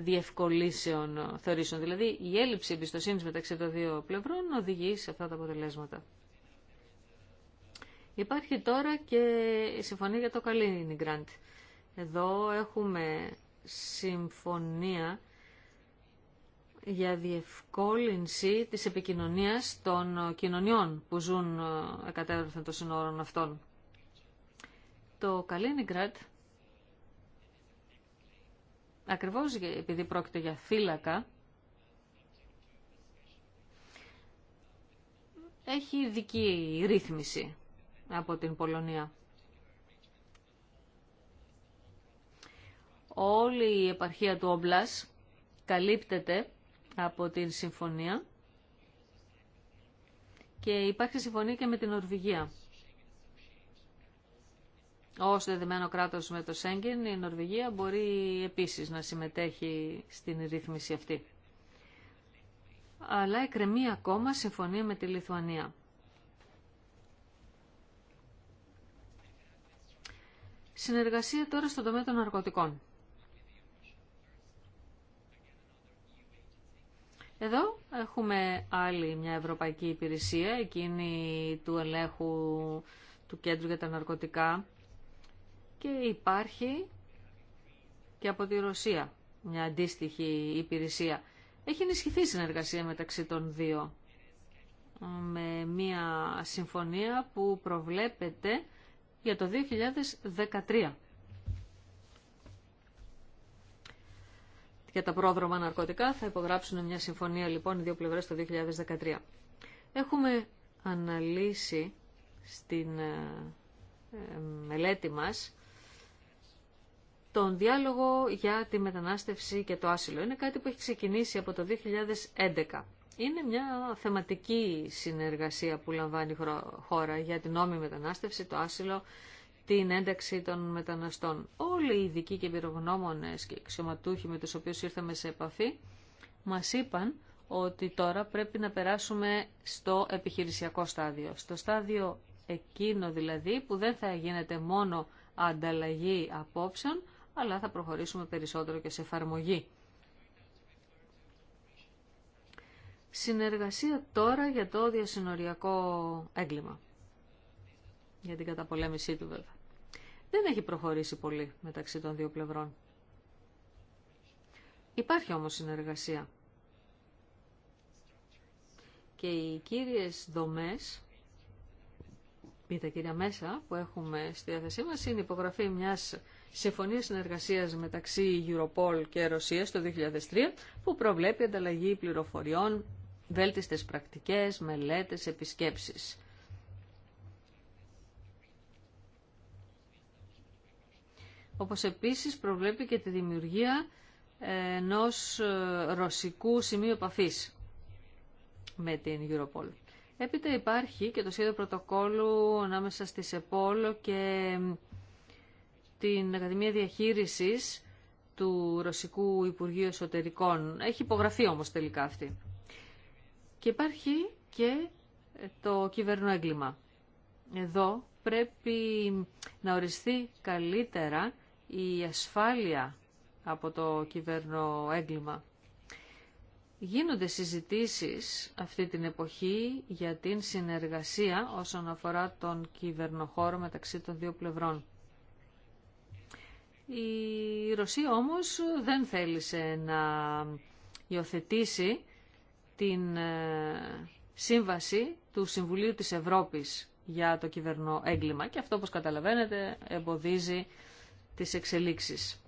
διευκολύσεων θεωρήσεων. Δηλαδή η έλλειψη εμπιστοσύνης μεταξύ των δύο πλευρών οδηγεί σε αυτά τα αποτελέσματα. Υπάρχει τώρα και η συμφωνία για το Καλίνιγκραντ. Εδώ έχουμε συμφωνία για διευκόλυνση της επικοινωνίας των κοινωνιών που ζουν εκατέρωθεν των συνόρων αυτών. Το Καλίνιγκραντ ακριβώς επειδή πρόκειται για θύλακα, έχει ειδική ρύθμιση από την Πολωνία. Όλη η επαρχία του Όμπλας καλύπτεται από την συμφωνία και υπάρχει συμφωνία και με την Ορβηγία. Ω δεδεμένο κράτος με το Σέγγεν, η Νορβηγία μπορεί επίσης να συμμετέχει στην ρύθμιση αυτή. Αλλά εκκρεμεί ακόμα συμφωνία με τη Λιθουανία. Συνεργασία τώρα στον τομέα των ναρκωτικών. Εδώ έχουμε άλλη μια ευρωπαϊκή υπηρεσία, εκείνη του ελέγχου του Κέντρου για τα Ναρκωτικά και υπάρχει και από τη Ρωσία μια αντίστοιχη υπηρεσία. Έχει ενισχυθεί η συνεργασία μεταξύ των δύο ε, με μια συμφωνία που προβλέπεται για το 2013. Για τα πρόδρομα ναρκωτικά θα υπογράψουν μια συμφωνία λοιπόν οι δύο πλευρές το 2013. Έχουμε αναλύσει στην ε, ε, μελέτη μας τον διάλογο για τη μετανάστευση και το άσυλο. Είναι κάτι που έχει ξεκινήσει από το 2011. Είναι μια θεματική συνεργασία που λαμβάνει χώρα για την νόμιμη μετανάστευση, το άσυλο, την ένταξη των μεταναστών. Όλοι οι ειδικοί και πυρογνώμονες και αξιωματούχοι με τους οποίους ήρθαμε σε επαφή μας είπαν ότι τώρα πρέπει να περάσουμε στο επιχειρησιακό στάδιο. Στο στάδιο εκείνο δηλαδή που δεν θα γίνεται μόνο ανταλλαγή απόψεων, αλλά θα προχωρήσουμε περισσότερο και σε εφαρμογή. Συνεργασία τώρα για το διασυνοριακό έγκλημα. Για την καταπολέμησή του βέβαια. Δεν έχει προχωρήσει πολύ μεταξύ των δύο πλευρών. Υπάρχει όμως συνεργασία. Και οι κύριες δομές ή κύρια μέσα που έχουμε στη διάθεσή μας είναι υπογραφή μιας συμφωνία συνεργασία μεταξύ Europol και Ρωσία το 2003 που προβλέπει ανταλλαγή πληροφοριών, βέλτιστες πρακτικές, μελέτες, επισκέψεις. Όπως επίσης προβλέπει και τη δημιουργία ενός ε, ρωσικού σημείου επαφής με την Europol. Έπειτα υπάρχει και το σχέδιο πρωτοκόλλου ανάμεσα στη Σεπόλο και την Ακαδημία Διαχείρισης του Ρωσικού Υπουργείου Εσωτερικών. Έχει υπογραφεί όμως τελικά αυτή. Και υπάρχει και το κυβερνό έγκλημα. Εδώ πρέπει να οριστεί καλύτερα η ασφάλεια από το κυβέρνο έγκλημα. Γίνονται συζητήσεις αυτή την εποχή για την συνεργασία όσον αφορά τον κυβερνοχώρο μεταξύ των δύο πλευρών. Η Ρωσία όμως δεν θέλησε να υιοθετήσει την ε, σύμβαση του Συμβουλίου της Ευρώπης για το κυβερνό έγκλημα και αυτό όπως καταλαβαίνετε εμποδίζει τις εξελίξεις.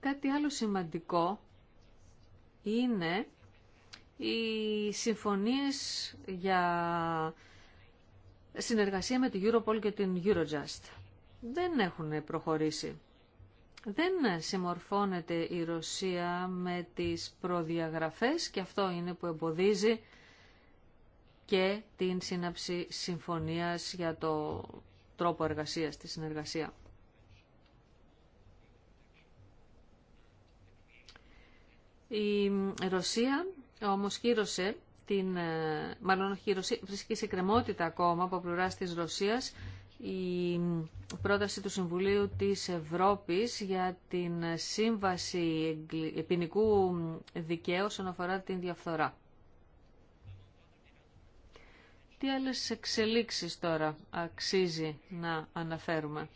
Κάτι άλλο σημαντικό είναι οι συμφωνίες για συνεργασία με την Europol και την Eurojust δεν έχουν προχωρήσει. Δεν συμμορφώνεται η Ρωσία με τις προδιαγραφές και αυτό είναι που εμποδίζει και την σύναψη συμφωνίας για το τρόπο εργασίας, τη συνεργασία. Η Ρωσία όμως κύρωσε την, ε, μάλλον όχι βρίσκει ακόμα από πλευρά της Ρωσίας η πρόταση του Συμβουλίου της Ευρώπης για την σύμβαση ποινικού δικαίου όσον αφορά την διαφθορά. Τι άλλες εξελίξεις τώρα αξίζει να αναφέρουμε.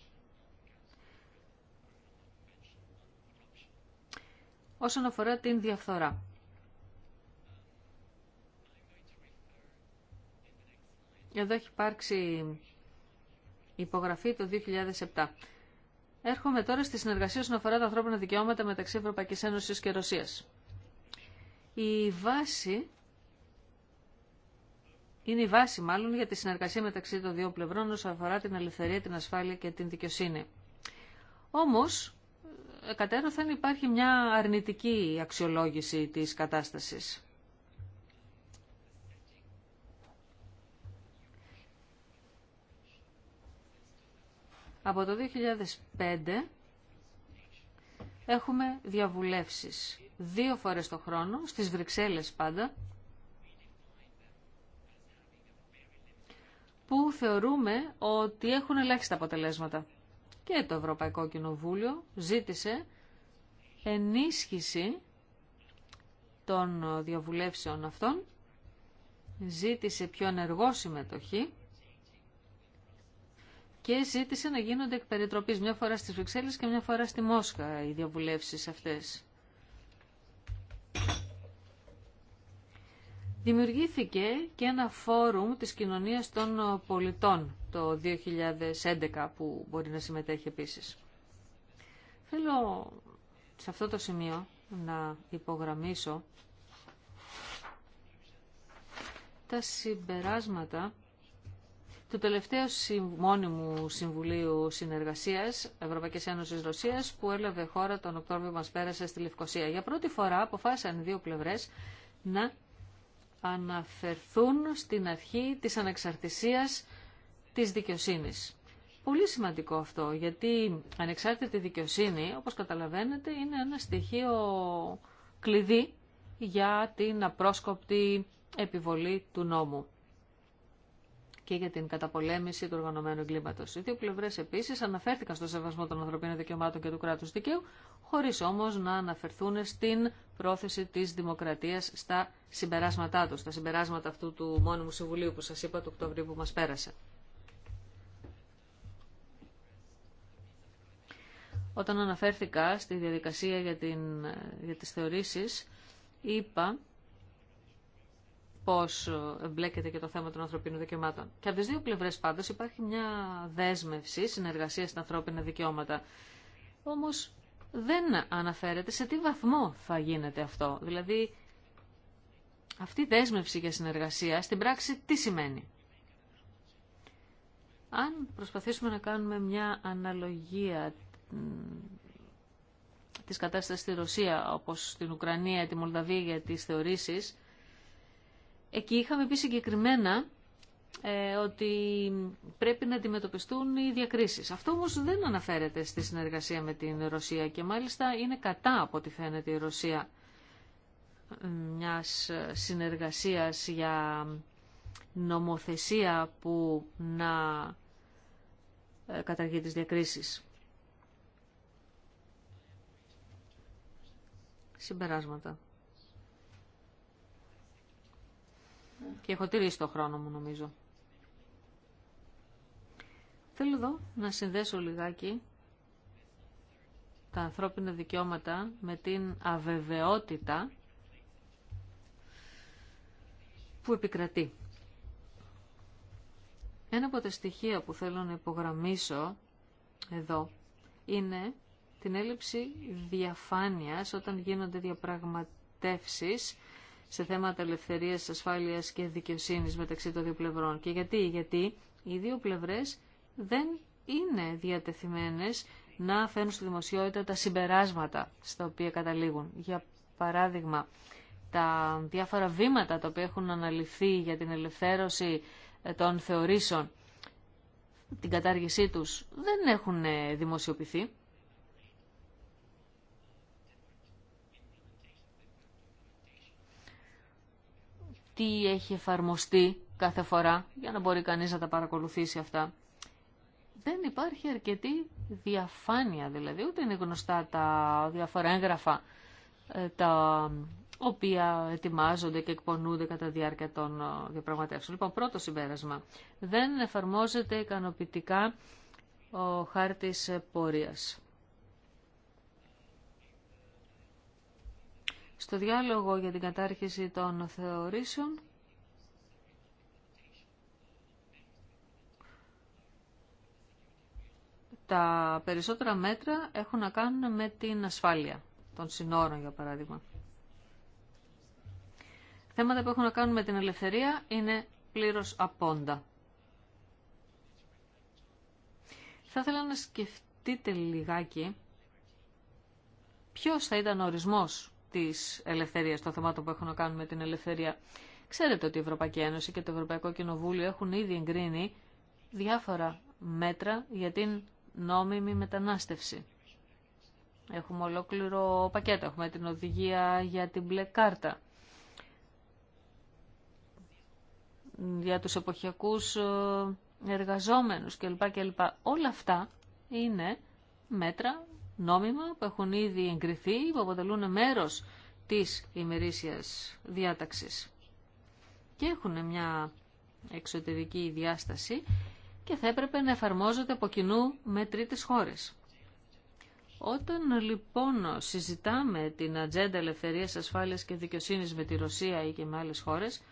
Όσον αφορά την διαφθορά. Εδώ έχει υπάρξει υπογραφή το 2007. Έρχομαι τώρα στη συνεργασία όσον αφορά τα ανθρώπινα δικαιώματα μεταξύ Ευρωπαϊκής Ένωσης και Ρωσίας. Η βάση είναι η βάση μάλλον για τη συνεργασία μεταξύ των δύο πλευρών όσον αφορά την ελευθερία, την ασφάλεια και την δικαιοσύνη. Όμως, ε, κατέρωθεν υπάρχει μια αρνητική αξιολόγηση της κατάστασης. Από το 2005 έχουμε διαβουλεύσεις δύο φορές το χρόνο, στις Βρυξέλλες πάντα, που θεωρούμε ότι έχουν ελάχιστα αποτελέσματα. Και το Ευρωπαϊκό Κοινοβούλιο ζήτησε ενίσχυση των διαβουλεύσεων αυτών, ζήτησε πιο ενεργό συμμετοχή και ζήτησε να γίνονται εκ περιτροπής μια φορά στις Βρυξέλλες και μια φορά στη Μόσχα οι διαβουλεύσεις αυτές. Δημιουργήθηκε και ένα φόρουμ της κοινωνίας των πολιτών το 2011 που μπορεί να συμμετέχει επίσης. Θέλω σε αυτό το σημείο να υπογραμμίσω τα συμπεράσματα του τελευταίου μόνιμου Συμβουλίου συνεργασία Ευρωπαϊκή Ένωση Ρωσία που έλαβε χώρα τον Οκτώβριο μας πέρασε στη Λευκοσία. Για πρώτη φορά αποφάσισαν οι δύο πλευρές να αναφερθούν στην αρχή της ανεξαρτησία της δικαιοσύνη. Πολύ σημαντικό αυτό, γιατί ανεξάρτητη δικαιοσύνη, όπως καταλαβαίνετε, είναι ένα στοιχείο κλειδί για την απρόσκοπτη επιβολή του νόμου και για την καταπολέμηση του οργανωμένου εγκλήματο. Οι δύο πλευρέ επίση αναφέρθηκαν στο σεβασμό των ανθρωπίνων δικαιωμάτων και του κράτου δικαίου, χωρί όμω να αναφερθούν στην πρόθεση τη δημοκρατία στα συμπεράσματά του, στα συμπεράσματα αυτού του μόνιμου συμβουλίου που σα είπα το Οκτωβρίου που μα πέρασε. Όταν αναφέρθηκα στη διαδικασία για, την, για τις θεωρήσεις, είπα Πώ ε, εμπλέκεται και το θέμα των ανθρωπίνων δικαιωμάτων. Και από τι δύο πλευρές πάντως υπάρχει μια δέσμευση συνεργασία στα ανθρώπινα δικαιώματα. όμω δεν αναφέρεται σε τι βαθμό θα γίνεται αυτό. Δηλαδή αυτή η δέσμευση για συνεργασία στην πράξη τι σημαίνει. Αν προσπαθήσουμε να κάνουμε μια αναλογία της κατάστασης στη Ρωσία, όπως στην Ουκρανία, τη Μολδαβία για τις θεωρήσεις, Εκεί είχαμε πει συγκεκριμένα ε, ότι πρέπει να αντιμετωπιστούν οι διακρίσεις. Αυτό όμως δεν αναφέρεται στη συνεργασία με την Ρωσία και μάλιστα είναι κατά από ό,τι φαίνεται η Ρωσία μιας συνεργασίας για νομοθεσία που να ε, καταργεί τις διακρίσεις. Συμπεράσματα. Και έχω τηρήσει το χρόνο μου νομίζω. Θέλω εδώ να συνδέσω λιγάκι τα ανθρώπινα δικαιώματα με την αβεβαιότητα που επικρατεί. Ένα από τα στοιχεία που θέλω να υπογραμμίσω εδώ είναι την έλλειψη διαφάνειας όταν γίνονται διαπραγματεύσεις σε θέματα ελευθερίας, ασφάλειας και δικαιοσύνης μεταξύ των δύο πλευρών. Και γιατί, γιατί οι δύο πλευρές δεν είναι διατεθειμένες να φέρουν στη δημοσιότητα τα συμπεράσματα στα οποία καταλήγουν. Για παράδειγμα, τα διάφορα βήματα τα οποία έχουν αναλυθεί για την ελευθέρωση ε, των θεωρήσεων, την κατάργησή τους, δεν έχουν ε, δημοσιοποιηθεί. τι έχει εφαρμοστεί κάθε φορά για να μπορεί κανείς να τα παρακολουθήσει αυτά. Δεν υπάρχει αρκετή διαφάνεια, δηλαδή ούτε είναι γνωστά τα διάφορα έγγραφα ε, τα οποία ετοιμάζονται και εκπονούνται κατά διάρκεια των ε, διαπραγματεύσεων. Λοιπόν, πρώτο συμπέρασμα. Δεν εφαρμόζεται ικανοποιητικά ο χάρτης πορείας. Στο διάλογο για την κατάρχηση των θεωρήσεων τα περισσότερα μέτρα έχουν να κάνουν με την ασφάλεια των συνόρων, για παράδειγμα. Θέματα που έχουν να κάνουν με την ελευθερία είναι πλήρως απόντα. Θα ήθελα να σκεφτείτε λιγάκι ποιος θα ήταν ο ορισμός της ελευθερίας, των θεμάτων που έχουν να κάνουν με την ελευθερία. Ξέρετε ότι η Ευρωπαϊκή Ένωση και το Ευρωπαϊκό Κοινοβούλιο έχουν ήδη εγκρίνει διάφορα μέτρα για την νόμιμη μετανάστευση. Έχουμε ολόκληρο πακέτο, έχουμε την οδηγία για την μπλε κάρτα. για τους εποχιακούς ε, εργαζόμενους κλπ. Όλα αυτά είναι μέτρα νόμιμα που έχουν ήδη εγκριθεί, που αποτελούν μέρος της ημερήσιας διάταξης και έχουν μια εξωτερική διάσταση και θα έπρεπε να εφαρμόζονται από κοινού με τρίτες χώρες. Όταν λοιπόν συζητάμε την ατζέντα ελευθερίας, ασφάλειας και δικαιοσύνης με τη Ρωσία ή και με άλλες χώρες,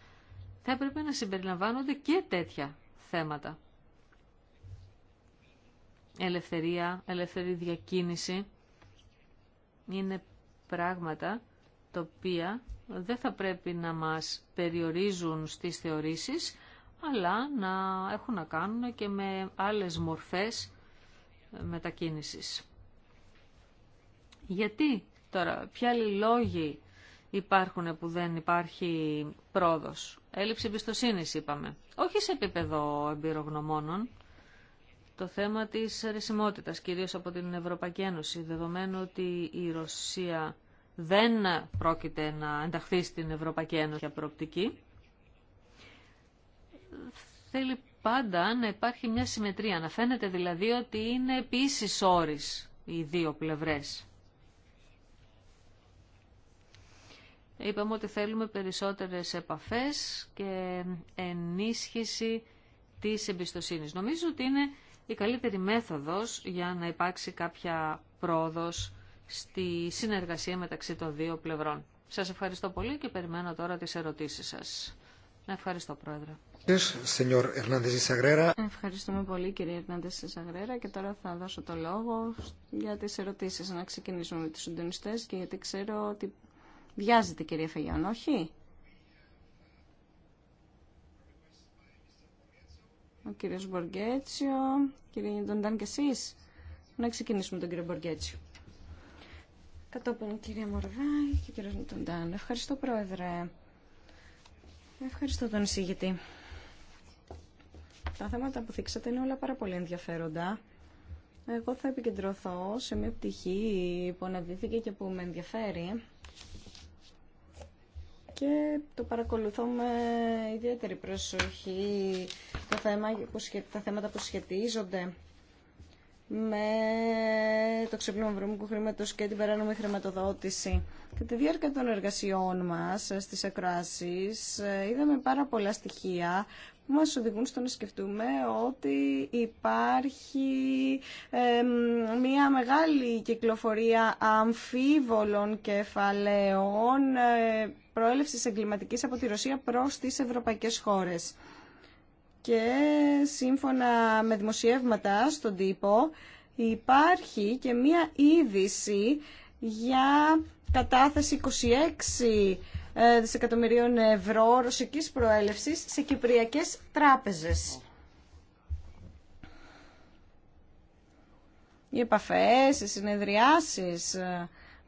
θα έπρεπε να συμπεριλαμβάνονται και τέτοια θέματα ελευθερία, ελεύθερη διακίνηση είναι πράγματα τα οποία δεν θα πρέπει να μας περιορίζουν στις θεωρήσεις, αλλά να έχουν να κάνουν και με άλλες μορφές μετακίνησης. Γιατί τώρα, ποια άλλη λόγοι υπάρχουν που δεν υπάρχει πρόοδος. Έλλειψη εμπιστοσύνη είπαμε. Όχι σε επίπεδο εμπειρογνωμόνων, το θέμα της ρεσιμότητας, κυρίως από την Ευρωπαϊκή Ένωση, δεδομένου ότι η Ρωσία δεν πρόκειται να ενταχθεί στην Ευρωπαϊκή Ένωση για προοπτική. Θέλει πάντα να υπάρχει μια συμμετρία, να φαίνεται δηλαδή ότι είναι επίσης όρις οι δύο πλευρές. Είπαμε ότι θέλουμε περισσότερες επαφές και ενίσχυση της εμπιστοσύνης. Νομίζω ότι είναι η καλύτερη μέθοδος για να υπάρξει κάποια πρόοδος στη συνεργασία μεταξύ των δύο πλευρών. Σας ευχαριστώ πολύ και περιμένω τώρα τις ερωτήσεις σας. Ευχαριστώ, Πρόεδρε. Ευχαριστούμε πολύ, κύριε Ερνάντες Σαγρέρα. Και τώρα θα δώσω το λόγο για τις ερωτήσεις. Να ξεκινήσουμε με τους συντονιστές και γιατί ξέρω ότι βιάζεται, κυρία Φαγιάν, όχι. ο κύριος Μποργέτσιο. Κύριε Νιντονταν και εσείς. Να ξεκινήσουμε τον κύριο Μποργέτσιο. Κατόπιν κύριε Μορβάη και κύριος Νιντονταν. Ευχαριστώ πρόεδρε. Ευχαριστώ τον εισηγητή. Τα θέματα που θίξατε είναι όλα πάρα πολύ ενδιαφέροντα. Εγώ θα επικεντρωθώ σε μια πτυχή που αναδύθηκε και που με ενδιαφέρει και το παρακολουθώ με ιδιαίτερη προσοχή θέμα που τα θέματα που σχετίζονται με το ξεπλήμα βρωμικού χρήματο και την παράνομη χρηματοδότηση. Κατά τη διάρκεια των εργασιών μας στις εκράσεις ε, είδαμε πάρα πολλά στοιχεία που μας οδηγούν στο να σκεφτούμε ότι υπάρχει μια μεγάλη κυκλοφορία αμφίβολων κεφαλαίων ε, προέλευσης εγκληματικής από τη Ρωσία προς τις ευρωπαϊκές χώρες. Και σύμφωνα με δημοσιεύματα στον τύπο υπάρχει και μία είδηση για κατάθεση 26 ε, δισεκατομμυρίων ευρώ ρωσικής προέλευσης σε κυπριακές τράπεζες. Οι επαφές, οι συνεδριάσεις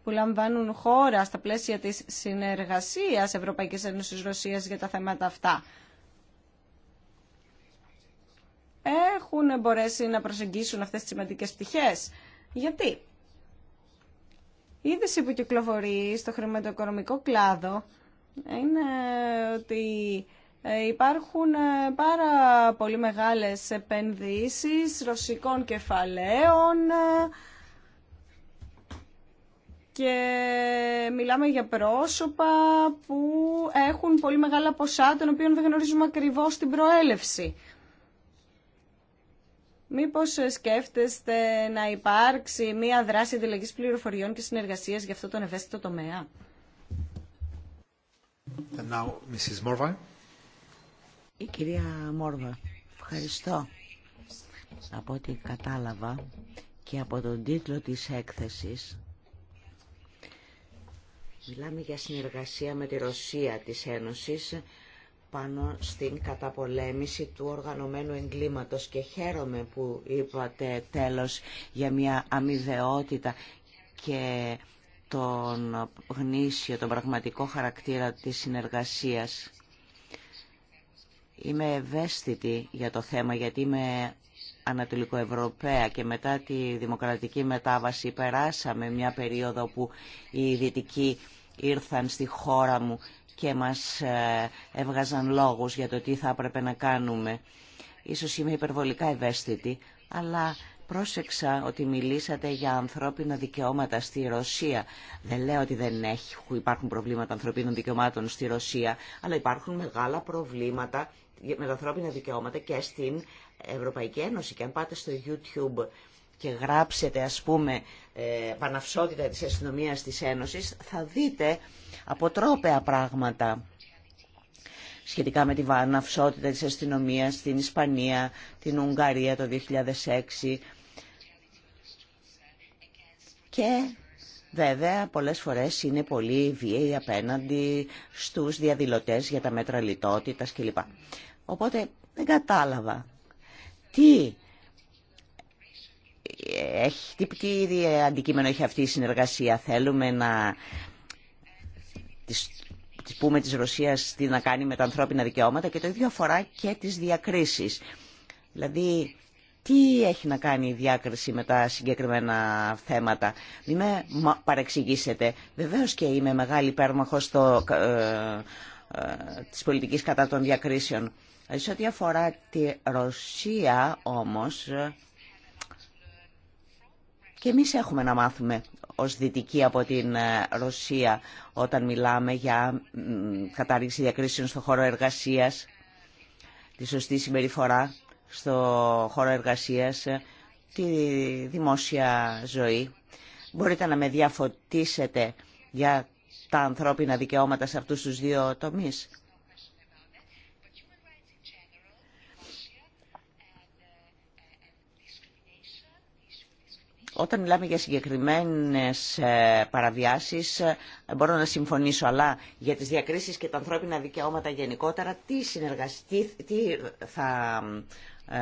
που λαμβάνουν χώρα στα πλαίσια της συνεργασίας Ευρωπαϊκής Ένωσης Ρωσίας για τα θέματα αυτά. Έχουν μπορέσει να προσεγγίσουν αυτές τις σημαντικές πτυχές. Γιατί η είδηση που κυκλοφορεί στο χρηματοοικονομικό κλάδο είναι ότι ε, υπάρχουν ε, πάρα πολύ μεγάλες επενδύσεις ρωσικών κεφαλαίων ε, και μιλάμε για πρόσωπα που έχουν πολύ μεγάλα ποσά, των οποίων δεν γνωρίζουμε ακριβώς την προέλευση. Μήπως σκέφτεστε να υπάρξει μία δράση αντιλαγής πληροφοριών και συνεργασίας για αυτό τον ευαίσθητο τομέα. now, Mrs. Η κυρία Μόρβα, ευχαριστώ. Από ό,τι κατάλαβα και από τον τίτλο της έκθεσης, Μιλάμε για συνεργασία με τη Ρωσία της Ένωσης πάνω στην καταπολέμηση του οργανωμένου εγκλήματος και χαίρομαι που είπατε τέλος για μια αμοιβαιότητα και τον γνήσιο, τον πραγματικό χαρακτήρα της συνεργασίας. Είμαι ευαίσθητη για το θέμα γιατί είμαι Ανατολικοευρωπαία και μετά τη δημοκρατική μετάβαση περάσαμε μια περίοδο που η δυτική ήρθαν στη χώρα μου και μας ε, έβγαζαν λόγους για το τι θα έπρεπε να κάνουμε. Ίσως είμαι υπερβολικά ευαίσθητη, αλλά πρόσεξα ότι μιλήσατε για ανθρώπινα δικαιώματα στη Ρωσία. Δεν λέω ότι δεν υπάρχουν προβλήματα ανθρωπίνων δικαιωμάτων στη Ρωσία, αλλά υπάρχουν μεγάλα προβλήματα με τα ανθρώπινα δικαιώματα και στην Ευρωπαϊκή Ένωση. Και αν πάτε στο YouTube και γράψετε ας πούμε ε, παναυσότητα της αστυνομία της Ένωσης θα δείτε αποτρόπαια πράγματα σχετικά με τη βαναυσότητα της αστυνομία στην Ισπανία, την Ουγγαρία το 2006 και Βέβαια, πολλές φορές είναι πολύ βίαιοι απέναντι στους διαδηλωτές για τα μέτρα λιτότητας κλπ. Οπότε δεν κατάλαβα τι έχει, τι, αντικείμενο έχει αυτή η συνεργασία. Θέλουμε να τις πούμε της Ρωσίας τι να κάνει με τα ανθρώπινα δικαιώματα και το ίδιο αφορά και τις διακρίσεις. Δηλαδή, τι έχει να κάνει η διάκριση με τα συγκεκριμένα θέματα. Μην με παρεξηγήσετε. Βεβαίως και είμαι μεγάλη υπέρμαχος το, ε, ε, της πολιτικής κατά των διακρίσεων. Σε ό,τι αφορά τη Ρωσία όμως, και εμείς έχουμε να μάθουμε ως δυτικοί από την ε, Ρωσία όταν μιλάμε για κατάργηση διακρίσεων στο χώρο εργασίας, τη σωστή συμπεριφορά στο χώρο εργασίας, ε, τη δημόσια ζωή. Μπορείτε να με διαφωτίσετε για τα ανθρώπινα δικαιώματα σε αυτούς τους δύο τομείς. Όταν μιλάμε για συγκεκριμένες ε, παραβιάσεις, ε, μπορώ να συμφωνήσω, αλλά για τις διακρίσεις και τα ανθρώπινα δικαιώματα γενικότερα, τι, τι θα ε,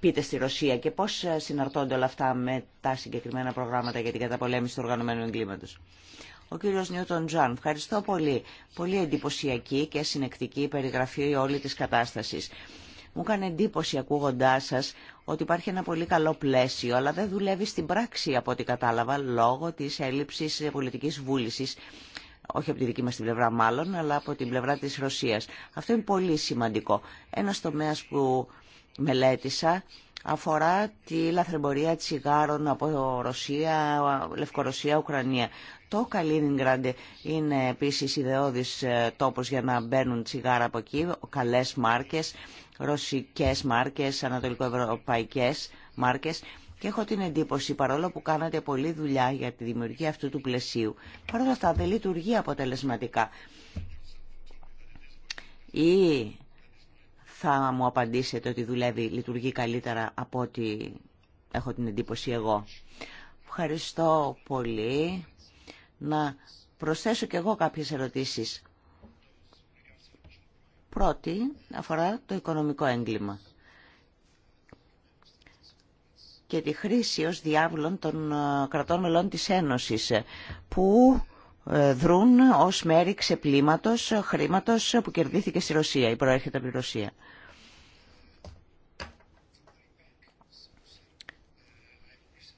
πείτε στη Ρωσία και πώς συναρτώνται όλα αυτά με τα συγκεκριμένα προγράμματα για την καταπολέμηση του οργανωμένου εγκλήματος. Ο κύριος Νιούτον Τζαν, ευχαριστώ πολύ. Πολύ εντυπωσιακή και συνεκτική περιγραφή όλη της κατάστασης. Μου έκανε εντύπωση ακούγοντά σα ότι υπάρχει ένα πολύ καλό πλαίσιο, αλλά δεν δουλεύει στην πράξη από ό,τι κατάλαβα, λόγω τη έλλειψη πολιτική βούληση, όχι από τη δική μα την πλευρά μάλλον, αλλά από την πλευρά τη Ρωσία. Αυτό είναι πολύ σημαντικό. Ένα τομέα που μελέτησα αφορά τη λαθρεμπορία τσιγάρων από Ρωσία, Λευκορωσία, Ουκρανία. Το Καλίνιγκραντε είναι επίσης ιδεώδης ε, τόπος για να μπαίνουν τσιγάρα από εκεί, καλές μάρκες, ρωσικές μάρκες, ανατολικοευρωπαϊκές μάρκες και έχω την εντύπωση, παρόλο που κάνατε πολλή δουλειά για τη δημιουργία αυτού του πλαισίου, παρόλα αυτά δεν λειτουργεί αποτελεσματικά. Ή θα μου απαντήσετε ότι δουλεύει, λειτουργεί καλύτερα από ό,τι έχω την εντύπωση εγώ. Ευχαριστώ πολύ. Να προσθέσω κι εγώ κάποιες ερωτήσεις πρώτη αφορά το οικονομικό έγκλημα και τη χρήση ως διάβλων των ε, κρατών μελών της Ένωσης ε, που ε, δρούν ως μέρη ξεπλήματος χρήματος που κερδίθηκε στη Ρωσία ή προέρχεται από τη Ρωσία.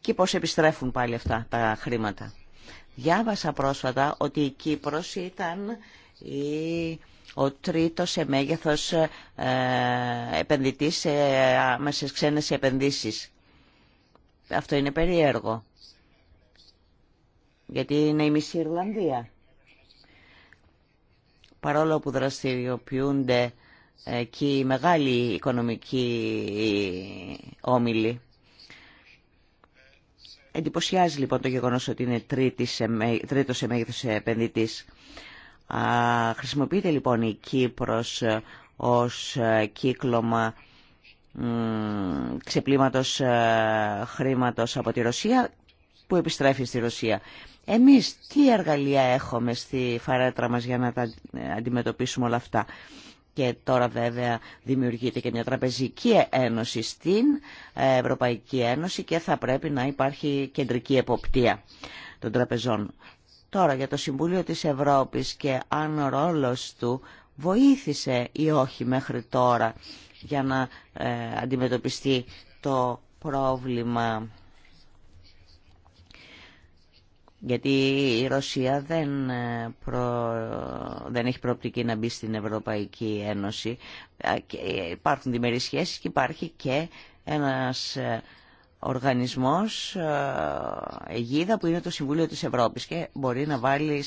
Και πώς επιστρέφουν πάλι αυτά τα χρήματα. Διάβασα πρόσφατα ότι η Κύπρος ήταν η ο τρίτος σε μέγεθος επενδύτη επενδυτής σε άμεσες επενδύσεις. Αυτό είναι περίεργο. Γιατί είναι η μισή Ιρλανδία. Παρόλο που δραστηριοποιούνται και οι μεγάλοι οικονομικοί όμιλοι. Εντυπωσιάζει λοιπόν το γεγονός ότι είναι τρίτος σε μέγεθος επενδυτής χρησιμοποιείται λοιπόν η Κύπρος ε, ως ε, κύκλωμα ξεπλήματος ε, χρήματος από τη Ρωσία που επιστρέφει στη Ρωσία. Εμείς τι εργαλεία έχουμε στη φαρέτρα μας για να τα αντιμετωπίσουμε όλα αυτά. Και τώρα βέβαια δημιουργείται και μια τραπεζική ένωση στην Ευρωπαϊκή Ένωση και θα πρέπει να υπάρχει κεντρική εποπτεία των τραπεζών. Τώρα για το Συμβούλιο της Ευρώπης και αν ο ρόλος του βοήθησε ή όχι μέχρι τώρα για να ε, αντιμετωπιστεί το πρόβλημα. Γιατί η Ρωσία δεν, ε, δεν έχει προοπτική να μπει στην Ευρωπαϊκή Ένωση. Ε, υπάρχουν διμερείς σχέσεις και υπάρχει και ένας ε, οργανισμός ε, αιγίδα που είναι το Συμβούλιο της Ευρώπης και μπορεί να βάλει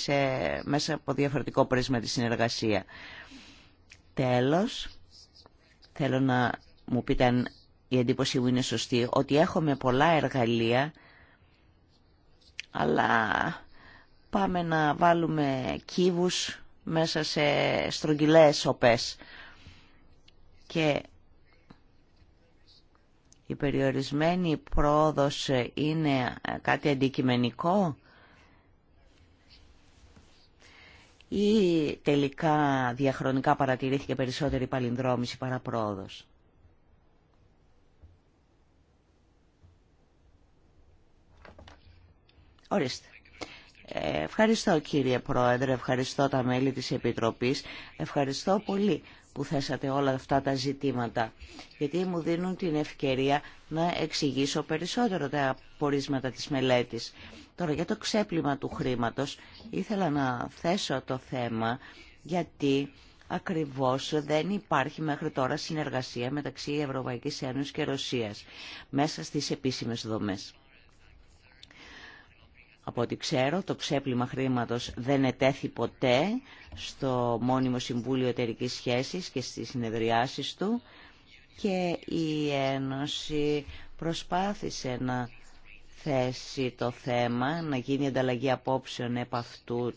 μέσα από διαφορετικό πρίσμα τη συνεργασία. Τέλος, θέλω να μου πείτε αν η εντύπωση μου είναι σωστή, ότι έχουμε πολλά εργαλεία, αλλά πάμε να βάλουμε κύβους μέσα σε στρογγυλές σοπές. Και η περιορισμένη πρόοδος είναι κάτι αντικειμενικό ή τελικά διαχρονικά παρατηρήθηκε περισσότερη παλινδρόμηση παρά πρόοδος. Ορίστε. Ε, ευχαριστώ κύριε Πρόεδρε, ευχαριστώ τα μέλη της Επιτροπής, ευχαριστώ πολύ που θέσατε όλα αυτά τα ζητήματα, γιατί μου δίνουν την ευκαιρία να εξηγήσω περισσότερο τα απορίσματα της μελέτης. Τώρα, για το ξέπλυμα του χρήματος, ήθελα να θέσω το θέμα, γιατί ακριβώς δεν υπάρχει μέχρι τώρα συνεργασία μεταξύ Ευρωπαϊκής Ένωσης και Ρωσίας μέσα στις επίσημες δομές. Από ό,τι ξέρω, το ξέπλυμα χρήματος δεν ετέθη ποτέ στο μόνιμο Συμβούλιο Εταιρική Σχέσης και στις συνεδριάσεις του και η Ένωση προσπάθησε να θέσει το θέμα, να γίνει ανταλλαγή απόψεων επ' αυτού,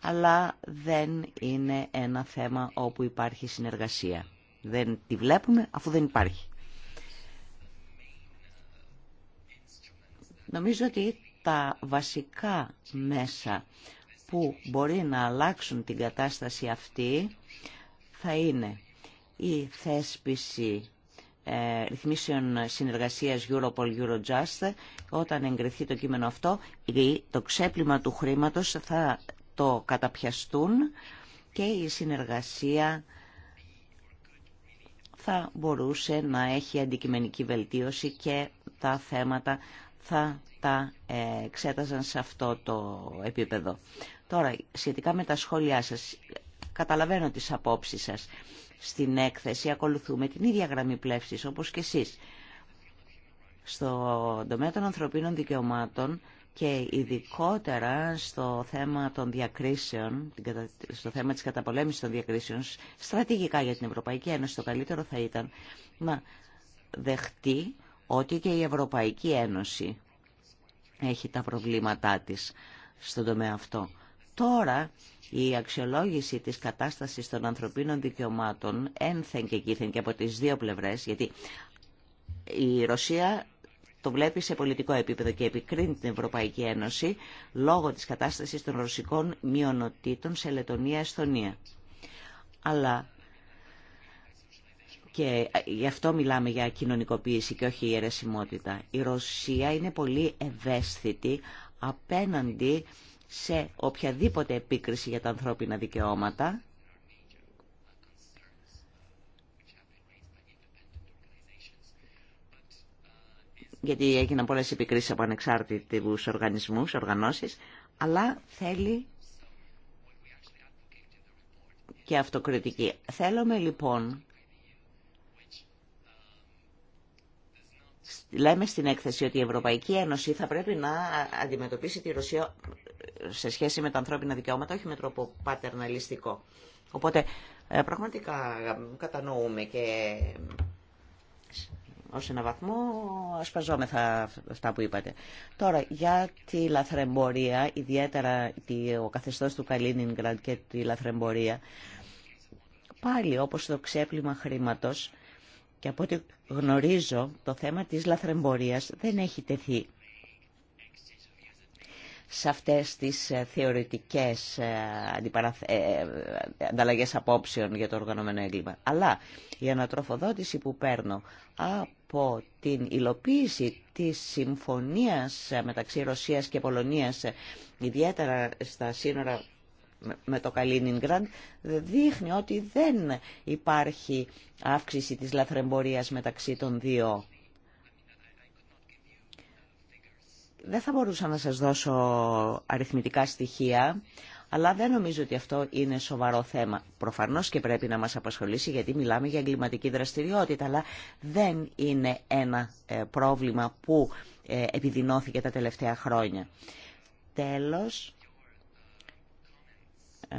αλλά δεν είναι ένα θέμα όπου υπάρχει συνεργασία. Δεν τη βλέπουμε αφού δεν υπάρχει. Νομίζω ότι τα βασικά μέσα που μπορεί να αλλάξουν την κατάσταση αυτή θα είναι η θέσπιση ε, ρυθμίσεων συνεργασίας Europol-Eurojust όταν εγκριθεί το κείμενο αυτό το ξέπλυμα του χρήματος θα το καταπιαστούν και η συνεργασία θα μπορούσε να έχει αντικειμενική βελτίωση και τα θέματα θα τα ε, εξέταζαν σε αυτό το επίπεδο. Τώρα, σχετικά με τα σχόλιά σας, καταλαβαίνω τις απόψεις σας. Στην έκθεση ακολουθούμε την ίδια γραμμή πλεύσης όπως και εσείς. Στο τομέα των ανθρωπίνων δικαιωμάτων και ειδικότερα στο θέμα των διακρίσεων, στο θέμα της καταπολέμησης των διακρίσεων, στρατηγικά για την Ευρωπαϊκή Ένωση το καλύτερο θα ήταν να δεχτεί ότι και η Ευρωπαϊκή Ένωση έχει τα προβλήματά της στον τομέα αυτό. Τώρα η αξιολόγηση της κατάστασης των ανθρωπίνων δικαιωμάτων ένθεν και κήθεν και από τις δύο πλευρές, γιατί η Ρωσία το βλέπει σε πολιτικό επίπεδο και επικρίνει την Ευρωπαϊκή Ένωση λόγω της κατάστασης των ρωσικών μειονοτήτων σε Λετωνία-Εσθονία. Αλλά και ε, γι' αυτό μιλάμε για κοινωνικοποίηση και όχι η αιρεσιμότητα. Η Ρωσία είναι πολύ ευαίσθητη απέναντι σε οποιαδήποτε επίκριση για τα ανθρώπινα δικαιώματα γιατί έγιναν πολλές επικρίσεις από ανεξάρτητους οργανισμούς, οργανώσεις, αλλά θέλει και αυτοκριτική. Θέλουμε λοιπόν λέμε στην έκθεση ότι η Ευρωπαϊκή Ένωση θα πρέπει να αντιμετωπίσει τη Ρωσία σε σχέση με τα ανθρώπινα δικαιώματα, όχι με τρόπο πατερναλιστικό. Οπότε ε, πραγματικά κατανοούμε και ως ένα βαθμό ασπαζόμεθα αυτά που είπατε. Τώρα, για τη λαθρεμπορία, ιδιαίτερα ο καθεστώς του Καλίνιγκραντ και τη λαθρεμπορία, πάλι όπως το ξέπλυμα χρήματος, και από ό,τι γνωρίζω, το θέμα της λαθρεμπορίας δεν έχει τεθεί σε αυτές τις ε, θεωρητικές ε, ε, ανταλλαγές απόψεων για το οργανωμένο έγκλημα. Αλλά η ανατροφοδότηση που παίρνω από την υλοποίηση της συμφωνίας μεταξύ Ρωσίας και Πολωνίας, ιδιαίτερα στα σύνορα με το Καλίνιγκραντ δείχνει ότι δεν υπάρχει αύξηση της λαθρεμπορίας μεταξύ των δύο. Δεν θα μπορούσα να σας δώσω αριθμητικά στοιχεία, αλλά δεν νομίζω ότι αυτό είναι σοβαρό θέμα. Προφανώς και πρέπει να μας απασχολήσει γιατί μιλάμε για εγκληματική δραστηριότητα, αλλά δεν είναι ένα ε, πρόβλημα που ε, επιδεινώθηκε τα τελευταία χρόνια. Τέλος, ε,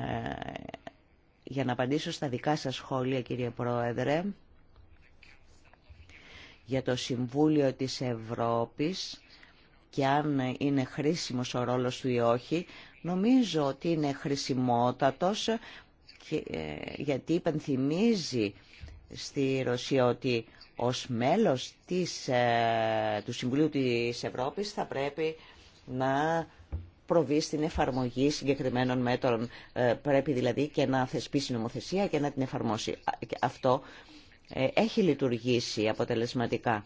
για να απαντήσω στα δικά σας σχόλια, κύριε Πρόεδρε, για το Συμβούλιο της Ευρώπης και αν είναι χρήσιμος ο ρόλος του ή όχι, νομίζω ότι είναι χρησιμότατος ε, γιατί υπενθυμίζει στη Ρωσία ότι ως μέλος ε, του Συμβουλίου της Ευρώπης θα πρέπει να προβεί στην εφαρμογή συγκεκριμένων μέτρων. Ε, πρέπει δηλαδή και να θεσπίσει νομοθεσία και να την εφαρμόσει. Αυτό ε, έχει λειτουργήσει αποτελεσματικά.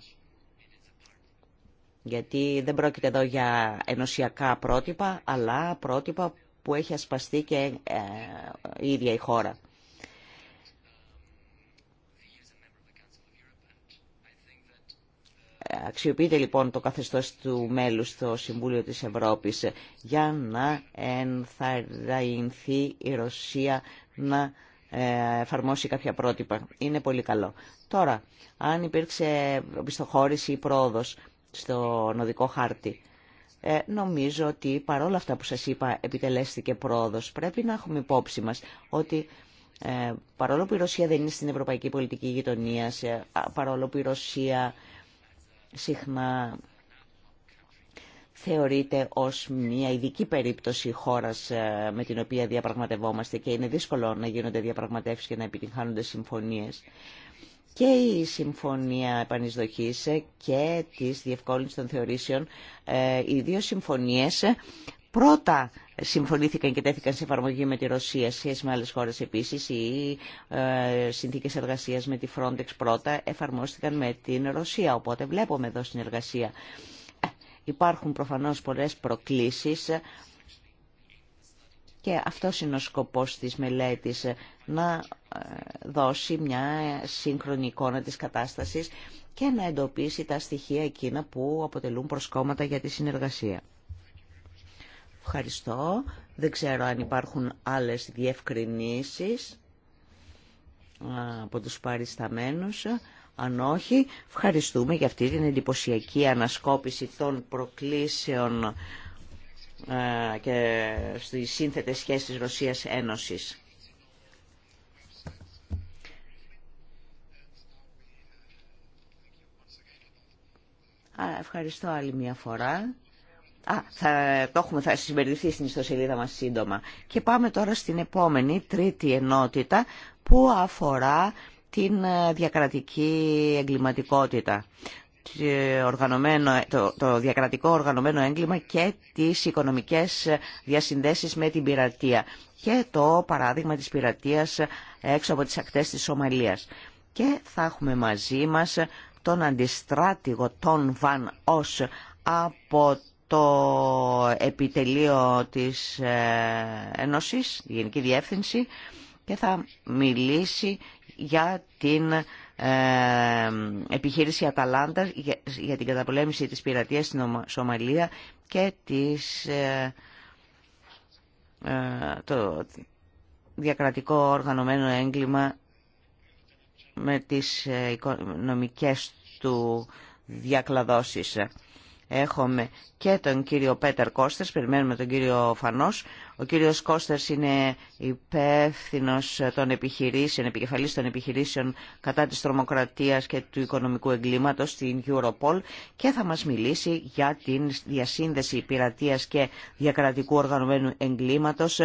Γιατί δεν πρόκειται εδώ για ενωσιακά πρότυπα, αλλά πρότυπα που έχει ασπαστεί και ε, η ίδια η χώρα. Αξιοποιείται λοιπόν το καθεστώς του μέλου... στο Συμβούλιο της Ευρώπης για να ενθαρρυνθεί η Ρωσία να ε, εφαρμόσει κάποια πρότυπα. Είναι πολύ καλό. Τώρα, αν υπήρξε πιστοχώρηση ή πρόοδος στο νοδικό χάρτη, ε, νομίζω ότι παρόλα αυτά που σας είπα επιτελέστηκε πρόοδος. Πρέπει να έχουμε υπόψη μας ότι ε, παρόλο που η Ρωσία δεν είναι στην ευρωπαϊκή πολιτική γειτονία, παρόλο που η Ρωσία συχνά θεωρείται ως μια ειδική περίπτωση χώρας ε, με την οποία διαπραγματευόμαστε και είναι δύσκολο να γίνονται διαπραγματεύσεις και να επιτυγχάνονται συμφωνίες. Και η Συμφωνία Επανεισδοχής και της Διευκόλυνσης των Θεωρήσεων, ε, οι δύο συμφωνίες ε, πρώτα συμφωνήθηκαν και τέθηκαν σε εφαρμογή με τη Ρωσία σχέση με άλλε χώρε επίση. Οι ε, συνθήκες με τη Frontex πρώτα εφαρμόστηκαν με την Ρωσία, οπότε βλέπουμε εδώ συνεργασία. Υπάρχουν προφανώς πολλές προκλήσεις και αυτό είναι ο σκοπός της μελέτης, να ε, δώσει μια σύγχρονη εικόνα της κατάστασης και να εντοπίσει τα στοιχεία εκείνα που αποτελούν προσκόμματα για τη συνεργασία. Ευχαριστώ. Δεν ξέρω αν υπάρχουν άλλες διευκρινήσεις από τους παρισταμένους. Αν όχι, ευχαριστούμε για αυτή την εντυπωσιακή ανασκόπηση των προκλήσεων και στις σύνθετες σχέσεις Ρωσίας-Ένωσης. Ευχαριστώ άλλη μια φορά. Α, θα, το έχουμε, θα συμπεριληφθεί στην ιστοσελίδα μας σύντομα. Και πάμε τώρα στην επόμενη, τρίτη ενότητα, που αφορά την ε, διακρατική εγκληματικότητα. Οργανωμένο, το, διακρατικό οργανωμένο έγκλημα και τις οικονομικές διασυνδέσεις με την πειρατεία. Και το παράδειγμα της πειρατείας ε, έξω από τις ακτές της Σομαλίας. Και θα έχουμε μαζί μας τον αντιστράτηγο Τον Βαν Ως από το επιτελείο της ε, Ένωσης, τη Γενική Διεύθυνση και θα μιλήσει για την ε, επιχείρηση Αταλάντα για την καταπολέμηση της πειρατείας στην Σομαλία και της, ε, το διακρατικό οργανωμένο έγκλημα με τις οικονομικές του διακλαδώσεις. Έχουμε και τον κύριο Πέτερ Κώστερ, περιμένουμε τον κύριο Φανός. Ο κύριος Κώστερ είναι υπεύθυνο των επιχειρήσεων, επικεφαλής των επιχειρήσεων κατά της τρομοκρατίας και του οικονομικού εγκλήματος στην Europol και θα μας μιλήσει για την διασύνδεση πειρατείας και διακρατικού οργανωμένου εγκλήματος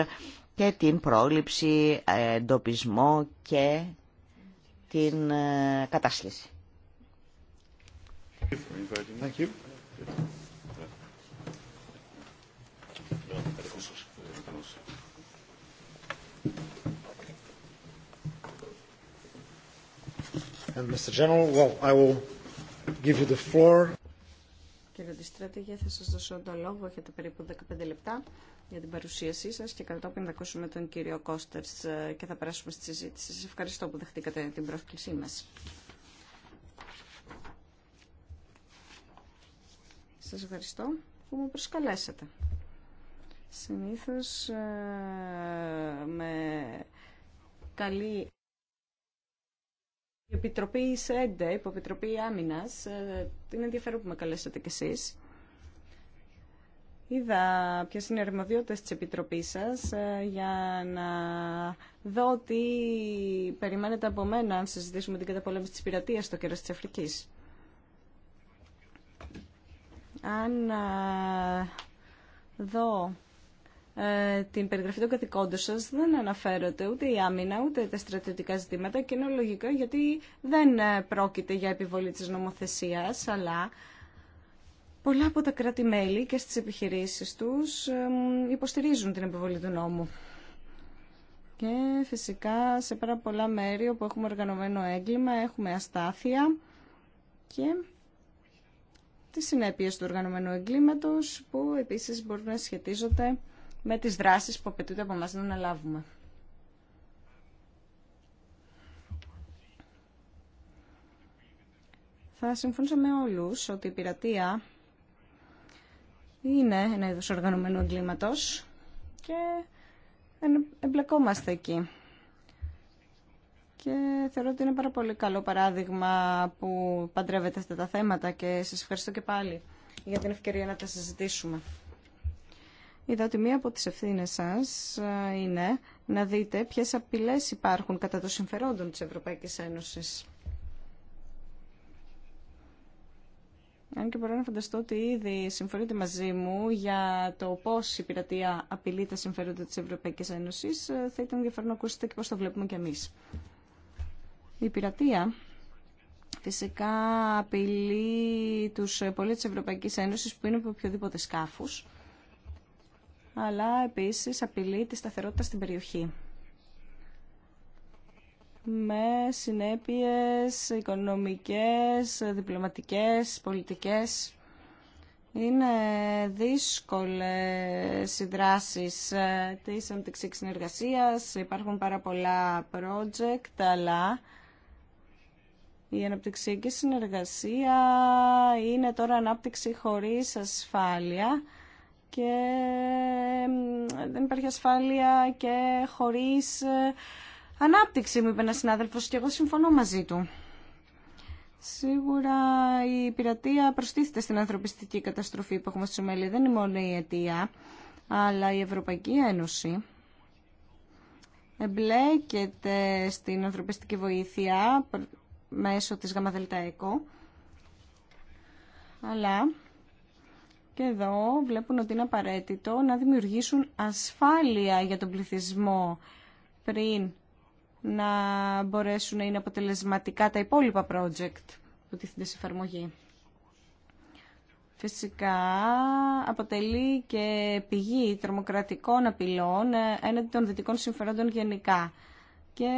και την πρόληψη, εντοπισμό και την ε, κατάσχεση. Thank Mr. General, well, I will give you the floor. Κύριε Αντιστράτηγε, θα σας δώσω το λόγο. Έχετε περίπου 15 λεπτά για την παρουσίασή σας και κατόπιν θα ακούσουμε τον κύριο Κώστερς ε, και θα περάσουμε στη συζήτηση. Σας ευχαριστώ που δεχτήκατε την πρόσκλησή μας. Σας ευχαριστώ που με προσκαλέσατε. Συνήθως ε, με καλή η Επιτροπή ΣΕΝΤΕ, η Υποπιτροπή Άμυνα, είναι ενδιαφέρον που με καλέσατε κι εσείς. Είδα ποιε είναι οι αρμοδιότητε τη Επιτροπή σα ε, για να δω τι περιμένετε από μένα αν συζητήσουμε την καταπολέμηση τη πειρατεία στο κέρα τη Αφρική αν δω ε, την περιγραφή των κατοικώντων σας δεν αναφέρονται ούτε η άμυνα ούτε τα στρατιωτικά ζητήματα και είναι λογικό γιατί δεν ε, πρόκειται για επιβολή της νομοθεσίας αλλά πολλά από τα κράτη-μέλη και στις επιχειρήσεις τους ε, υποστηρίζουν την επιβολή του νόμου. Και φυσικά σε πάρα πολλά μέρη όπου έχουμε οργανωμένο έγκλημα έχουμε αστάθεια και τις συνέπειες του οργανωμένου εγκλήματος που επίσης μπορούν να σχετίζονται με τις δράσεις που απαιτούνται από μας να αναλάβουμε. Θα συμφωνήσω με όλους ότι η πειρατεία είναι ένα είδος οργανωμένου εγκλήματος και εμπλεκόμαστε εκεί και θεωρώ ότι είναι πάρα πολύ καλό παράδειγμα που παντρεύετε αυτά τα θέματα και σας ευχαριστώ και πάλι για την ευκαιρία να τα συζητήσουμε. Είδα ότι μία από τις ευθύνες σας ε, είναι να δείτε ποιες απειλές υπάρχουν κατά των συμφερόντων της Ευρωπαϊκής Ένωσης. Αν και μπορώ να φανταστώ ότι ήδη συμφωνείτε μαζί μου για το πώ η πειρατεία απειλεί τα συμφέροντα τη Ευρωπαϊκή Ένωση, ε, θα ήταν ενδιαφέρον να ακούσετε και πώ το βλέπουμε κι εμεί. Η πειρατεία φυσικά απειλεί τους πολίτες της Ευρωπαϊκής Ένωσης που είναι από οποιοδήποτε σκάφους, αλλά επίσης απειλεί τη σταθερότητα στην περιοχή με συνέπειες οικονομικές, διπλωματικές, πολιτικές. Είναι δύσκολες οι δράσεις ε, της αντεξής συνεργασίας, υπάρχουν πάρα πολλά project, αλλά η αναπτυξιακή συνεργασία είναι τώρα ανάπτυξη χωρίς ασφάλεια και δεν υπάρχει ασφάλεια και χωρίς ε, ανάπτυξη, μου είπε ένα συνάδελφος και εγώ συμφωνώ μαζί του. Σίγουρα η πειρατεία προστίθεται στην ανθρωπιστική καταστροφή που έχουμε στη Σομαλία. Δεν είναι μόνο η αιτία, αλλά η Ευρωπαϊκή Ένωση εμπλέκεται στην ανθρωπιστική βοήθεια μέσω της ΓΔΕΚΟ. Αλλά και εδώ βλέπουν ότι είναι απαραίτητο να δημιουργήσουν ασφάλεια για τον πληθυσμό πριν να μπορέσουν να είναι αποτελεσματικά τα υπόλοιπα project που τίθενται σε εφαρμογή. Φυσικά αποτελεί και πηγή τρομοκρατικών απειλών έναντι των δυτικών συμφερόντων γενικά και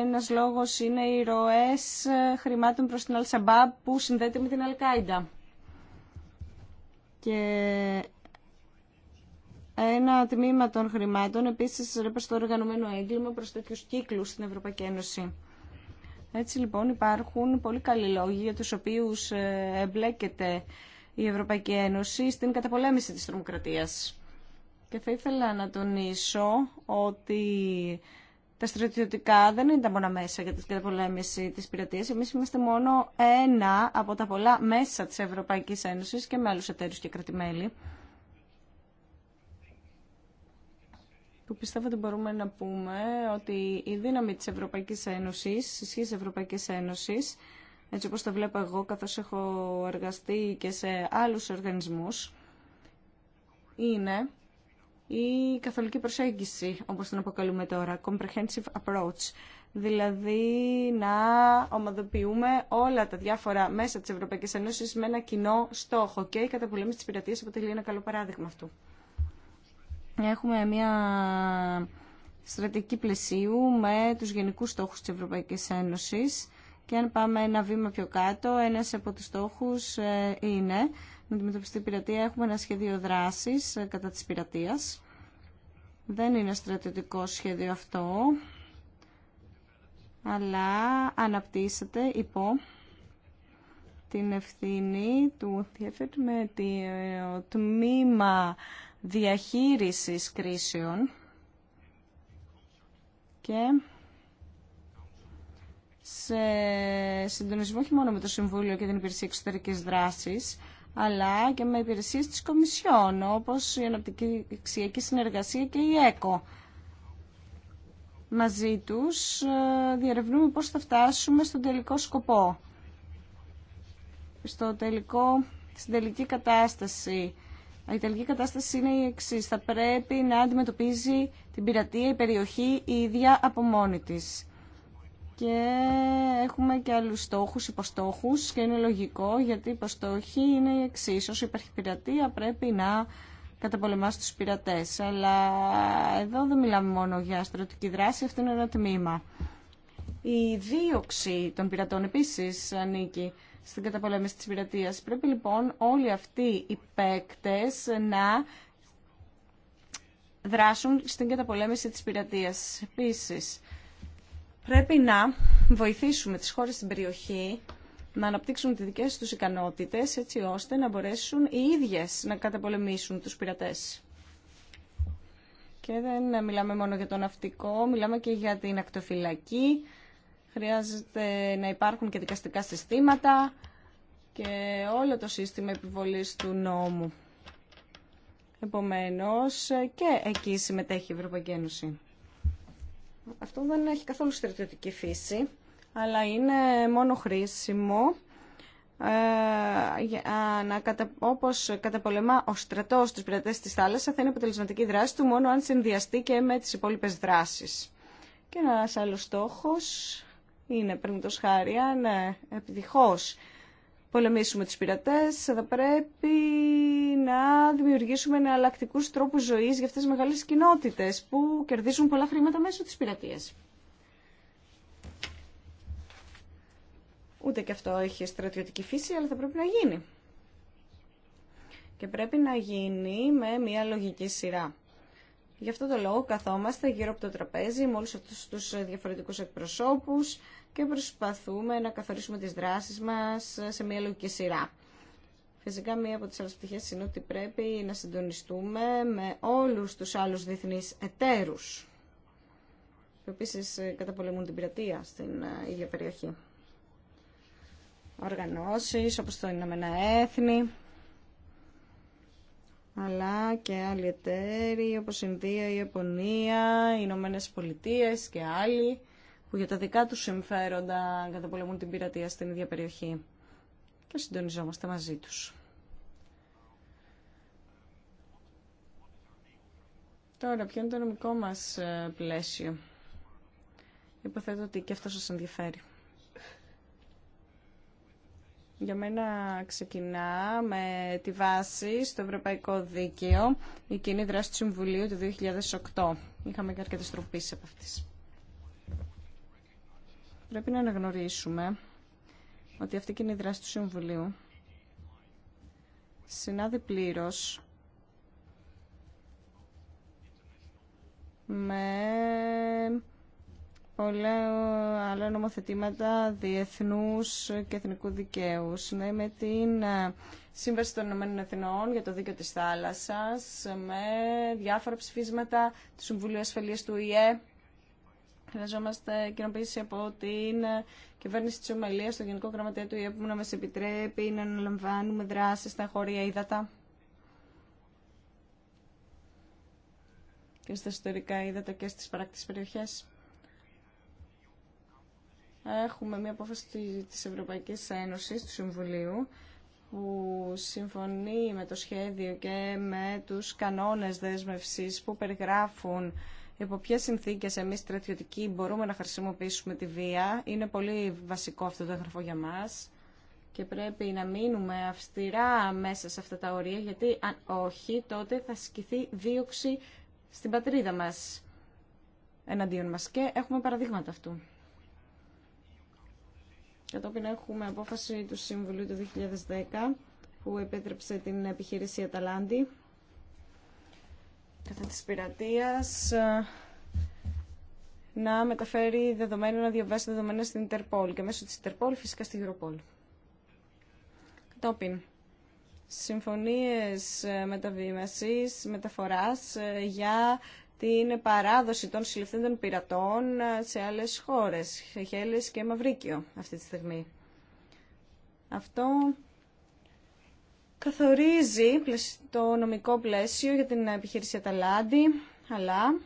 ένας λόγος είναι οι ροές χρημάτων προς την Αλσαμπάμπ που συνδέεται με την Αλκάιντα. Και ένα τμήμα των χρημάτων επίσης ρέπε στο οργανωμένο έγκλημα προς τέτοιους κύκλους στην Ευρωπαϊκή Ένωση. Έτσι λοιπόν υπάρχουν πολύ καλοί λόγοι για τους οποίους ε, εμπλέκεται η Ευρωπαϊκή Ένωση στην καταπολέμηση της τρομοκρατίας. Και θα ήθελα να τονίσω ότι τα στρατιωτικά δεν είναι τα μόνα μέσα για την καταπολέμηση τη πειρατεία. Εμείς είμαστε μόνο ένα από τα πολλά μέσα της Ευρωπαϊκής Ένωσης και με άλλου εταίρου και κρατημέλη. που πιστεύω ότι μπορούμε να πούμε ότι η δύναμη της Ευρωπαϊκής Ένωσης, η της Ευρωπαϊκής Ένωσης, έτσι όπω το βλέπω εγώ καθώ έχω εργαστεί και σε άλλους οργανισμού, είναι η καθολική προσέγγιση, όπως την αποκαλούμε τώρα, comprehensive approach, δηλαδή να ομαδοποιούμε όλα τα διάφορα μέσα της Ευρωπαϊκής Ένωσης με ένα κοινό στόχο και η καταπολέμηση της πειρατείας αποτελεί ένα καλό παράδειγμα αυτού. Έχουμε μια στρατηγική πλαισίου με τους γενικούς στόχους της Ευρωπαϊκής Ένωσης και αν πάμε ένα βήμα πιο κάτω, ένας από τους στόχους ε, είναι να αντιμετωπιστεί η πειρατεία. Έχουμε ένα σχέδιο δράσης ε, κατά της πειρατεία. Δεν είναι στρατιωτικό σχέδιο αυτό, αλλά αναπτύσσεται υπό την ευθύνη του Διευθύντου με το ε, τμήμα διαχείρισης κρίσεων και σε συντονισμό όχι μόνο με το Συμβούλιο και την Υπηρεσία Εξωτερικής Δράσης, αλλά και με υπηρεσίες της Κομισιόν, όπως η Αναπτυξιακή Συνεργασία και η ΕΚΟ. Μαζί τους ε, διερευνούμε πώς θα φτάσουμε στον τελικό σκοπό, στο τελικό, στην τελική κατάσταση. Η τελική κατάσταση είναι η εξή. Θα πρέπει να αντιμετωπίζει την πειρατεία η περιοχή η ίδια από μόνη της και έχουμε και άλλους στόχους, υποστόχους και είναι λογικό γιατί οι υποστόχοι είναι οι εξής. Όσο υπάρχει πειρατεία πρέπει να καταπολεμάσει τους πειρατές. Αλλά εδώ δεν μιλάμε μόνο για στρατιωτική δράση, αυτό είναι ένα τμήμα. Η δίωξη των πειρατών επίσης ανήκει στην καταπολέμηση της πειρατείας. Πρέπει λοιπόν όλοι αυτοί οι παίκτες να δράσουν στην καταπολέμηση της πειρατείας. Επίσης, Πρέπει να βοηθήσουμε τις χώρες στην περιοχή να αναπτύξουν τις δικές τους ικανότητες έτσι ώστε να μπορέσουν οι ίδιες να καταπολεμήσουν τους πειρατές. Και δεν μιλάμε μόνο για το ναυτικό, μιλάμε και για την ακτοφυλακή. Χρειάζεται να υπάρχουν και δικαστικά συστήματα και όλο το σύστημα επιβολής του νόμου. Επομένως, και εκεί συμμετέχει η Ευρωπαϊκή Ένωση. Αυτό δεν έχει καθόλου στρατιωτική φύση, αλλά είναι μόνο χρήσιμο ε, να κατα... όπως καταπολεμά ο στρατός τους πειρατές της θάλασσα θα είναι αποτελεσματική δράση του μόνο αν συνδυαστεί και με τις υπόλοιπες δράσεις. Και ένας άλλος στόχος είναι πριν το χάρη αν ε, επιτυχώς πολεμήσουμε τους πειρατές, θα πρέπει να δημιουργήσουμε εναλλακτικού τρόπους ζωής για αυτές τις μεγάλες κοινότητες που κερδίζουν πολλά χρήματα μέσω της πειρατείας. Ούτε και αυτό έχει στρατιωτική φύση, αλλά θα πρέπει να γίνει. Και πρέπει να γίνει με μια λογική σειρά. Γι' αυτό το λόγο καθόμαστε γύρω από το τραπέζι με όλους αυτούς τους διαφορετικούς εκπροσώπους, και προσπαθούμε να καθορίσουμε τις δράσεις μας σε μια λογική σειρά. Φυσικά μία από τις άλλες πτυχές είναι ότι πρέπει να συντονιστούμε με όλους τους άλλους διεθνείς εταίρους που επίσης καταπολεμούν την πειρατεία στην ε, ίδια περιοχή. Οργανώσεις όπως το Ηνωμένα Έθνη, αλλά και άλλοι εταίροι όπως Ινδία, η Ιαπωνία, οι Ηνωμένε Πολιτείε και άλλοι που για τα δικά τους συμφέροντα καταπολεμούν την πειρατεία στην ίδια περιοχή και συντονιζόμαστε μαζί τους. Τώρα, ποιο είναι το νομικό μας ε, πλαίσιο. Υποθέτω ότι και αυτό σας ενδιαφέρει. Για μένα ξεκινά με τη βάση στο Ευρωπαϊκό Δίκαιο η κοινή δράση του Συμβουλίου του 2008. Είχαμε και αρκετές τροπήσεις από αυτές. Πρέπει να αναγνωρίσουμε ότι αυτή και είναι η δράση του Συμβουλίου συνάδει πλήρως με πολλά άλλα νομοθετήματα διεθνούς και εθνικού δικαίου. με την ε, Σύμβαση των Ηνωμένων Εθνών για το Δίκαιο της Θάλασσας, με διάφορα ψηφίσματα του Συμβουλίου Ασφαλείας του ΙΕ, Χρειαζόμαστε κοινοποίηση από την κυβέρνηση τη Ομαλία, το Γενικό Γραμματέα του ΙΕΠ, να μας επιτρέπει να αναλαμβάνουμε δράσεις στα χωρία ύδατα και στα ιστορικά ύδατα και στις παράκτης περιοχές. Έχουμε μια απόφαση της ευρωπαϊκή Ένωσης, του Συμβουλίου, που συμφωνεί με το σχέδιο και με τους κανόνες δέσμευσης που περιγράφουν υπό ποιε συνθήκε εμείς στρατιωτικοί μπορούμε να χρησιμοποιήσουμε τη βία. Είναι πολύ βασικό αυτό το έγγραφο για μας και πρέπει να μείνουμε αυστηρά μέσα σε αυτά τα όρια, γιατί αν όχι, τότε θα σκηθεί δίωξη στην πατρίδα μας εναντίον μα και έχουμε παραδείγματα αυτού. Κατόπιν έχουμε απόφαση του Συμβουλίου του 2010 που επέτρεψε την επιχείρηση Αταλάντη κατά της πειρατείας ε, να μεταφέρει δεδομένα, να διαβάσει δεδομένα στην Interpol και μέσω της Interpol φυσικά στη Europol. Κατόπιν, συμφωνίες ε, μεταβίμασης, μεταφοράς ε, για την παράδοση των συλληφθέντων πειρατών σε άλλες χώρες, Χέλες και Μαυρίκιο αυτή τη στιγμή. Αυτό καθορίζει το νομικό πλαίσιο για την επιχείρηση Αταλάντη, αλλά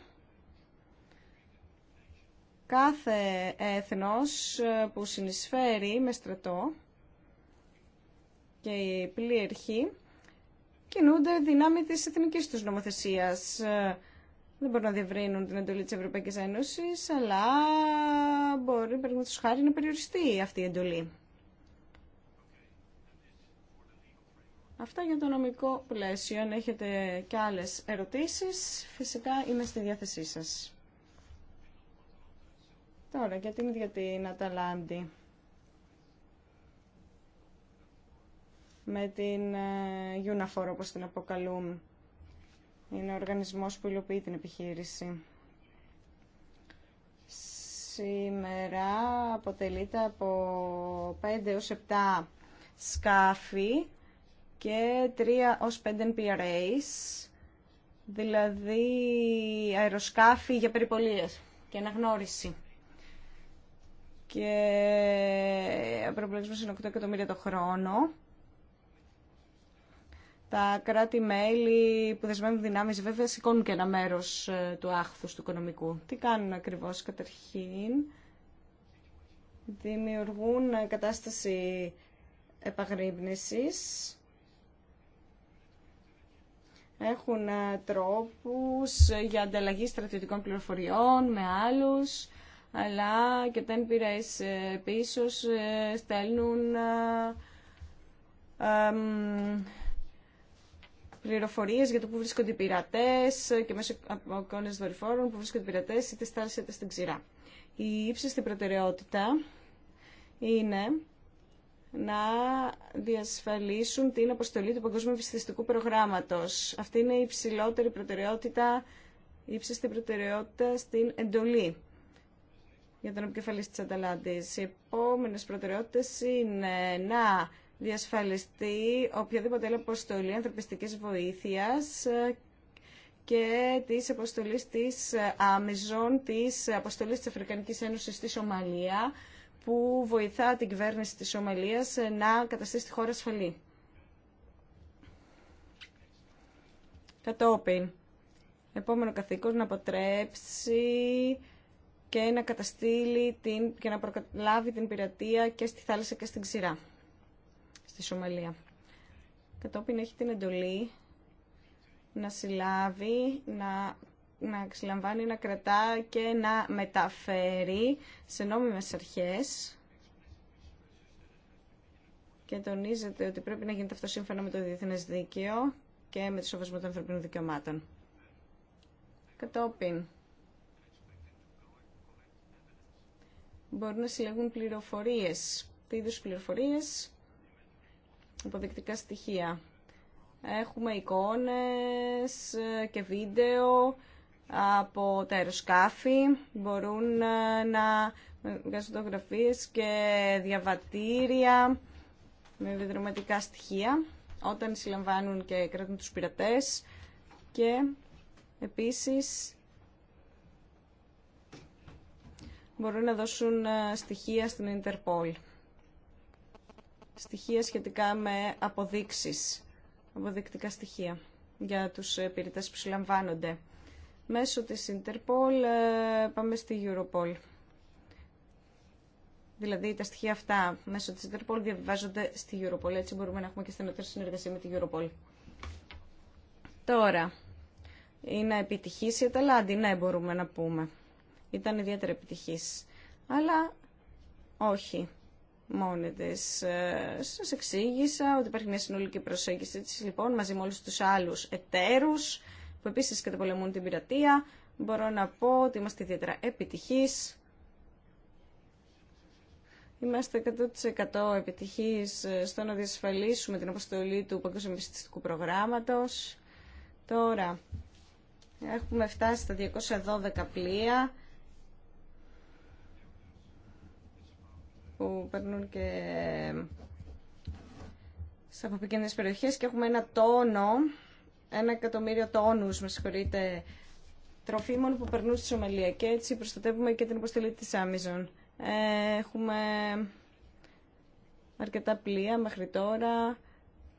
κάθε έθνος ε, που συνεισφέρει με στρατό και η πλήρχη κινούνται δυνάμει της εθνικής τους νομοθεσίας. Ε, δεν μπορούν να διευρύνουν την εντολή της Ευρωπαϊκής Ένωσης, αλλά μπορεί, παραδείγματος χάρη, να περιοριστεί αυτή η εντολή. Αυτά για το νομικό πλαίσιο. Αν έχετε και άλλες ερωτήσεις, φυσικά είμαι στη διάθεσή σας. Τώρα, για την ίδια την Αταλάντη. Με την ε, UNAFOR, όπως την αποκαλούν. Είναι ο οργανισμός που υλοποιεί την επιχείρηση. Σήμερα αποτελείται από 5 7 σκάφη και 3 ως 5 NPRAs, δηλαδή αεροσκάφη για περιπολίες και αναγνώριση. Και ο προβλέψιμος είναι 8 εκατομμύρια το χρόνο. Τα κράτη-μέλη που δεσμεύουν δυνάμεις βέβαια σηκώνουν και ένα μέρος ε, του άχθους του οικονομικού. Τι κάνουν ακριβώς καταρχήν. Δημιουργούν κατάσταση επαγρύπνησης έχουν ε, τρόπους για ανταλλαγή στρατιωτικών πληροφοριών με άλλους, αλλά και τα πειραίες ε, πίσω ε, στέλνουν πληροφορίε για το που βρίσκονται οι πειρατέ και μέσω από δορυφόρων που βρίσκονται οι πειρατέ είτε στη στην ξηρά. Η ύψιστη προτεραιότητα είναι να διασφαλίσουν την αποστολή του Παγκόσμιου Επιστημιστικού προγράμματο. Αυτή είναι η υψηλότερη προτεραιότητα, η ύψιστη προτεραιότητα στην εντολή για τον επικεφαλή τη αταλάντη. Οι επόμενε προτεραιότητες είναι να διασφαλιστεί οποιαδήποτε άλλη αποστολή ανθρωπιστικής βοήθειας και της αποστολή της Αμεζόν, τη αποστολή της Αφρικανικής Ένωσης στη Σομαλία, που βοηθά την κυβέρνηση της Σομαλίας ε, να καταστήσει τη χώρα ασφαλή. Κατόπιν, επόμενο καθήκον να αποτρέψει και να καταστήλει την, και να προκαλάβει την πειρατεία και στη θάλασσα και στην ξηρά, στη Σομαλία. Κατόπιν έχει την εντολή να συλλάβει, να να ξελαμβάνει, να κρατά και να μεταφέρει σε νόμιμες αρχές και τονίζεται ότι πρέπει να γίνεται αυτό σύμφωνα με το διεθνές δίκαιο και με το σοβασμό των ανθρωπίνων δικαιωμάτων. Κατόπιν, μπορούν να συλλεγούν πληροφορίες. Τι είδου πληροφορίες? Αποδεικτικά στοιχεία. Έχουμε εικόνες και βίντεο από τα αεροσκάφη, μπορούν ε, να βγάζουν φωτογραφίες και διαβατήρια με επιδροματικά στοιχεία όταν συλλαμβάνουν και κρατούν τους πειρατές και επίσης μπορούν να δώσουν ε, στοιχεία στην Interpol. Στοιχεία σχετικά με αποδείξεις, αποδεικτικά στοιχεία για τους ε, πειρατές που συλλαμβάνονται. Μέσω της Interpol ε, πάμε στη Europol. Δηλαδή τα στοιχεία αυτά μέσω της Interpol διαβιβάζονται στη Europol. Έτσι μπορούμε να έχουμε και στενότερη συνεργασία με τη Europol. Τώρα, είναι επιτυχής η Αταλάντη. Ναι, μπορούμε να πούμε. Ήταν ιδιαίτερα επιτυχής. Αλλά όχι μόνη τη. Ε, Σα εξήγησα ότι υπάρχει μια συνολική προσέγγιση τη λοιπόν μαζί με όλου του άλλου εταίρου που επίσης καταπολεμούν την πειρατεία. Μπορώ να πω ότι είμαστε ιδιαίτερα επιτυχεί. Είμαστε 100% επιτυχεί στο να διασφαλίσουμε την αποστολή του Παγκόσμιου προγράμματο. Προγράμματος. Τώρα, έχουμε φτάσει στα 212 πλοία που περνούν και σε αποπικίνδυνες περιοχές και έχουμε ένα τόνο ένα εκατομμύριο τόνους, με συγχωρείτε, τροφίμων που περνούν στη Σομαλία και έτσι προστατεύουμε και την υποστηλή της Amazon. Έχουμε αρκετά πλοία μέχρι τώρα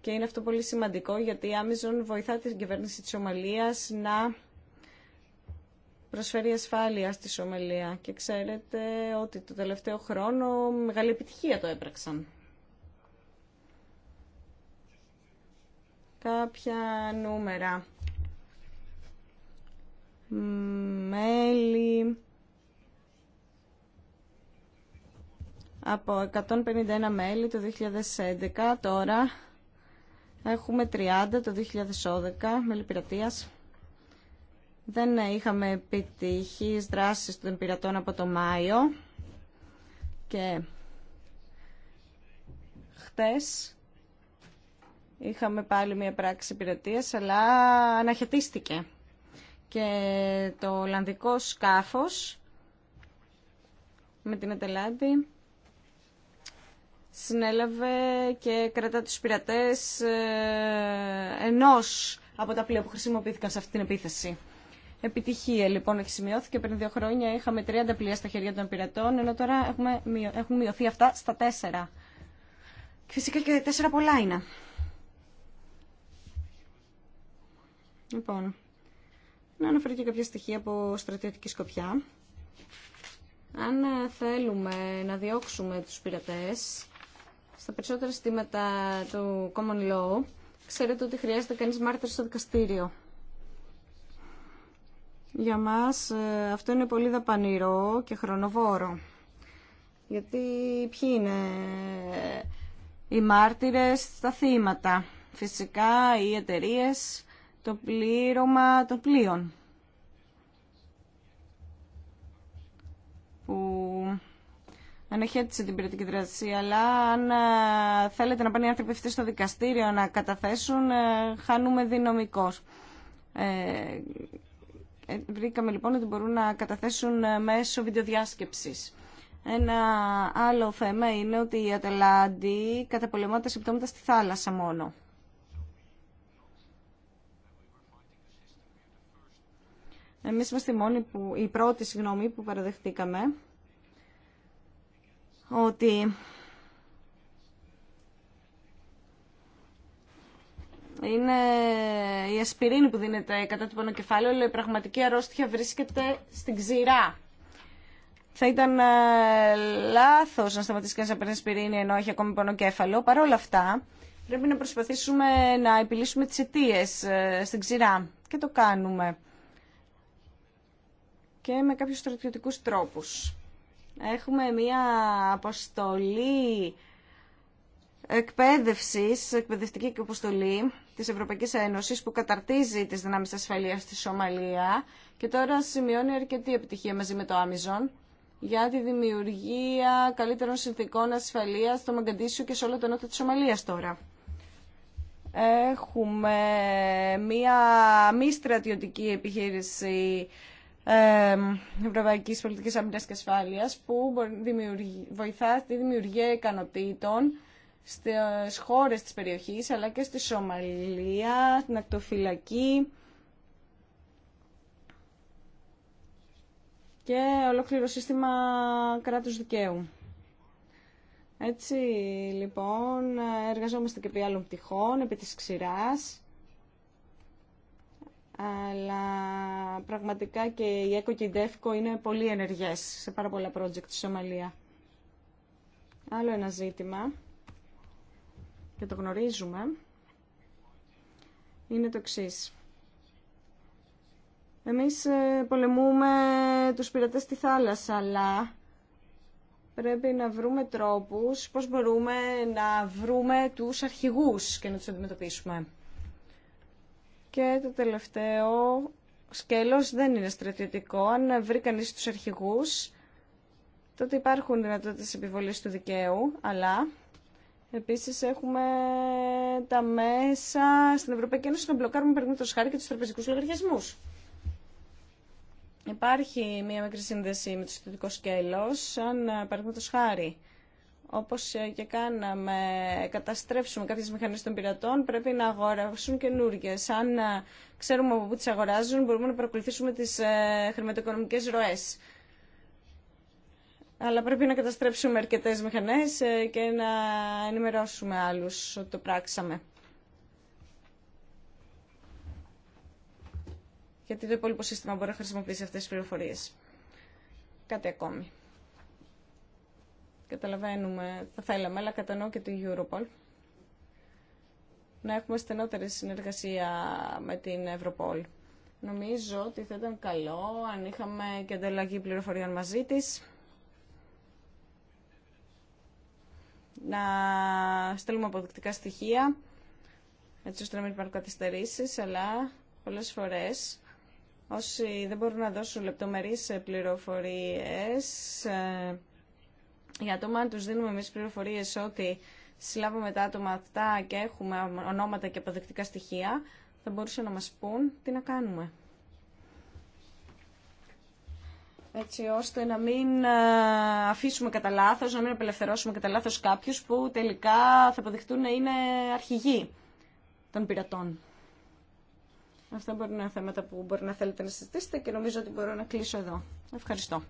και είναι αυτό πολύ σημαντικό γιατί η Amazon βοηθά την κυβέρνηση της Σομαλίας να προσφέρει ασφάλεια στη Σομαλία και ξέρετε ότι το τελευταίο χρόνο μεγάλη επιτυχία το έπραξαν. κάποια νούμερα. Μέλη από 151 μέλη το 2011, τώρα έχουμε 30 το 2012 μέλη πειρατείας. Δεν είχαμε επιτυχείς δράσεις των πειρατών από το Μάιο και χτες Είχαμε πάλι μια πράξη πειρατεία, αλλά αναχαιτίστηκε. Και το Ολλανδικό σκάφος με την Ατελάντη συνέλαβε και κρατά τους πειρατές ε, ενός από τα πλοία που χρησιμοποιήθηκαν σε αυτή την επίθεση. Επιτυχία λοιπόν έχει σημειώθει και πριν δύο χρόνια είχαμε 30 πλοία στα χέρια των πειρατών, ενώ τώρα έχουμε, έχουν μειωθεί αυτά στα τέσσερα. Και φυσικά και τέσσερα πολλά είναι. Λοιπόν, να αναφέρω και κάποια στοιχεία από στρατιωτική σκοπιά. Αν θέλουμε να διώξουμε τους πειρατές, στα περισσότερα στήματα του common law, ξέρετε ότι χρειάζεται κανείς μάρτυρα στο δικαστήριο. Για μας ε, αυτό είναι πολύ δαπανηρό και χρονοβόρο. Γιατί ποιοι είναι ε, οι μάρτυρες στα θύματα. Φυσικά οι εταιρείε το πλήρωμα των πλοίων. Που ανεχέτησε την πυρετική δράση, αλλά αν ε, θέλετε να πάνε οι άνθρωποι αυτοί στο δικαστήριο να καταθέσουν, ε, χάνουμε δυναμικός. Ε, ε, βρήκαμε λοιπόν ότι μπορούν να καταθέσουν μέσω βιντεοδιάσκεψης. Ένα άλλο θέμα είναι ότι η Αταλάντη καταπολεμά τα συμπτώματα στη θάλασσα μόνο. Εμείς είμαστε οι, που, πρώτοι συγγνώμη, που παραδεχτήκαμε ότι είναι η ασπιρίνη που δίνεται κατά το πονοκεφάλαιο, αλλά η πραγματική αρρώστια βρίσκεται στην ξηρά. Θα ήταν ε, λάθος να σταματήσει και να παίρνει ασπιρίνη ενώ έχει ακόμη πονοκέφαλο. Παρ' όλα αυτά, πρέπει να προσπαθήσουμε να επιλύσουμε τις αιτίε ε, στην ξηρά. Και το κάνουμε και με κάποιους στρατιωτικούς τρόπους. Έχουμε μία αποστολή εκπαίδευσης, εκπαιδευτική αποστολή της Ευρωπαϊκής Ένωσης που καταρτίζει τις δυνάμεις ασφαλείας στη Σομαλία και τώρα σημειώνει αρκετή επιτυχία μαζί με το Amazon για τη δημιουργία καλύτερων συνθήκων ασφαλείας στο Μαγκαντήσιο και σε όλο το νότο της Σομαλίας τώρα. Έχουμε μία μη στρατιωτική επιχείρηση Ευρωπαϊκή Πολιτική Αμυντική και Ασφάλειας που βοηθά τη δημιουργία ικανοτήτων στις χώρες της περιοχής αλλά και στη Σομαλία, την ακτοφυλακή και ολόκληρο σύστημα κράτους δικαίου. Έτσι λοιπόν εργαζόμαστε και επί άλλων πτυχών, επί της ξηράς αλλά πραγματικά και η ΕΚΟ και η ΔΕΦΚΟ είναι πολύ ενεργές σε πάρα πολλά project στη Σομαλία. Άλλο ένα ζήτημα, και το γνωρίζουμε, είναι το εξή. Εμείς ε, πολεμούμε τους πειρατές στη θάλασσα, αλλά πρέπει να βρούμε τρόπους πώς μπορούμε να βρούμε τους αρχηγούς και να τους αντιμετωπίσουμε. Και το τελευταίο σκέλος δεν είναι στρατιωτικό. Αν βρει κανεί τους αρχηγούς, τότε υπάρχουν δυνατότητες επιβολής του δικαίου, αλλά Επίσης έχουμε τα μέσα στην Ευρωπαϊκή Ένωση να μπλοκάρουμε παραδείγματος χάρη και τους τραπεζικούς λογαριασμούς. Υπάρχει μία μικρή σύνδεση με το στρατιωτικό σκέλος, αν παραδείγματο χάρη όπως ε, και κάναμε, καταστρέψουμε κάποιες μηχανές των πειρατών, πρέπει να αγοράσουν καινούργιε. Αν ε, ξέρουμε από πού τις αγοράζουν, μπορούμε να παρακολουθήσουμε τις ε, χρηματοοικονομικές ροές. Αλλά πρέπει να καταστρέψουμε αρκετέ μηχανές και να ενημερώσουμε άλλους ότι το πράξαμε. Γιατί το υπόλοιπο σύστημα μπορεί να χρησιμοποιήσει αυτές τις πληροφορίες. Κάτι ακόμη. Καταλαβαίνουμε, θα θέλαμε, αλλά κατανοώ και την Europol να έχουμε στενότερη συνεργασία με την Ευρωπόλ. Νομίζω ότι θα ήταν καλό αν είχαμε και ανταλλαγή πληροφοριών μαζί της. Να στέλνουμε αποδεικτικά στοιχεία, έτσι ώστε να μην υπάρχουν καθυστερήσει, αλλά πολλές φορές όσοι δεν μπορούν να δώσουν λεπτομερείς πληροφορίες ε, για άτομα, αν τους δίνουμε εμείς πληροφορίες ότι συλλάβουμε τα άτομα αυτά και έχουμε ονόματα και αποδεκτικά στοιχεία, θα μπορούσαν να μας πούν τι να κάνουμε. Έτσι ώστε να μην ε, αφήσουμε κατά λάθο, να μην απελευθερώσουμε κατά λάθο κάποιου που τελικά θα αποδειχτούν να είναι αρχηγοί των πειρατών. Αυτά μπορεί να είναι θέματα που μπορεί να θέλετε να συζητήσετε και νομίζω ότι μπορώ να κλείσω εδώ. Ευχαριστώ.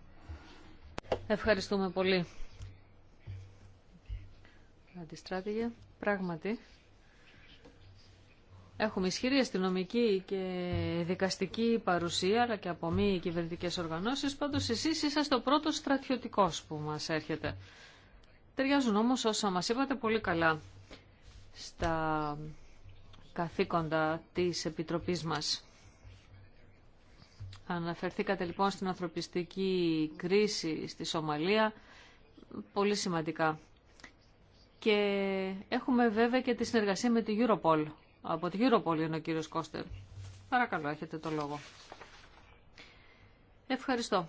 Ευχαριστούμε πολύ αντιστράτηγε. Πράγματι, έχουμε ισχυρή αστυνομική και δικαστική παρουσία, αλλά και από μη κυβερνητικέ οργανώσεις. Πάντως, εσείς είσαστε ο πρώτος στρατιωτικός που μας έρχεται. Ταιριάζουν όμως όσα μας είπατε πολύ καλά στα καθήκοντα της Επιτροπής μας. Αναφερθήκατε λοιπόν στην ανθρωπιστική κρίση στη Σομαλία, πολύ σημαντικά. Και έχουμε βέβαια και τη συνεργασία με τη Europol. Από τη Europol είναι ο κύριος Κώστερ. Παρακαλώ, έχετε το λόγο. Ευχαριστώ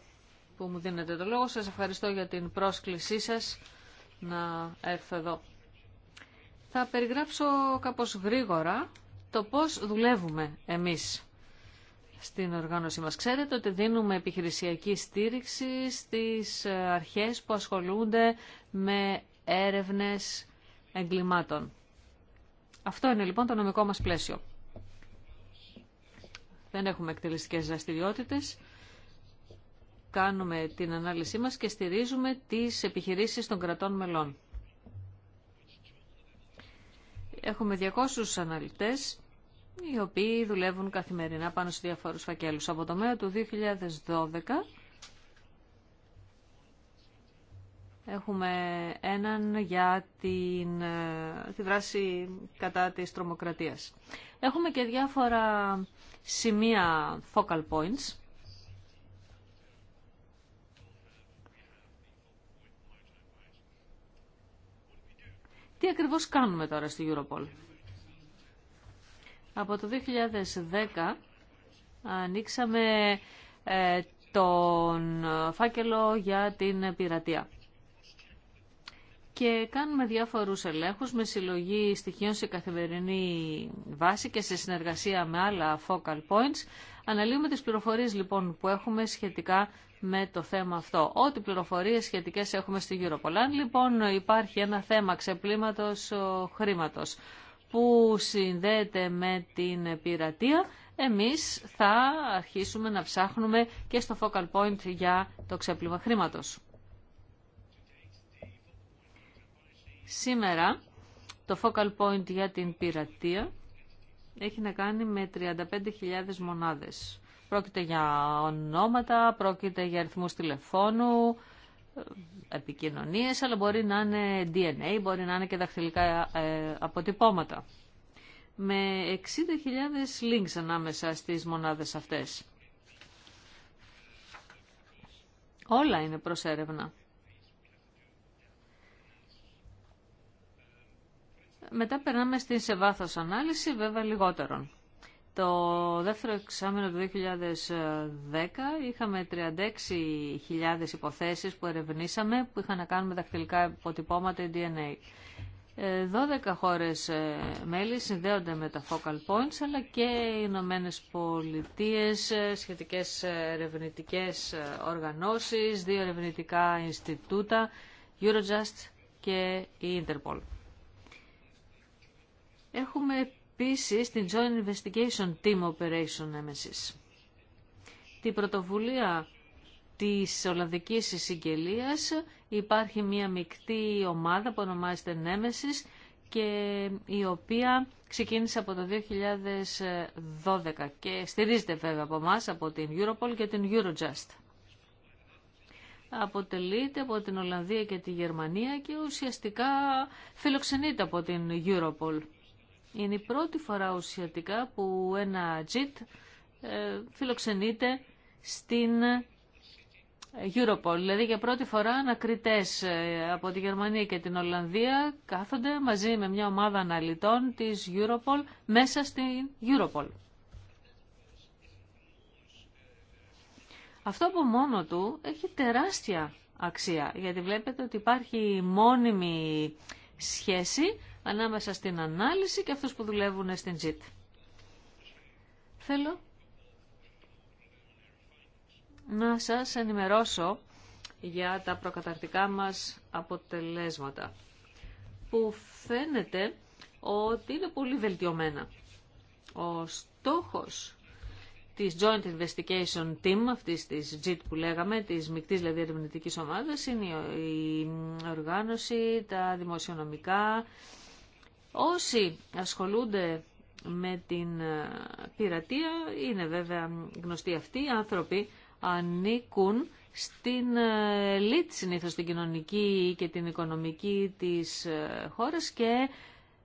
που μου δίνετε το λόγο. Σας ευχαριστώ για την πρόσκλησή σας να έρθω εδώ. Θα περιγράψω κάπως γρήγορα το πώς δουλεύουμε εμείς στην οργάνωσή μας. Ξέρετε ότι δίνουμε επιχειρησιακή στήριξη στις αρχές που ασχολούνται με έρευνες εγκλημάτων. Αυτό είναι λοιπόν το νομικό μας πλαίσιο. Δεν έχουμε εκτελεστικές δραστηριότητε. Κάνουμε την ανάλυση μας και στηρίζουμε τις επιχειρήσεις των κρατών μελών. Έχουμε 200 αναλυτές οι οποίοι δουλεύουν καθημερινά πάνω σε διαφόρους φακέλους. Από το Μέο του 2012 Έχουμε έναν για την, ε, τη δράση κατά της τρομοκρατίας. Έχουμε και διάφορα σημεία focal points. Τι ακριβώς κάνουμε τώρα στη Europol. Από το 2010 ανοίξαμε ε, τον φάκελο για την πειρατεία και κάνουμε διάφορους ελέγχους με συλλογή στοιχείων σε καθημερινή βάση και σε συνεργασία με άλλα focal points. Αναλύουμε τις πληροφορίες λοιπόν που έχουμε σχετικά με το θέμα αυτό. Ό,τι πληροφορίες σχετικές έχουμε στη Europol. λοιπόν υπάρχει ένα θέμα ξεπλήματος χρήματος που συνδέεται με την πειρατεία, εμείς θα αρχίσουμε να ψάχνουμε και στο focal point για το ξέπλυμα χρήματος. Σήμερα το focal point για την πειρατεία έχει να κάνει με 35.000 μονάδες. Πρόκειται για ονόματα, πρόκειται για αριθμούς τηλεφώνου, ε, επικοινωνίες, αλλά μπορεί να είναι DNA, μπορεί να είναι και δαχτυλικά ε, αποτυπώματα. Με 60.000 links ανάμεσα στις μονάδες αυτές. Όλα είναι προς έρευνα. Μετά περνάμε στην σε βάθος ανάλυση, βέβαια λιγότερον. Το δεύτερο εξάμεινο του 2010 είχαμε 36.000 υποθέσεις που ερευνήσαμε που είχαν να κάνουν με υποτυπώματα DNA. 12 ε, χώρες ε, μέλη συνδέονται με τα focal points αλλά και οι Ηνωμένε Πολιτείε, ε, σχετικές ερευνητικές οργανώσεις, δύο ερευνητικά Ινστιτούτα, Eurojust και η Interpol. Έχουμε επίσης την Joint Investigation Team Operation Nemesis. Την πρωτοβουλία της Ολλανδικής Συγγελίας υπάρχει μια μεικτή ομάδα που ονομάζεται Nemesis και η οποία ξεκίνησε από το 2012 και στηρίζεται βέβαια από εμά από την Europol και την Eurojust. Αποτελείται από την Ολλανδία και τη Γερμανία και ουσιαστικά φιλοξενείται από την Europol. Είναι η πρώτη φορά ουσιαστικά που ένα JIT ε, φιλοξενείται στην Europol. Δηλαδή για πρώτη φορά ανακριτές ε, από τη Γερμανία και την Ολλανδία κάθονται μαζί με μια ομάδα αναλυτών της Europol μέσα στην Europol. Αυτό από μόνο του έχει τεράστια αξία, γιατί βλέπετε ότι υπάρχει μόνιμη σχέση ανάμεσα στην ανάλυση και αυτούς που δουλεύουν στην JIT. Θέλω να σας ενημερώσω για τα προκαταρτικά μας αποτελέσματα που φαίνεται ότι είναι πολύ βελτιωμένα. Ο στόχος της Joint Investigation Team, αυτής της JIT που λέγαμε, της μικτής δηλαδή ερευνητικής ομάδας, είναι η οργάνωση, τα δημοσιονομικά, Όσοι ασχολούνται με την ε, πειρατεία είναι βέβαια γνωστοί αυτοί οι άνθρωποι ανήκουν στην λίτ ε, συνήθως την κοινωνική και την οικονομική της ε, χώρας και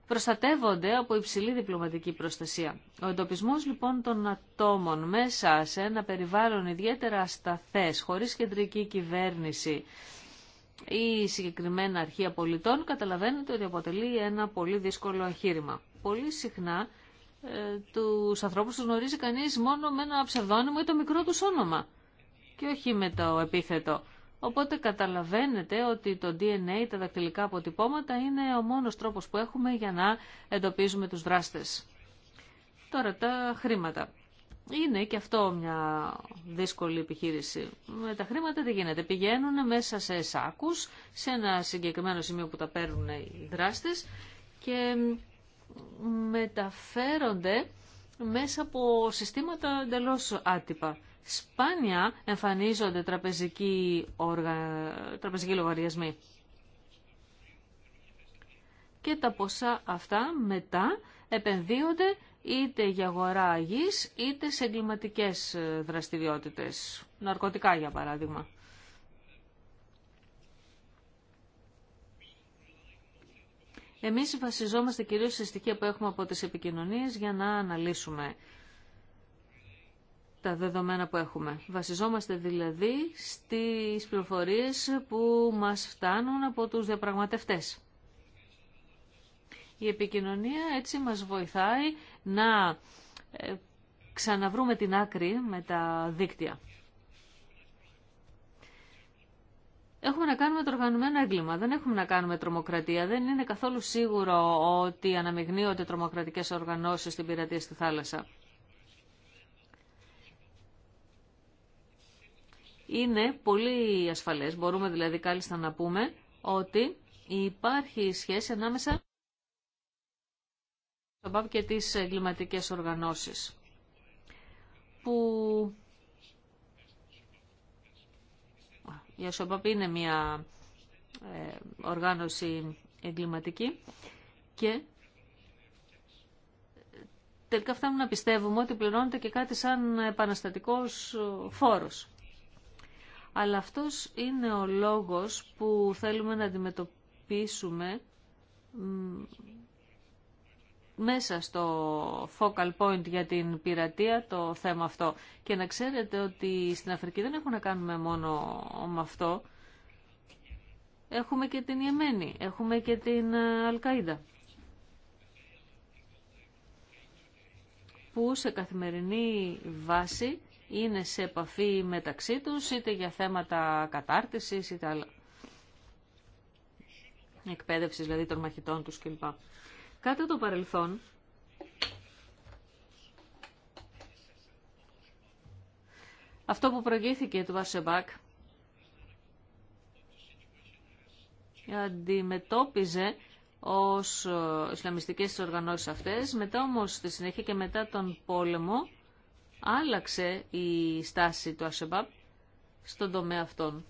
προστατεύονται από υψηλή διπλωματική προστασία. Ο εντοπισμός λοιπόν των ατόμων μέσα σε ένα περιβάλλον ιδιαίτερα ασταθές, χωρίς κεντρική κυβέρνηση, ή συγκεκριμένα αρχεία πολιτών, καταλαβαίνετε ότι αποτελεί ένα πολύ δύσκολο εγχείρημα. Πολύ συχνά ε, τους ανθρώπους τους γνωρίζει κανείς μόνο με ένα ψευδόνυμο ή το μικρό του όνομα και όχι με το επίθετο. Οπότε καταλαβαίνετε ότι το DNA, τα δακτυλικά αποτυπώματα, είναι ο μόνος τρόπος που έχουμε για να εντοπίζουμε τους δράστες. Τώρα τα χρήματα. Είναι και αυτό μια δύσκολη επιχείρηση. Με τα χρήματα δεν γίνεται. Πηγαίνουν μέσα σε σάκους, σε ένα συγκεκριμένο σημείο που τα παίρνουν οι δράστες και μεταφέρονται μέσα από συστήματα εντελώ άτυπα. Σπάνια εμφανίζονται τραπεζικοί, οργα... τραπεζικοί λογαριασμοί. Και τα ποσά αυτά μετά επενδύονται είτε για αγορά γης, είτε σε εγκληματικέ ε, δραστηριότητες, ναρκωτικά για παράδειγμα. Εμείς βασιζόμαστε κυρίως σε στοιχεία που έχουμε από τις επικοινωνίες για να αναλύσουμε τα δεδομένα που έχουμε. Βασιζόμαστε δηλαδή στις πληροφορίες που μας φτάνουν από τους διαπραγματευτές. Η επικοινωνία έτσι μας βοηθάει να ε, ξαναβρούμε την άκρη με τα δίκτυα. Έχουμε να κάνουμε το οργανωμένο έγκλημα, δεν έχουμε να κάνουμε τρομοκρατία. Δεν είναι καθόλου σίγουρο ότι αναμειγνύονται τρομοκρατικές οργανώσεις στην πειρατεία στη θάλασσα. Είναι πολύ ασφαλές, μπορούμε δηλαδή κάλλιστα να πούμε ότι υπάρχει σχέση ανάμεσα και τις εγκληματικέ οργανώσεις που η ΑΣΟΠΑΠ είναι μια ε, οργάνωση εγκληματική και τελικά φτάνουμε να πιστεύουμε ότι πληρώνεται και κάτι σαν επαναστατικός φόρος. Αλλά αυτός είναι ο λόγος που θέλουμε να αντιμετωπίσουμε μέσα στο focal point για την πειρατεία το θέμα αυτό. Και να ξέρετε ότι στην Αφρική δεν έχουμε να κάνουμε μόνο με αυτό. Έχουμε και την Ιεμένη, έχουμε και την ε, Αλκαΐδα. Που σε καθημερινή βάση είναι σε επαφή μεταξύ τους, είτε για θέματα κατάρτισης, είτε άλλα. εκπαίδευση δηλαδή των μαχητών τους κλπ. Κάτω το παρελθόν, αυτό που προηγήθηκε του Βασεμπάκ, αντιμετώπιζε ως ε, Ισλαμιστικές οργανώσεις αυτές. Μετά όμως στη συνέχεια και μετά τον πόλεμο άλλαξε η στάση του Ασεμπάπ στον τομέα αυτών.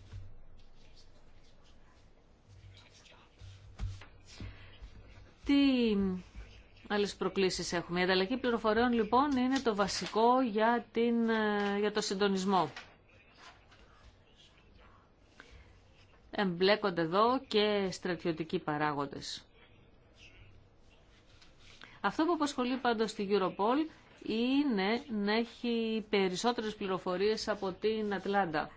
Τι άλλες προκλήσεις έχουμε. Η ανταλλαγή πληροφοριών λοιπόν είναι το βασικό για, την, ε, για το συντονισμό. Εμπλέκονται εδώ και στρατιωτικοί παράγοντες. Αυτό που απασχολεί πάντως στη Europol είναι να έχει περισσότερες πληροφορίες από την Ατλάντα.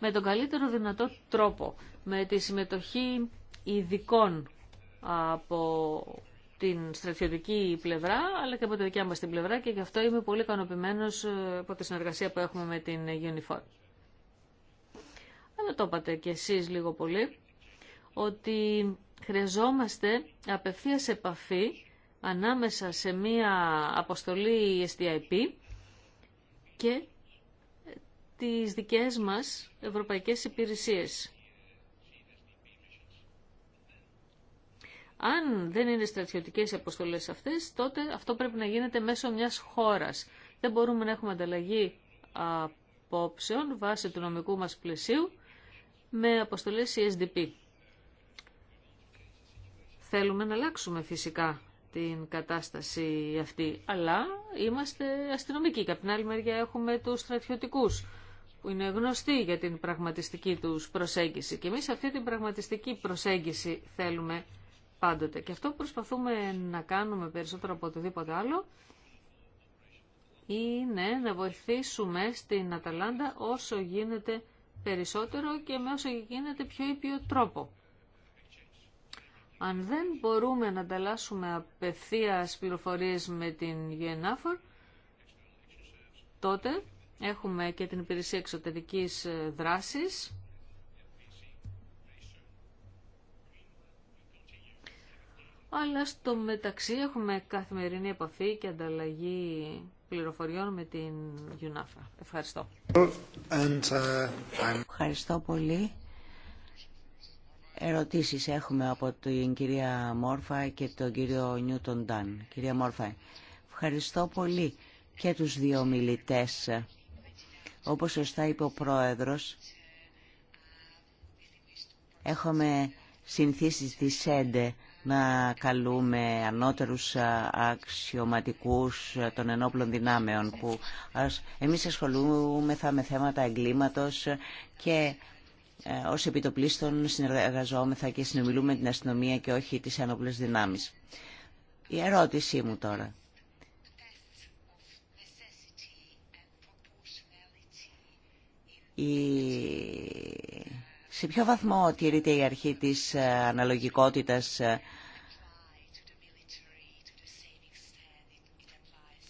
με τον καλύτερο δυνατό τρόπο, με τη συμμετοχή ειδικών από την στρατιωτική πλευρά, αλλά και από τη δικιά μας την πλευρά και γι' αυτό είμαι πολύ ικανοποιημένο ε, από τη συνεργασία που έχουμε με την UNIFOR. Αλλά το είπατε κι εσείς λίγο πολύ, ότι χρειαζόμαστε απευθείας επαφή ανάμεσα σε μία αποστολή STIP και τις δικές μας ευρωπαϊκές υπηρεσίες. Αν δεν είναι στρατιωτικές αποστολές αυτές, τότε αυτό πρέπει να γίνεται μέσω μιας χώρας. Δεν μπορούμε να έχουμε ανταλλαγή απόψεων βάσει του νομικού μας πλαισίου με αποστολές CSDP. Θέλουμε να αλλάξουμε φυσικά την κατάσταση αυτή, αλλά είμαστε αστυνομικοί και από μεριά έχουμε τους στρατιωτικούς που είναι γνωστοί για την πραγματιστική τους προσέγγιση. Και εμείς αυτή την πραγματιστική προσέγγιση θέλουμε πάντοτε. Και αυτό που προσπαθούμε να κάνουμε περισσότερο από οτιδήποτε άλλο είναι να βοηθήσουμε στην Αταλάντα όσο γίνεται περισσότερο και με όσο γίνεται πιο ήπιο τρόπο. Αν δεν μπορούμε να ανταλλάσσουμε απευθείας πληροφορίες με την ΓΕΝΑΦΟΡ, τότε Έχουμε και την υπηρεσία εξωτερικής ε, δράσης. Αλλά στο μεταξύ έχουμε καθημερινή επαφή και ανταλλαγή πληροφοριών με την UNAFA. Ευχαριστώ. Uh, ευχαριστώ πολύ. Ερωτήσεις έχουμε από την κυρία Μόρφα και τον κύριο Νιούτον Ντάν. Κυρία Μόρφα, ευχαριστώ πολύ και τους δύο μιλητές όπως σωστά είπε ο Πρόεδρος, έχουμε συνθήσει στη ΣΕΝΤΕ να καλούμε ανώτερους αξιωματικούς των ενόπλων δυνάμεων που εμείς ασχολούμεθα με θέματα εγκλήματος και ε, ως επιτοπλίστων συνεργαζόμεθα και συνομιλούμε την αστυνομία και όχι τις ενόπλες δυνάμεις. Η ερώτησή μου τώρα. σε ποιο βαθμό τηρείται η αρχή της ε, αναλογικότητας ε,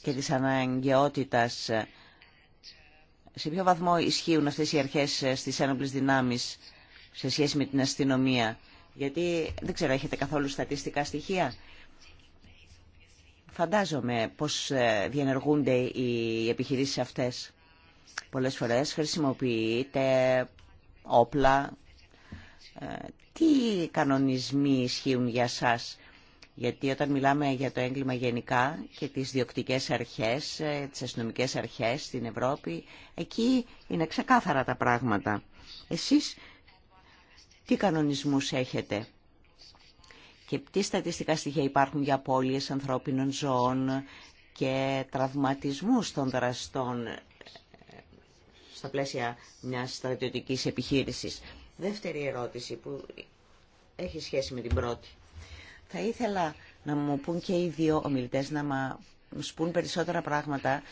και της αναγκαιότητας ε, σε ποιο βαθμό ισχύουν αυτές οι αρχές στις ένοπλες δυνάμεις σε σχέση με την αστυνομία γιατί δεν ξέρω έχετε καθόλου στατιστικά στοιχεία φαντάζομαι πως διενεργούνται οι επιχειρήσεις αυτές Πολλές φορές χρησιμοποιείτε όπλα. Ε, τι κανονισμοί ισχύουν για σας, γιατί όταν μιλάμε για το έγκλημα γενικά και τις διοκτικές αρχές, ε, τις αστυνομικέ αρχές στην Ευρώπη, εκεί είναι ξεκάθαρα τα πράγματα. Εσείς τι κανονισμούς έχετε και τι στατιστικά στοιχεία υπάρχουν για απώλειες ανθρώπινων ζώων και τραυματισμούς των δραστών στα πλαίσια μιας στρατιωτικής επιχείρησης. Δεύτερη ερώτηση που έχει σχέση με την πρώτη. Θα ήθελα να μου πούν και οι δύο ομιλητές να μα πούν περισσότερα πράγματα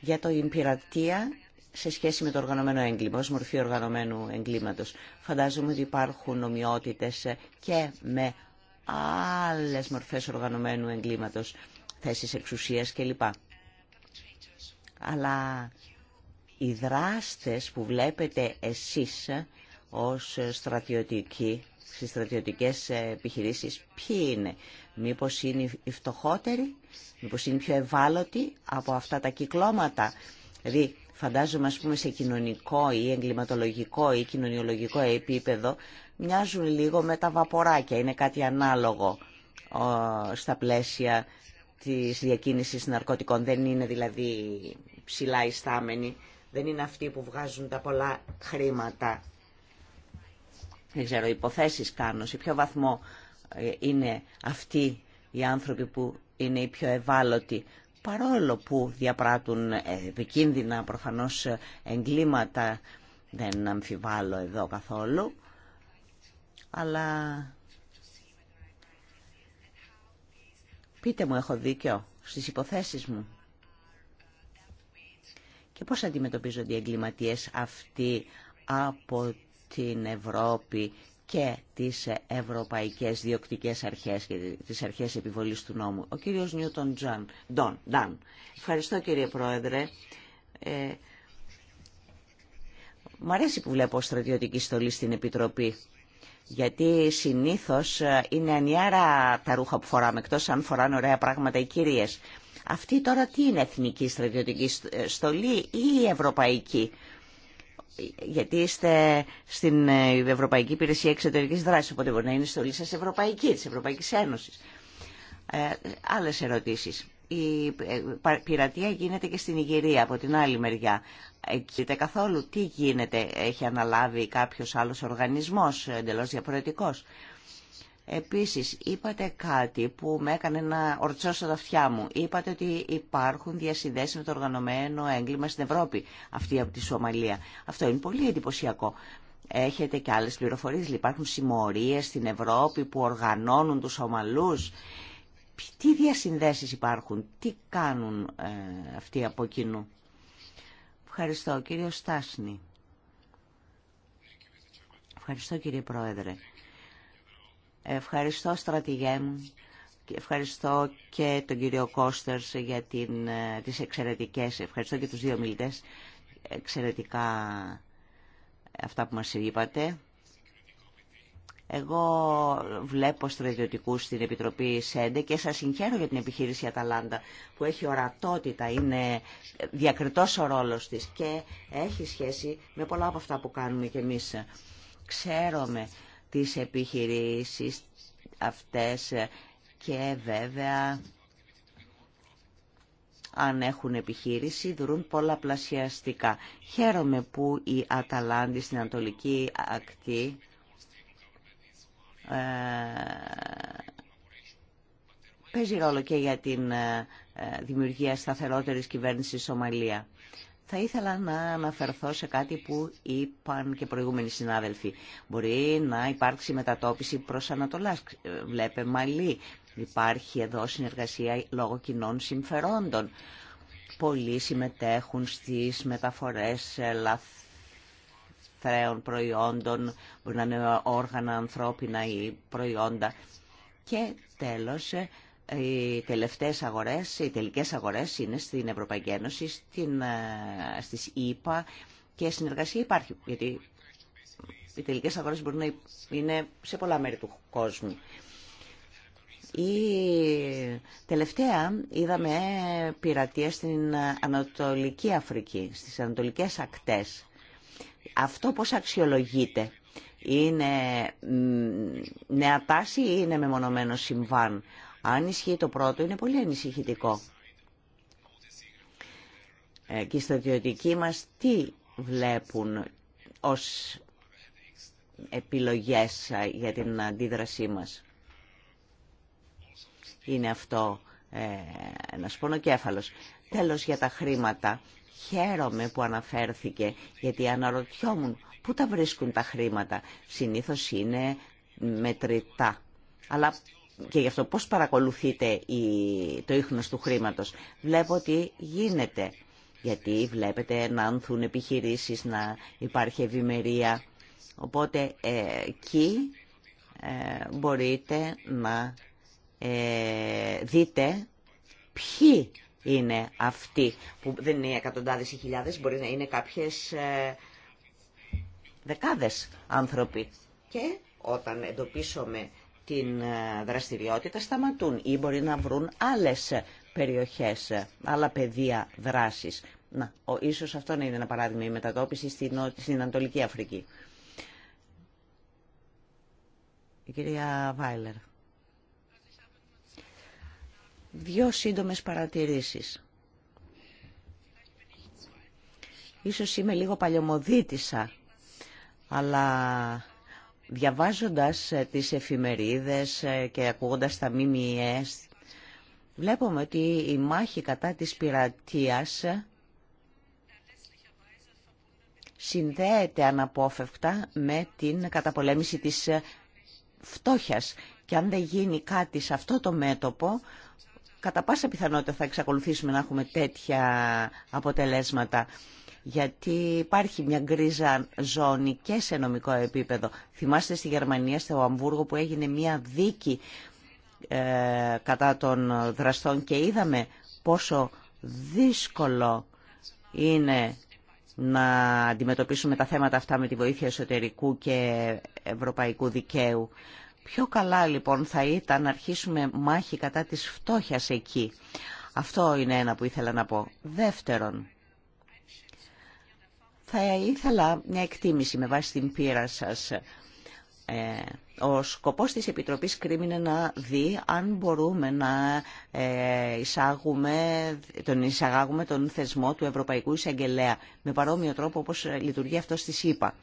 για το εμπειρατεία σε σχέση με το οργανωμένο έγκλημα, ως μορφή οργανωμένου εγκλήματος. Φαντάζομαι ότι υπάρχουν ομοιότητες και με άλλες μορφές οργανωμένου εγκλήματος, θέσεις εξουσίας κλπ. Αλλά οι δράστες που βλέπετε εσείς ως στρατιωτικοί στις στρατιωτικές επιχειρήσεις ποιοι είναι. Μήπως είναι οι φτωχότεροι, μήπως είναι πιο ευάλωτοι από αυτά τα κυκλώματα. Δηλαδή φαντάζομαι ας πούμε σε κοινωνικό ή εγκληματολογικό ή κοινωνιολογικό επίπεδο μοιάζουν λίγο με τα βαποράκια, είναι κάτι ανάλογο στα πλαίσια της διακίνησης ναρκωτικών. Δεν είναι δηλαδή ψηλά ιστάμενοι δεν είναι αυτοί που βγάζουν τα πολλά χρήματα. Δεν ξέρω, υποθέσεις κάνω, σε ποιο βαθμό ε, είναι αυτοί οι άνθρωποι που είναι οι πιο ευάλωτοι, παρόλο που διαπράττουν ε, επικίνδυνα προφανώς ε, εγκλήματα, δεν αμφιβάλλω εδώ καθόλου, αλλά πείτε μου έχω δίκιο στις υποθέσεις μου. Και πώς αντιμετωπίζονται οι εγκληματίες αυτοί από την Ευρώπη και τις ευρωπαϊκές διοκτικές αρχές και τις αρχές επιβολής του νόμου. Ο κύριος Νιούτον Τζαν, Νταν. Ευχαριστώ κύριε Πρόεδρε. Ε, μ' αρέσει που βλέπω στρατιωτική στολή στην Επιτροπή γιατί συνήθως ε, είναι ανιάρα τα ρούχα που φοράμε, εκτό αν φοράνε ωραία πράγματα οι κυρίες. Αυτή τώρα τι είναι εθνική στρατιωτική ε, στολή ή ευρωπαϊκή. Γιατί είστε στην ε, Ευρωπαϊκή Υπηρεσία Εξωτερικής Δράσης, οπότε μπορεί να είναι η ευρωπαικη γιατι ειστε στην ευρωπαικη υπηρεσια εξωτερικη δραση οποτε μπορει να ειναι η στολη σα ευρωπαϊκή, τη Ευρωπαϊκή Ένωση. Ε, άλλες ερωτήσεις η ε, πειρατεία γίνεται και στην Ιγυρία από την άλλη μεριά. Εκεί καθόλου τι γίνεται, έχει αναλάβει κάποιος άλλος οργανισμός εντελώς διαφορετικός. Επίσης, είπατε κάτι που με έκανε να ορτσώσω τα αυτιά μου. Είπατε ότι υπάρχουν διασυνδέσεις με το οργανωμένο έγκλημα στην Ευρώπη, αυτή από τη Σομαλία. Αυτό είναι πολύ εντυπωσιακό. Έχετε και άλλες πληροφορίες, λοιπόν, υπάρχουν συμμορίες στην Ευρώπη που οργανώνουν τους Σομαλούς. Τι διασυνδέσεις υπάρχουν, τι κάνουν ε, αυτοί από κοινού. Ευχαριστώ κύριο Στάσνη. Ευχαριστώ κύριε Πρόεδρε. Ευχαριστώ στρατηγέ μου. Ευχαριστώ και τον κύριο Κώστερς για την, ε, τις εξαιρετικές, ευχαριστώ και τους δύο μιλητές, εξαιρετικά αυτά που μας είπατε. Εγώ βλέπω στρατιωτικού στην Επιτροπή ΣΕΝΤΕ και σας συγχαίρω για την επιχείρηση Αταλάντα που έχει ορατότητα, είναι διακριτός ο ρόλος της και έχει σχέση με πολλά από αυτά που κάνουμε κι εμείς. Ξέρουμε τις επιχειρήσεις αυτές και βέβαια αν έχουν επιχείρηση, δρούν πολλαπλασιαστικά. Χαίρομαι που η Αταλάντη στην Ανατολική Ακτή ε, παίζει ρόλο και για την ε, δημιουργία σταθερότερης κυβέρνησης Σομαλία. Θα ήθελα να αναφερθώ σε κάτι που είπαν και προηγούμενοι συνάδελφοι. Μπορεί να υπάρξει μετατόπιση προς Ανατολάς. Βλέπε Μαλή. Υπάρχει εδώ συνεργασία λόγω κοινών συμφερόντων. Πολλοί συμμετέχουν στις μεταφορές λαθ εχθρέων προϊόντων, μπορεί να είναι όργανα ανθρώπινα ή προϊόντα. Και τέλος, οι τελευταίες αγορές, οι τελικές αγορές είναι στην Ευρωπαϊκή Ένωση, στην, ε, στις ΕΠΑ και συνεργασία υπάρχει, γιατί οι τελικές αγορές μπορεί να είναι σε πολλά μέρη του κόσμου. Η τελευταία είδαμε πειρατεία στην Ανατολική Αφρική, στις Ανατολικές Ακτές. Αυτό πώς αξιολογείται. Είναι νέα τάση ή είναι μεμονωμένο συμβάν. Αν ισχύει το πρώτο είναι πολύ ανησυχητικό. Ε, και οι στρατιωτικοί μας τι βλέπουν ως επιλογές ε, για την αντίδρασή μας. Είναι αυτό ε, ένας πονοκέφαλος. Τέλος για τα χρήματα Χαίρομαι που αναφέρθηκε, γιατί αναρωτιόμουν πού τα βρίσκουν τα χρήματα. Συνήθως είναι μετρητά. Αλλά και γι' αυτό πώς παρακολουθείτε το ίχνος του χρήματος. Βλέπω ότι γίνεται, γιατί βλέπετε να ανθούν επιχειρήσεις, να υπάρχει ευημερία. Οπότε ε, εκεί ε, μπορείτε να ε, δείτε ποιοι είναι αυτή, που δεν είναι εκατοντάδες ή χιλιάδες, μπορεί να είναι κάποιες ε, δεκάδες άνθρωποι. Και όταν εντοπίσουμε την ε, δραστηριότητα σταματούν ή μπορεί να βρουν άλλες περιοχές, άλλα πεδία δράσης. Να, ο, ίσως αυτό να είναι ένα παράδειγμα η μετατόπιση στην, στην Ανατολική Αφρική. Η κυρία Βάιλερ. Δύο σύντομες παρατηρήσεις. Ίσως είμαι λίγο παλαιομοδίτησα, αλλά διαβάζοντας ε, τις εφημερίδες ε, και ακούγοντας τα ΜΜΕ, βλέπουμε ότι η μάχη κατά της πειρατείας συνδέεται αναπόφευκτα με την καταπολέμηση της ε, φτώχειας. Και αν δεν γίνει κάτι σε αυτό το μέτωπο, κατά πάσα πιθανότητα θα εξακολουθήσουμε να έχουμε τέτοια αποτελέσματα γιατί υπάρχει μια γκρίζα ζώνη και σε νομικό επίπεδο. Θυμάστε στη Γερμανία, στο Αμβούργο που έγινε μια δίκη ε, κατά των δραστών και είδαμε πόσο δύσκολο είναι να αντιμετωπίσουμε τα θέματα αυτά με τη βοήθεια εσωτερικού και ευρωπαϊκού δικαίου. Πιο καλά λοιπόν θα ήταν να αρχίσουμε μάχη κατά της φτώχειας εκεί. Αυτό είναι ένα που ήθελα να πω. Δεύτερον, θα ήθελα μια εκτίμηση με βάση την πείρα σας. Ε, ο σκοπός της Επιτροπής κρίμηνε να δει αν μπορούμε να ε, εισάγουμε, τον εισαγάγουμε τον θεσμό του Ευρωπαϊκού Εισαγγελέα με παρόμοιο τρόπο όπως λειτουργεί αυτό στη ΣΥΠΑ.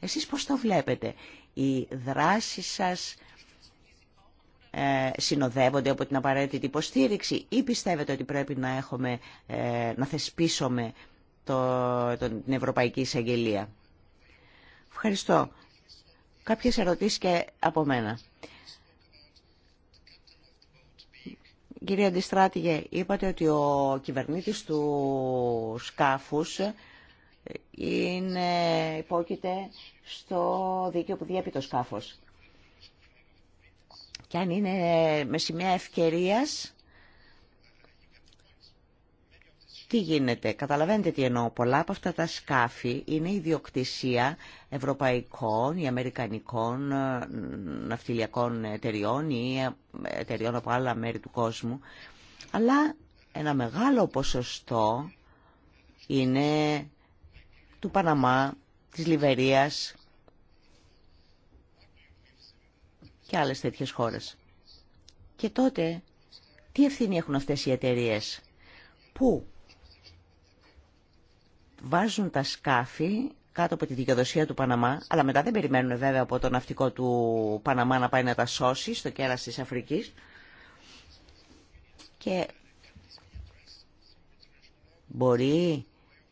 Εσείς πώς το βλέπετε. Η δράση σας ε, συνοδεύονται από την απαραίτητη υποστήριξη ή πιστεύετε ότι πρέπει να, έχουμε, ε, να θεσπίσουμε το, την Ευρωπαϊκή Εισαγγελία. Ευχαριστώ. Κάποιες ερωτήσεις και από μένα. Κύριε Αντιστράτηγε, είπατε ότι ο κυβερνήτης του σκάφους είναι, υπόκειται στο δίκαιο που διέπει το σκάφος και αν είναι με σημαία ευκαιρίας, τι γίνεται. Καταλαβαίνετε τι εννοώ. Πολλά από αυτά τα σκάφη είναι ιδιοκτησία ευρωπαϊκών ή αμερικανικών ε, ναυτιλιακών εταιριών ή ε, εταιριών από άλλα μέρη του κόσμου. Αλλά ένα μεγάλο ποσοστό είναι του Παναμά, της Λιβερίας και άλλες τέτοιες χώρες. Και τότε, τι ευθύνη έχουν αυτές οι εταιρείε που βάζουν τα σκάφη κάτω από τη δικαιοδοσία του Παναμά, αλλά μετά δεν περιμένουν βέβαια από το ναυτικό του Παναμά να πάει να τα σώσει στο κέρας της Αφρικής. Και μπορεί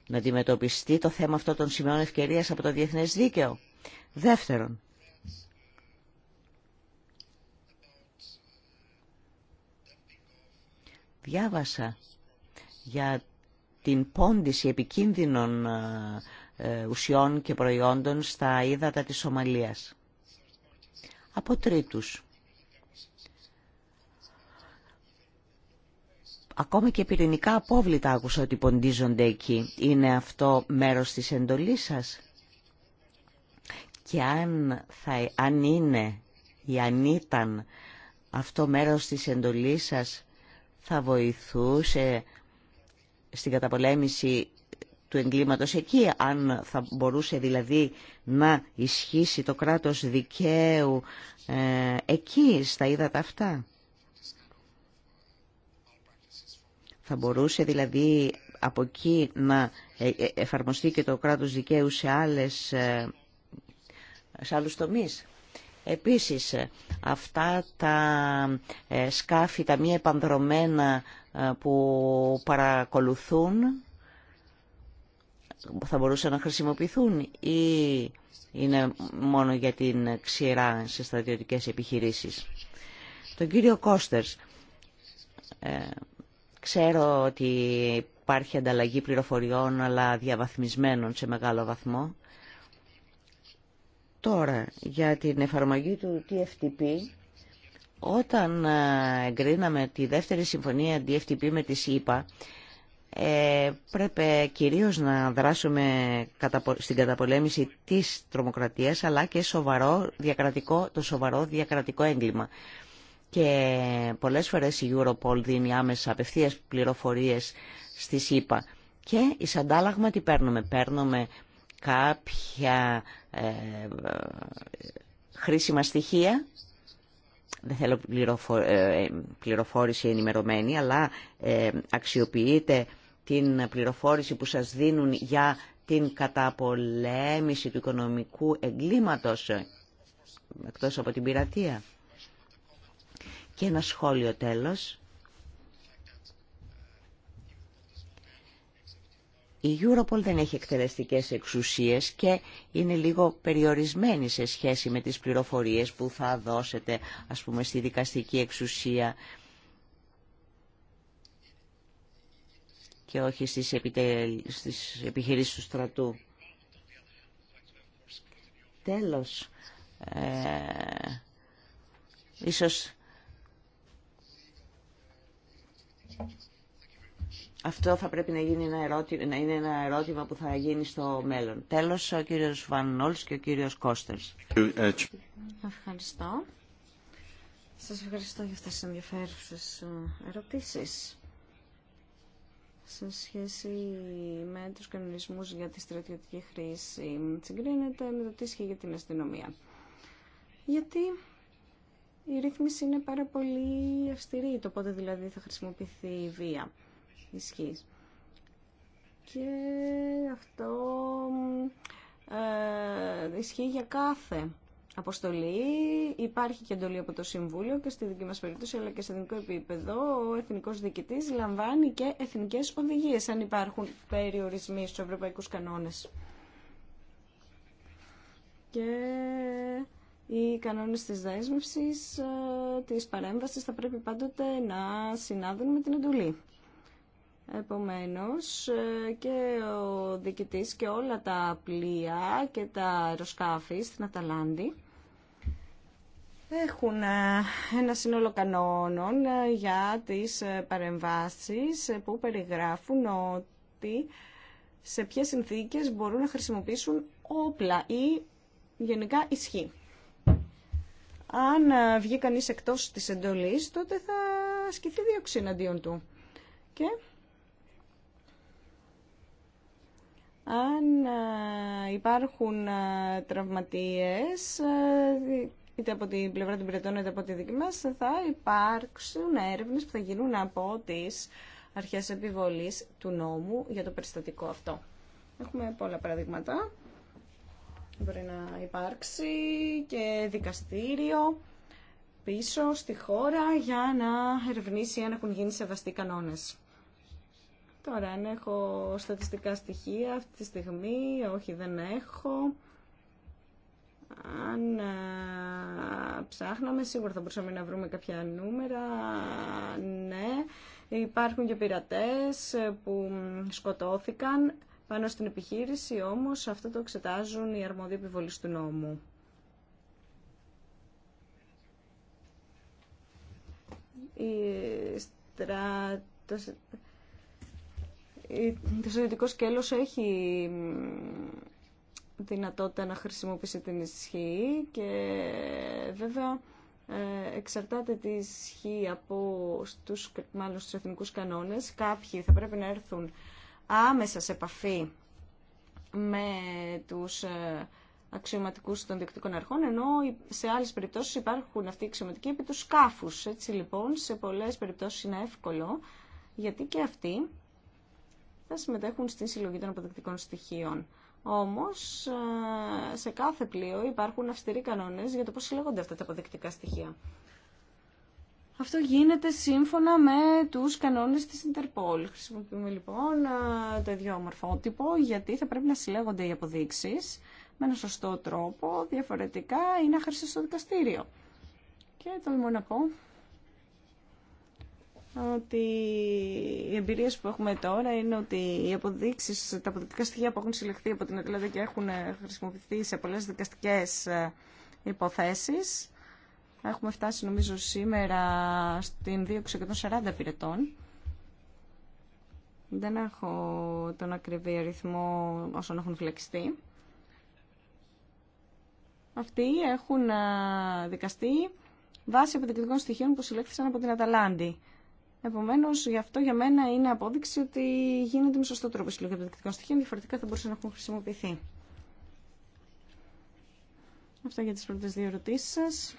να αντιμετωπιστεί το θέμα αυτό των σημείων ευκαιρίας από το διεθνές δίκαιο. Δεύτερον, διάβασα για την πόντιση επικίνδυνων ε, ε, ουσιών και προϊόντων στα ύδατα της Σομαλίας. Από τρίτους. Ακόμα και πυρηνικά απόβλητα άκουσα ότι ποντίζονται εκεί. Είναι αυτό μέρος της εντολής σας. Και αν, θα, αν είναι ή αν ήταν αυτό μέρος της εντολής σας, θα βοηθούσε στην καταπολέμηση του εγκλήματος εκεί, αν θα μπορούσε δηλαδή να ισχύσει το κράτος δικαίου ε, εκεί, στα τα αυτά. Θα μπορούσε δηλαδή από εκεί να ε, ε, εφαρμοστεί και το κράτος δικαίου σε, άλλες, σε άλλους τομείς. Επίσης, ε, αυτά τα ε, σκάφη, τα μη επανδρομένα ε, που παρακολουθούν, θα μπορούσαν να χρησιμοποιηθούν ή είναι μόνο για την ξηρά σε στρατιωτικές επιχειρήσεις. Τον κύριο Κώστερς, ξέρω ότι υπάρχει ανταλλαγή πληροφοριών αλλά διαβαθμισμένων σε μεγάλο βαθμό. Τώρα, για την εφαρμογή του TFTP, όταν ε, εγκρίναμε τη δεύτερη συμφωνία TFTP με τη ΣΥΠΑ, ε, πρέπει κυρίως να δράσουμε στην καταπολέμηση της τρομοκρατίας, αλλά και σοβαρό διακρατικό, το σοβαρό διακρατικό έγκλημα. Και πολλές φορές η Europol δίνει άμεσα απευθείας πληροφορίες στη ΣΥΠΑ. Και εις αντάλλαγμα τι παίρνουμε. Παίρνουμε κάποια ε, χρήσιμα στοιχεία. Δεν θέλω ε, πληροφόρηση ενημερωμένη, αλλά ε, αξιοποιείτε την πληροφόρηση που σας δίνουν για την καταπολέμηση του οικονομικού εγκλήματος, εκτός από την πειρατεία. Και ένα σχόλιο τέλος Η Europol δεν έχει εκτελεστικές εξουσίες και είναι λίγο περιορισμένη σε σχέση με τις πληροφορίες που θα δώσετε, ας πούμε, στη δικαστική εξουσία και όχι στις, επιχειρήσεις του στρατού. Τέλος, ε... ίσως αυτό θα πρέπει να, γίνει ένα ερώτημα, να είναι ένα ερώτημα που θα γίνει στο μέλλον. Τέλος, ο κύριος Βανόλς και ο κύριος Κώστερς. Ευχαριστώ. Σας ευχαριστώ για αυτές τις ενδιαφέρουσες ε, ερωτήσεις. Σε σχέση με τους κανονισμούς για τη στρατιωτική χρήση, συγκρίνεται με το τι ισχύει για την αστυνομία. Γιατί η ρύθμιση είναι πάρα πολύ αυστηρή, το πότε δηλαδή θα χρησιμοποιηθεί η βία ισχύει. Και αυτό ε, ισχύει για κάθε αποστολή. Υπάρχει και εντολή από το Συμβούλιο και στη δική μας περίπτωση αλλά και σε εθνικό επίπεδο ο εθνικός διοικητής λαμβάνει και εθνικές οδηγίες αν υπάρχουν περιορισμοί στους ευρωπαϊκούς κανόνες. Και οι κανόνες της δέσμευσης, ε, της παρέμβασης θα πρέπει πάντοτε να συνάδουν με την εντολή. Επομένως ε, και ο διοικητής και όλα τα πλοία και τα αεροσκάφη στην Αταλάντη έχουν ε, ένα σύνολο κανόνων ε, για τις παρεμβάσεις που περιγράφουν ότι σε ποιες συνθήκες μπορούν να χρησιμοποιήσουν όπλα ή γενικά ισχύ. Αν βγει κανείς εκτός της εντολής, τότε θα ασκηθεί δίωξη εναντίον του. Και αν ε, υπάρχουν ε, τραυματίες, ε, είτε από την πλευρά των πυρετών είτε από τη δική μας, θα υπάρξουν έρευνες που θα γίνουν από τις αρχές επιβολής του νόμου για το περιστατικό αυτό. Έχουμε πολλά παραδείγματα. Μπορεί να υπάρξει και δικαστήριο πίσω στη χώρα για να ερευνήσει αν έχουν γίνει σεβαστοί κανόνες. Τώρα, αν έχω στατιστικά στοιχεία αυτή τη στιγμή, όχι δεν έχω. Αν ψάχναμε, σίγουρα θα μπορούσαμε να βρούμε κάποια νούμερα. Ναι, υπάρχουν και πειρατές ε, που σκοτώθηκαν πάνω στην επιχείρηση, όμως αυτό το εξετάζουν οι αρμόδιοι επιβολείς του νόμου. Η το στρατιωτικό σκέλος έχει δυνατότητα να χρησιμοποιήσει την ισχύ και βέβαια ε, εξαρτάται τη ισχύ από στους, μάλλον στους εθνικούς κανόνες. Κάποιοι θα πρέπει να έρθουν άμεσα σε επαφή με τους ε, αξιωματικούς των διοικητικών αρχών, ενώ σε άλλες περιπτώσεις υπάρχουν αυτοί οι αξιωματικοί επί τους σκάφους. Έτσι λοιπόν σε πολλές περιπτώσεις είναι εύκολο, γιατί και αυτοί θα συμμετέχουν στην συλλογή των αποδεκτικών στοιχείων. Όμω, ε, σε κάθε πλοίο υπάρχουν αυστηροί κανόνες για το πώς συλλεγόνται αυτά τα αποδεκτικά στοιχεία. Αυτό γίνεται σύμφωνα με τους κανόνες της Interpol. Χρησιμοποιούμε λοιπόν ε, το ίδιο ομορφότυπο γιατί θα πρέπει να συλλέγονται οι αποδείξεις με ένα σωστό τρόπο, διαφορετικά είναι άχρηστο στο δικαστήριο. Και τολμώ να πω ότι οι εμπειρίες που έχουμε τώρα είναι ότι οι αποδείξεις, τα αποδεικτικά στοιχεία που έχουν συλλεχθεί από την Ελλάδα και έχουν χρησιμοποιηθεί σε πολλές δικαστικές ε, υποθέσεις. Έχουμε φτάσει νομίζω σήμερα στην δίωξη πυρετών. Δεν έχω τον ακριβή αριθμό όσων έχουν φυλακιστεί. Αυτοί έχουν ε, δικαστεί βάσει αποδεικτικών στοιχείων που συλλέχθησαν από την Αταλάντη. Επομένω, γι' αυτό για μένα είναι απόδειξη ότι γίνεται με σωστό τρόπο η συλλογή των στοιχείων, διαφορετικά θα μπορούσαν να έχουν χρησιμοποιηθεί. Αυτά για τις πρώτες δύο ερωτήσεις σας.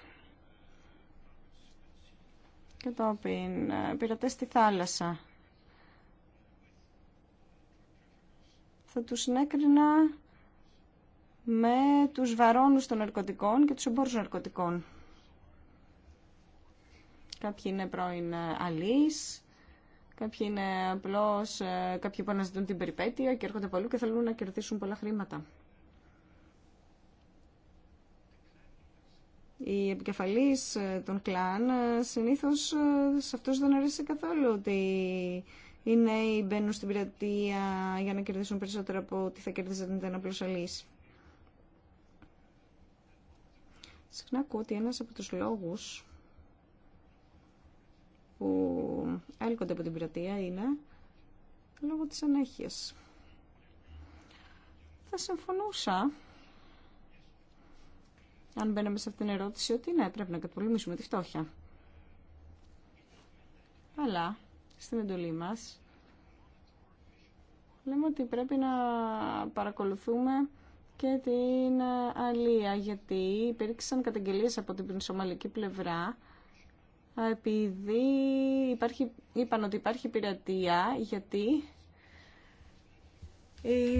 Κατόπιν, ε, πειρατές στη θάλασσα. Θα τους συνέκρινα με τους βαρόνους των ναρκωτικών και τους εμπόρους ναρκωτικών. Κάποιοι είναι πρώην ε, αλείς, κάποιοι είναι απλώς, ε, κάποιοι που αναζητούν την περιπέτεια και έρχονται από και θέλουν να κερδίσουν πολλά χρήματα. η επικεφαλής ε, των κλάν συνήθως σε αυτούς δεν αρέσει καθόλου ότι οι νέοι μπαίνουν στην πειρατεία για να κερδίσουν περισσότερο από ό,τι θα κερδίζαν ήταν απλώς αλής. Συχνά ακούω ότι ένας από τους λόγους που έλκονται από την πειρατεία είναι λόγω της ανέχειας. Θα συμφωνούσα αν μπαίναμε σε αυτήν την ερώτηση ότι ναι, πρέπει να καταπολεμήσουμε τη φτώχεια. Αλλά στην εντολή μας λέμε ότι πρέπει να παρακολουθούμε και την αλία γιατί υπήρξαν καταγγελίες από την σομαλική πλευρά επειδή υπάρχει, είπαν ότι υπάρχει πειρατεία, γιατί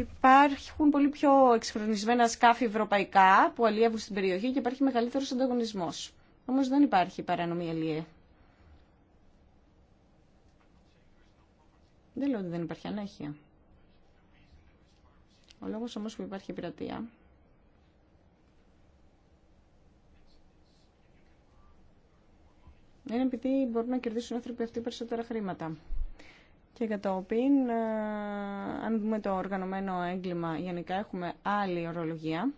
υπάρχουν πολύ πιο εξυγχρονισμένα σκάφη ευρωπαϊκά που αλλιεύουν στην περιοχή και υπάρχει μεγαλύτερος ανταγωνισμός. Όμως δεν υπάρχει παρανομή αλλιέ. Δεν λέω ότι δεν υπάρχει ανέχεια. Ο λόγος όμως που υπάρχει πειρατεία είναι επειδή μπορούν να κερδίσουν άνθρωποι αυτοί περισσότερα χρήματα. Και κατόπιν, ε, αν δούμε το οργανωμένο έγκλημα, γενικά έχουμε άλλη ορολογία.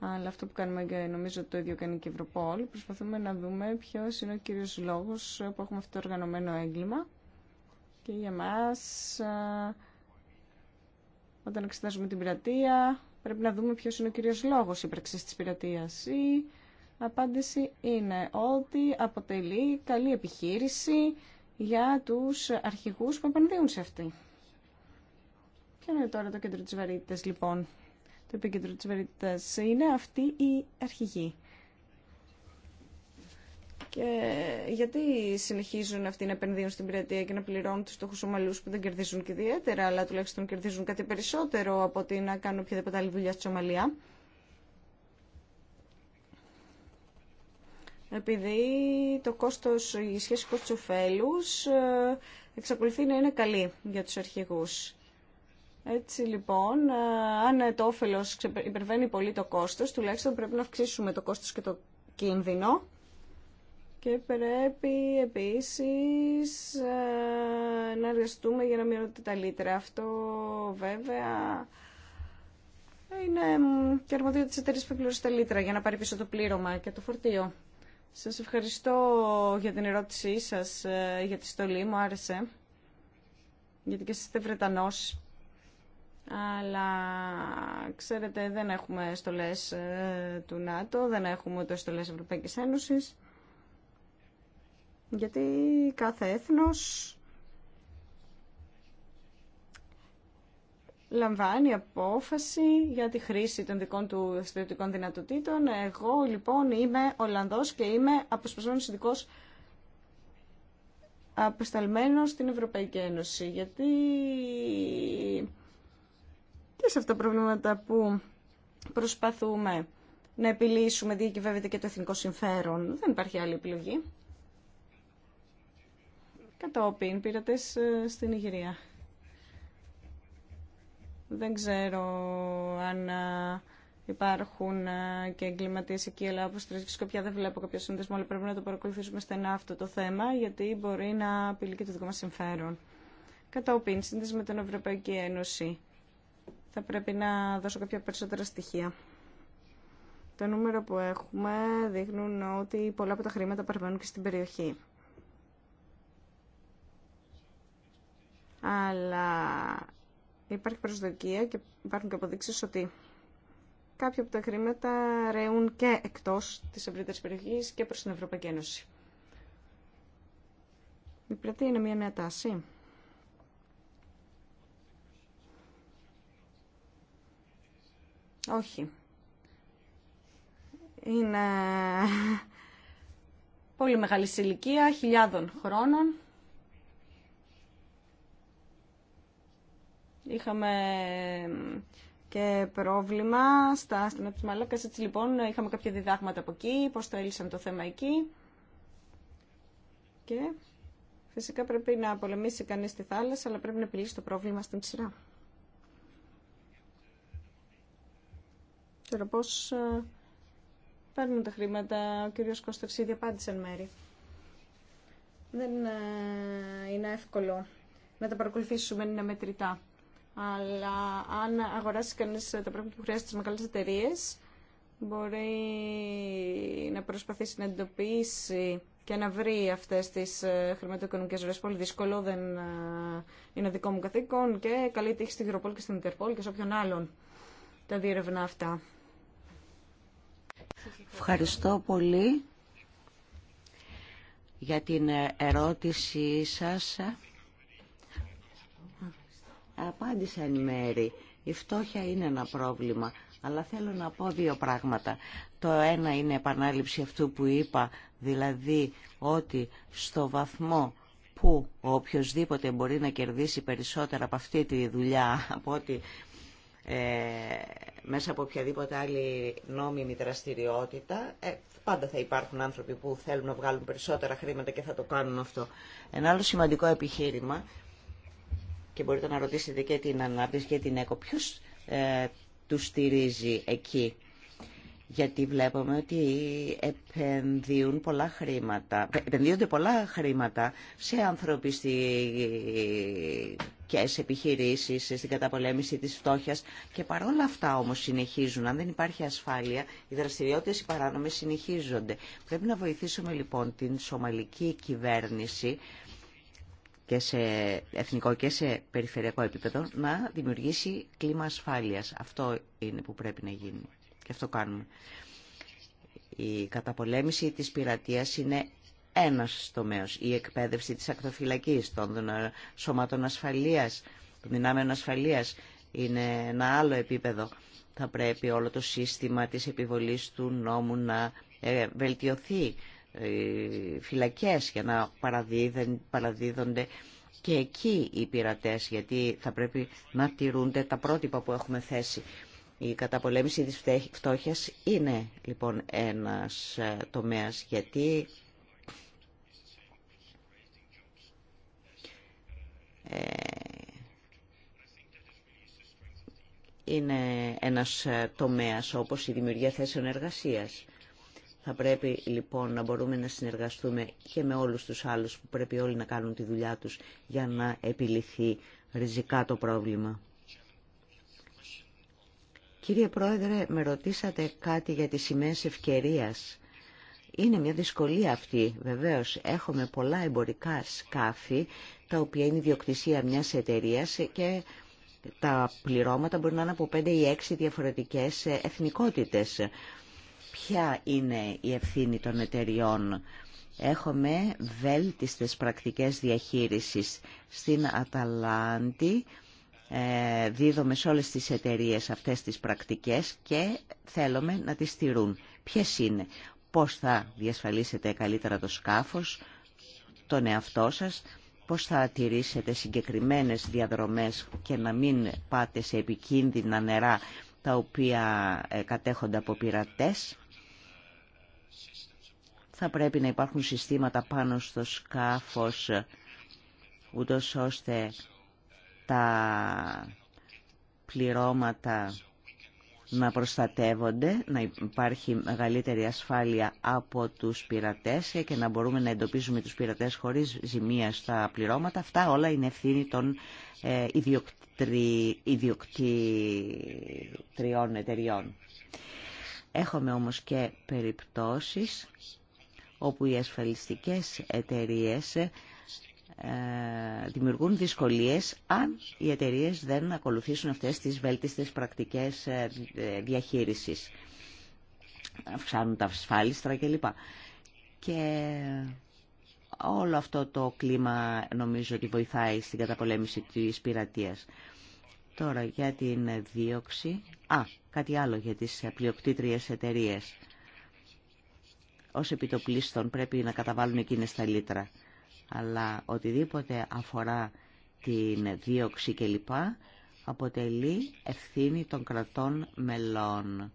Αλλά αυτό που κάνουμε και νομίζω το ίδιο κάνει και η Ευρωπόλ. Προσπαθούμε να δούμε ποιο είναι ο κύριο λόγο που έχουμε αυτό το οργανωμένο έγκλημα. Και για εμά, όταν εξετάζουμε την πειρατεία, πρέπει να δούμε ποιο είναι ο κύριο λόγο ύπαρξη τη πειρατεία απάντηση είναι ότι αποτελεί καλή επιχείρηση για τους αρχηγούς που επενδύουν σε αυτή. Και είναι τώρα το κέντρο της βαρύτητας λοιπόν. Το επίκεντρο της βαρύτητας είναι αυτή η αρχηγή. Και γιατί συνεχίζουν αυτοί να επενδύουν στην πειρατεία και να πληρώνουν τους στόχους ομαλούς που δεν κερδίζουν και ιδιαίτερα, αλλά τουλάχιστον κερδίζουν κάτι περισσότερο από ότι να κάνουν οποιαδήποτε άλλη δουλειά στη Σομαλία. επειδή το κόστος, η σχέση κόστος-οφέλους ε, εξακολουθεί να είναι καλή για τους αρχηγούς. Έτσι λοιπόν, ε, αν το όφελος υπερβαίνει πολύ το κόστος, τουλάχιστον πρέπει να αυξήσουμε το κόστος και το κίνδυνο και πρέπει επίσης ε, να εργαστούμε για να μειώνονται τα λίτρα. Αυτό βέβαια είναι και αρμοδίο της εταιρείας που πληρώσει τα λίτρα για να πάρει πίσω το πλήρωμα και το φορτίο. Σας ευχαριστώ για την ερώτησή σας, ε, για τη στολή, μου άρεσε. Γιατί και είστε Βρετανός. Αλλά, ξέρετε, δεν έχουμε στολές ε, του ΝΑΤΟ, δεν έχουμε ούτε στολές Ευρωπαϊκής Ένωσης. Γιατί κάθε έθνος λαμβάνει απόφαση για τη χρήση των δικών του στρατιωτικών δυνατοτήτων. Εγώ λοιπόν είμαι Ολλανδός και είμαι αποσπασμένος ειδικός απεσταλμένος στην Ευρωπαϊκή Ένωση. Γιατί και σε αυτά τα προβλήματα που προσπαθούμε να επιλύσουμε διακυβεύεται και το εθνικό συμφέρον. Δεν υπάρχει άλλη επιλογή. Κατόπιν πήρατε ε, στην Ιγυρία. Δεν ξέρω αν υπάρχουν και εγκληματίε εκεί, αλλά όπω τρει σκοπιά δεν βλέπω κάποιο σύνδεσμο, αλλά πρέπει να το παρακολουθήσουμε στενά αυτό το θέμα, γιατί μπορεί να απειλεί και το δικό μα συμφέρον. Κατά Κατόπιν, σύνδεση με την Ευρωπαϊκή Ένωση. Θα πρέπει να δώσω κάποια περισσότερα στοιχεία. Το νούμερο που έχουμε δείχνουν ότι πολλά από τα χρήματα παραμένουν και στην περιοχή. Αλλά Υπάρχει προσδοκία και υπάρχουν και αποδείξεις ότι κάποια από τα χρήματα ρέουν και εκτός της ευρύτερης περιοχής και προς την Ευρωπαϊκή Ένωση. Η πλατεία είναι μια νέα τάση. Όχι. Είναι [LAUGHS] πολύ μεγάλη ηλικία, χιλιάδων χρόνων. Είχαμε και πρόβλημα στα στενά της Μαλάκας, έτσι λοιπόν είχαμε κάποια διδάγματα από εκεί, πώς το έλυσαν το θέμα εκεί. Και φυσικά πρέπει να πολεμήσει κανείς τη θάλασσα, αλλά πρέπει να επιλύσει το πρόβλημα στην ψηρά. Τώρα πώς ε, παίρνουν τα χρήματα, ο κύριος ήδη απάντησε εν μέρη. Δεν ε, είναι εύκολο να τα παρακολουθήσουμε, είναι μετρητά αλλά αν αγοράσει κανεί τα πράγματα που χρειάζεται στι μεγάλες εταιρείε, μπορεί να προσπαθήσει να εντοπίσει και να βρει αυτέ τι ε, χρηματοοικονομικές ζωέ Πολύ δύσκολο, δεν ε, είναι δικό μου καθήκον και καλή τύχη στην Γεροπόλ και στην Ιντερπόλ και σε όποιον άλλον τα διερευνά αυτά. Ευχαριστώ πολύ για την ερώτησή σας. Απάντησα εν μέρη. Η φτώχεια είναι ένα πρόβλημα, αλλά θέλω να πω δύο πράγματα. Το ένα είναι επανάληψη αυτού που είπα, δηλαδή ότι στο βαθμό που οποιοδήποτε μπορεί να κερδίσει περισσότερα από αυτή τη δουλειά, από ότι ε, μέσα από οποιαδήποτε άλλη νόμιμη δραστηριότητα, ε, πάντα θα υπάρχουν άνθρωποι που θέλουν να βγάλουν περισσότερα χρήματα και θα το κάνουν αυτό. Ένα άλλο σημαντικό επιχείρημα και μπορείτε να ρωτήσετε και την Ανάπτυξη και την ΕΚΟ ποιος ε, του στηρίζει εκεί. Γιατί βλέπουμε ότι επενδύουν πολλά χρήματα, ε, επενδύονται πολλά χρήματα σε ανθρωπιστικές επιχειρήσεις, στην καταπολέμηση της φτώχειας και παρόλα αυτά όμως συνεχίζουν. Αν δεν υπάρχει ασφάλεια, οι δραστηριότητες οι παράνομες συνεχίζονται. Πρέπει να βοηθήσουμε λοιπόν την σομαλική κυβέρνηση και σε εθνικό και σε περιφερειακό επίπεδο να δημιουργήσει κλίμα ασφάλειας. Αυτό είναι που πρέπει να γίνει και αυτό κάνουμε. Η καταπολέμηση της πειρατείας είναι ένας τομέα. Η εκπαίδευση της ακτοφυλακής, των σωμάτων ασφαλείας, των δυνάμεων ασφαλείας είναι ένα άλλο επίπεδο. Θα πρέπει όλο το σύστημα της επιβολής του νόμου να ε, βελτιωθεί ε, φυλακές για να παραδίδονται και εκεί οι πειρατές γιατί θα πρέπει να τηρούνται τα πρότυπα που έχουμε θέσει. Η καταπολέμηση της φτώχειας είναι λοιπόν ένας ε, τομέας γιατί ε, είναι ένας τομέας όπως η δημιουργία θέσεων εργασίας. Θα πρέπει λοιπόν να μπορούμε να συνεργαστούμε και με όλους τους άλλους που πρέπει όλοι να κάνουν τη δουλειά τους για να επιληθεί ριζικά το πρόβλημα. Κύριε Πρόεδρε, με ρωτήσατε κάτι για τις σημαίες ευκαιρίας. Είναι μια δυσκολία αυτή, βεβαίως. Έχουμε πολλά εμπορικά σκάφη, τα οποία είναι ιδιοκτησία μιας εταιρείας και τα πληρώματα μπορεί να είναι από 5 ή 6 διαφορετικές εθνικότητες ποια είναι η ευθύνη των εταιριών. Έχουμε βέλτιστες πρακτικές διαχείρισης στην Αταλάντη, ε, δίδουμε σε όλες τις εταιρείες αυτές τις πρακτικές και θέλουμε να τις στηρούν. Ποιες είναι, πώς θα διασφαλίσετε καλύτερα το σκάφος, τον εαυτό σας, πώς θα τηρήσετε συγκεκριμένες διαδρομές και να μην πάτε σε επικίνδυνα νερά τα οποία ε, κατέχονται από πειρατές θα πρέπει να υπάρχουν συστήματα πάνω στο σκάφος ούτως ώστε τα πληρώματα να προστατεύονται, να υπάρχει μεγαλύτερη ασφάλεια από τους πειρατές και να μπορούμε να εντοπίζουμε τους πειρατές χωρίς ζημία στα πληρώματα. Αυτά όλα είναι ευθύνη των ε, ιδιοκτητριών εταιριών. Έχουμε όμως και περιπτώσεις όπου οι ασφαλιστικές εταιρείες ε, δημιουργούν δυσκολίες αν οι εταιρείες δεν ακολουθήσουν αυτές τις βέλτιστες πρακτικές ε, διαχείρισης. Αυξάνουν τα ασφάλιστρα κλπ. Και όλο αυτό το κλίμα νομίζω ότι βοηθάει στην καταπολέμηση της πειρατείας. Τώρα για την δίωξη. Α, κάτι άλλο για τις πλειοκτήτριες εταιρείες ως επιτοπλίστων πρέπει να καταβάλουν εκείνες τα λίτρα. Αλλά οτιδήποτε αφορά την δίωξη κλπ. αποτελεί ευθύνη των κρατών μελών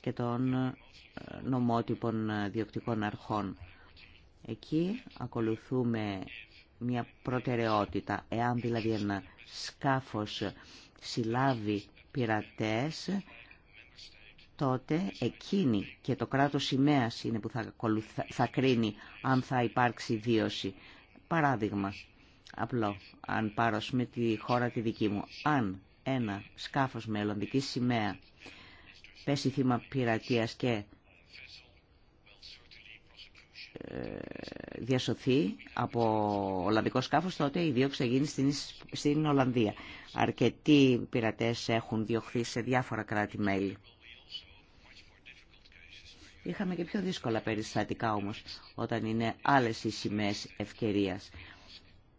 και των ε, νομότυπων ε, διοκτικών αρχών. Εκεί ακολουθούμε μια προτεραιότητα. Εάν δηλαδή ένα σκάφος συλλάβει πειρατές, τότε εκείνη και το κράτος σημαίας είναι που θα, θα κρίνει αν θα υπάρξει βίωση. Παράδειγμα, απλό, αν πάρω με τη χώρα τη δική μου, αν ένα σκάφος με ολλανδική σημαία πέσει θύμα πειρατείας και ε, διασωθεί από Ολλανδικό σκάφος, τότε η δίωξη θα γίνει στην, στην Ολλανδία. Αρκετοί πειρατές έχουν διωχθεί σε διάφορα κράτη-μέλη. Είχαμε και πιο δύσκολα περιστατικά όμως, όταν είναι άλλες οι σημαίες ευκαιρίας.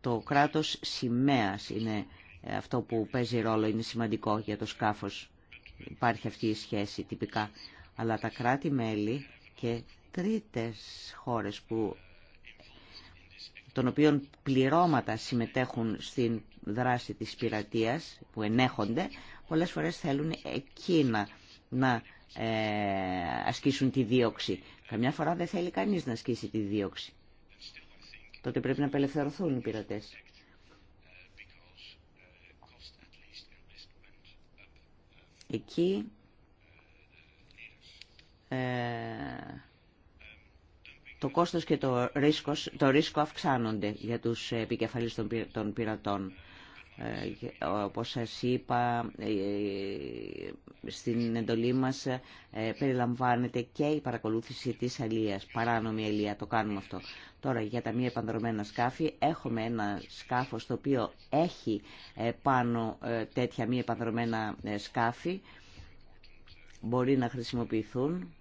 Το κράτος σημαίας είναι ε, αυτό που παίζει ρόλο, είναι σημαντικό για το σκάφος. Υπάρχει αυτή η σχέση τυπικά. Αλλά τα κράτη-μέλη και τρίτες χώρες που των οποίων πληρώματα συμμετέχουν στην δράση της πειρατείας, που ενέχονται, πολλές φορές θέλουν εκείνα να ε, ασκήσουν τη δίωξη. Καμιά φορά δεν θέλει κανείς να ασκήσει τη δίωξη. Τότε πρέπει να απελευθερωθούν οι πειρατές. Εκεί ε, το κόστος και το ρίσκο, το ρίσκο αυξάνονται για τους επικεφαλείς των πειρατών. Ε, όπως σας είπα ε, στην εντολή μας ε, περιλαμβάνεται και η παρακολούθηση της αλίας παράνομη αλία, το κάνουμε αυτό τώρα για τα μη επανδρομένα σκάφη έχουμε ένα σκάφος το οποίο έχει πάνω τέτοια μη επανδρομένα σκάφη μπορεί να χρησιμοποιηθούν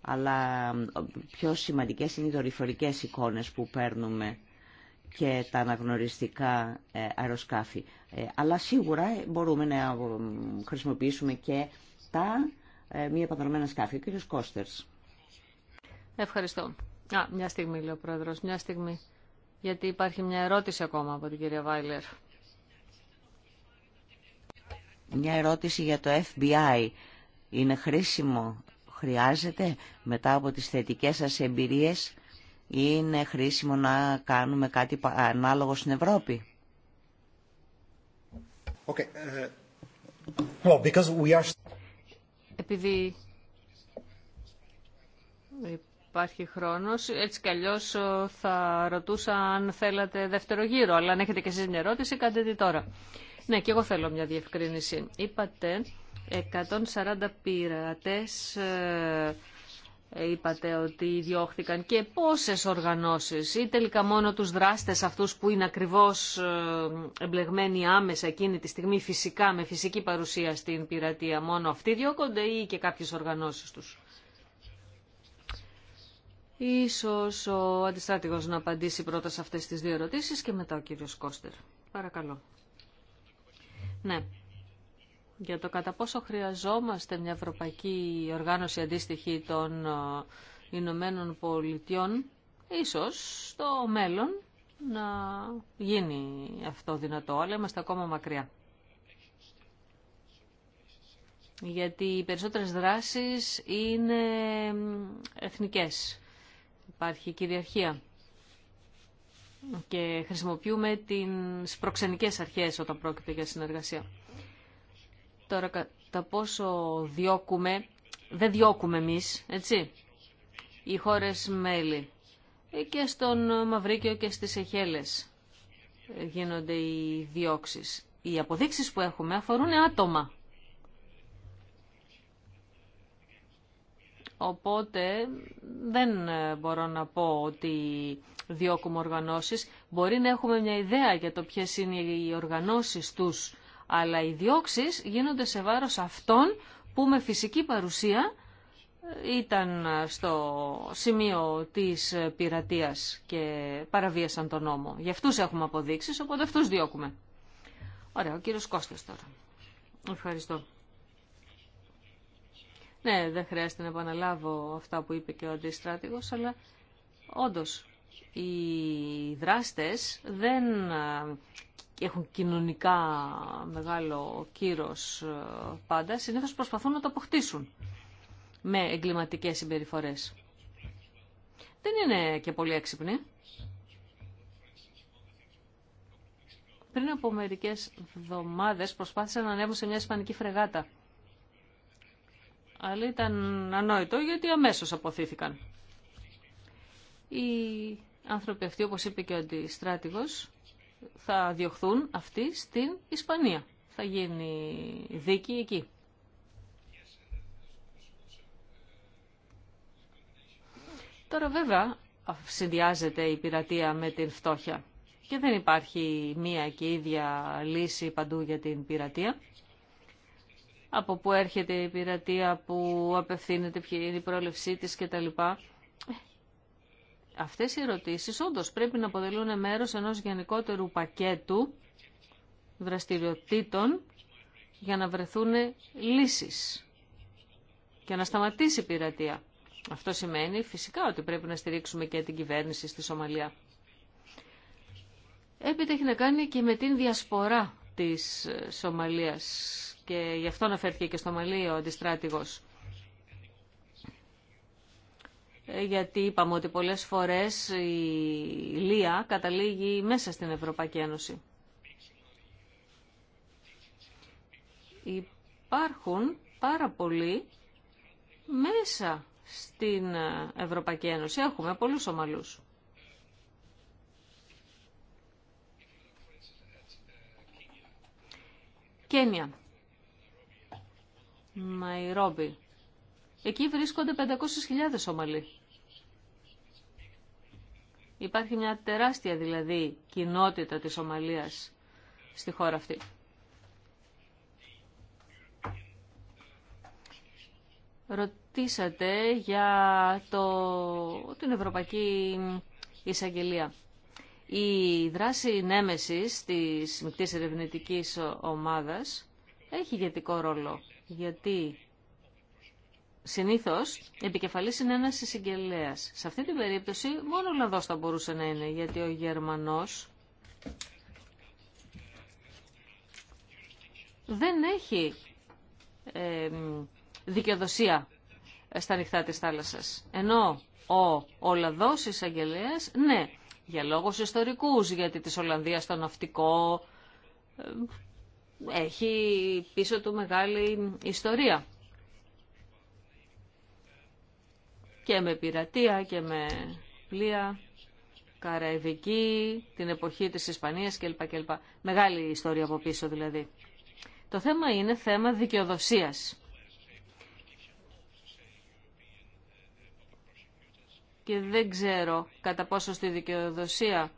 αλλά πιο σημαντικές είναι οι δορυφορικές εικόνες που παίρνουμε και τα αναγνωριστικά ε, αεροσκάφη. Ε, αλλά σίγουρα ε, μπορούμε να χρησιμοποιήσουμε και τα μη επανδρομένα σκάφη. Ο κύριος Κώστερς. Ευχαριστώ. μια στιγμή λέει ο Πρόεδρος, μια στιγμή. Γιατί υπάρχει μια ερώτηση ακόμα από την κυρία Βάιλερ. Μια ερώτηση για το FBI. Είναι χρήσιμο, χρειάζεται μετά από τις θετικές σας εμπειρίες είναι χρήσιμο να κάνουμε κάτι ανάλογο στην Ευρώπη. Okay. Uh, because we are... Επειδή υπάρχει χρόνος, έτσι κι αλλιώς θα ρωτούσα αν θέλατε δεύτερο γύρο, αλλά αν έχετε και εσείς μια ερώτηση, κάντε τη τώρα. Ναι, και εγώ θέλω μια διευκρίνηση. Είπατε 140 πειρατές ε, είπατε ότι διώχθηκαν και πόσες οργανώσεις ή τελικά μόνο τους δράστες αυτούς που είναι ακριβώς ε, εμπλεγμένοι άμεσα εκείνη τη στιγμή φυσικά με φυσική παρουσία στην πειρατεία μόνο αυτοί διώκονται ή και κάποιες οργανώσεις τους. Ίσως ο αντιστράτηγος να απαντήσει πρώτα σε αυτές τις δύο ερωτήσεις και μετά ο κύριος Κώστερ. Παρακαλώ. Ναι, για το κατά πόσο χρειαζόμαστε μια ευρωπαϊκή οργάνωση αντίστοιχη των ε, Ηνωμένων Πολιτειών, ίσως στο μέλλον να γίνει αυτό δυνατό, αλλά είμαστε ακόμα μακριά. Γιατί οι περισσότερες δράσεις είναι εθνικές. Υπάρχει κυριαρχία. Και χρησιμοποιούμε τις προξενικές αρχές όταν πρόκειται για συνεργασία. Τώρα κατά πόσο διώκουμε, δεν διώκουμε εμείς, έτσι, οι χώρες μέλη ε, και στον Μαυρίκιο και στις Εχέλες ε, γίνονται οι διώξεις. Οι αποδείξεις που έχουμε αφορούν άτομα. Οπότε δεν ε, μπορώ να πω ότι διώκουμε οργανώσεις. Μπορεί να έχουμε μια ιδέα για το ποιες είναι οι οργανώσεις τους αλλά οι διώξει γίνονται σε βάρος αυτών που με φυσική παρουσία ήταν στο σημείο της πειρατείας και παραβίασαν τον νόμο. Γι' αυτούς έχουμε αποδείξεις, οπότε αυτούς διώκουμε. Ωραία, ο κύριος Κώστας τώρα. Ευχαριστώ. Ναι, δεν χρειάζεται να επαναλάβω αυτά που είπε και ο αντιστράτηγος, αλλά όντως οι δράστες δεν έχουν κοινωνικά μεγάλο κύρος ε, πάντα, συνήθως προσπαθούν να το αποκτήσουν με εγκληματικές συμπεριφορές. Δεν είναι και πολύ έξυπνοι. Πριν από μερικές εβδομάδες προσπάθησαν να ανέβουν σε μια ισπανική φρεγάτα. Αλλά ήταν ανόητο γιατί αμέσως αποθήθηκαν. Οι άνθρωποι αυτοί, όπως είπε και ο αντιστράτηγος, θα διωχθούν αυτοί στην Ισπανία. Θα γίνει δίκη εκεί. Τώρα βέβαια συνδυάζεται η πειρατεία με την φτώχεια και δεν υπάρχει μία και ίδια λύση παντού για την πειρατεία. Από πού έρχεται η πειρατεία, που απευθύνεται, ποια είναι η πρόλευσή της κτλ. Ε, αυτές οι ερωτήσεις όντως πρέπει να αποτελούν μέρος ενός γενικότερου πακέτου δραστηριοτήτων για να βρεθούν λύσεις και να σταματήσει η πειρατεία. Αυτό σημαίνει φυσικά ότι πρέπει να στηρίξουμε και την κυβέρνηση στη Σομαλία. Έπειτα έχει να κάνει και με την διασπορά της Σομαλίας και γι' αυτό αναφέρθηκε και στο Μαλί ο αντιστράτηγος γιατί είπαμε ότι πολλές φορές η Λία καταλήγει μέσα στην Ευρωπαϊκή Ένωση. Υπάρχουν πάρα πολλοί μέσα στην Ευρωπαϊκή Ένωση. Έχουμε πολλούς Ομαλούς. Κένια. Μαϊρόμπι. Εκεί βρίσκονται 500.000 Σομαλοί. Υπάρχει μια τεράστια δηλαδή κοινότητα της Σομαλίας στη χώρα αυτή. Ρωτήσατε για το, την Ευρωπαϊκή Εισαγγελία. Η δράση νέμεσης της μικτής ερευνητικής ομάδας έχει γετικό ρόλο, γιατί συνήθως επικεφαλής είναι ένα εισαγγελέας. Σε αυτή την περίπτωση μόνο ο Λαδός θα μπορούσε να είναι, γιατί ο Γερμανός δεν έχει δικαιοδοσία στα ανοιχτά της θάλασσα. Ενώ ο Λαδό εισαγγελέα, ναι, για λόγους ιστορικούς, γιατί της Ολλανδίας το ναυτικό έχει πίσω του μεγάλη ιστορία. και με πειρατεία και με πλοία, καραϊβική, την εποχή της Ισπανίας κλπ. κλπ. Μεγάλη ιστορία από πίσω δηλαδή. Το θέμα είναι θέμα δικαιοδοσίας. Και δεν ξέρω κατά πόσο στη δικαιοδοσία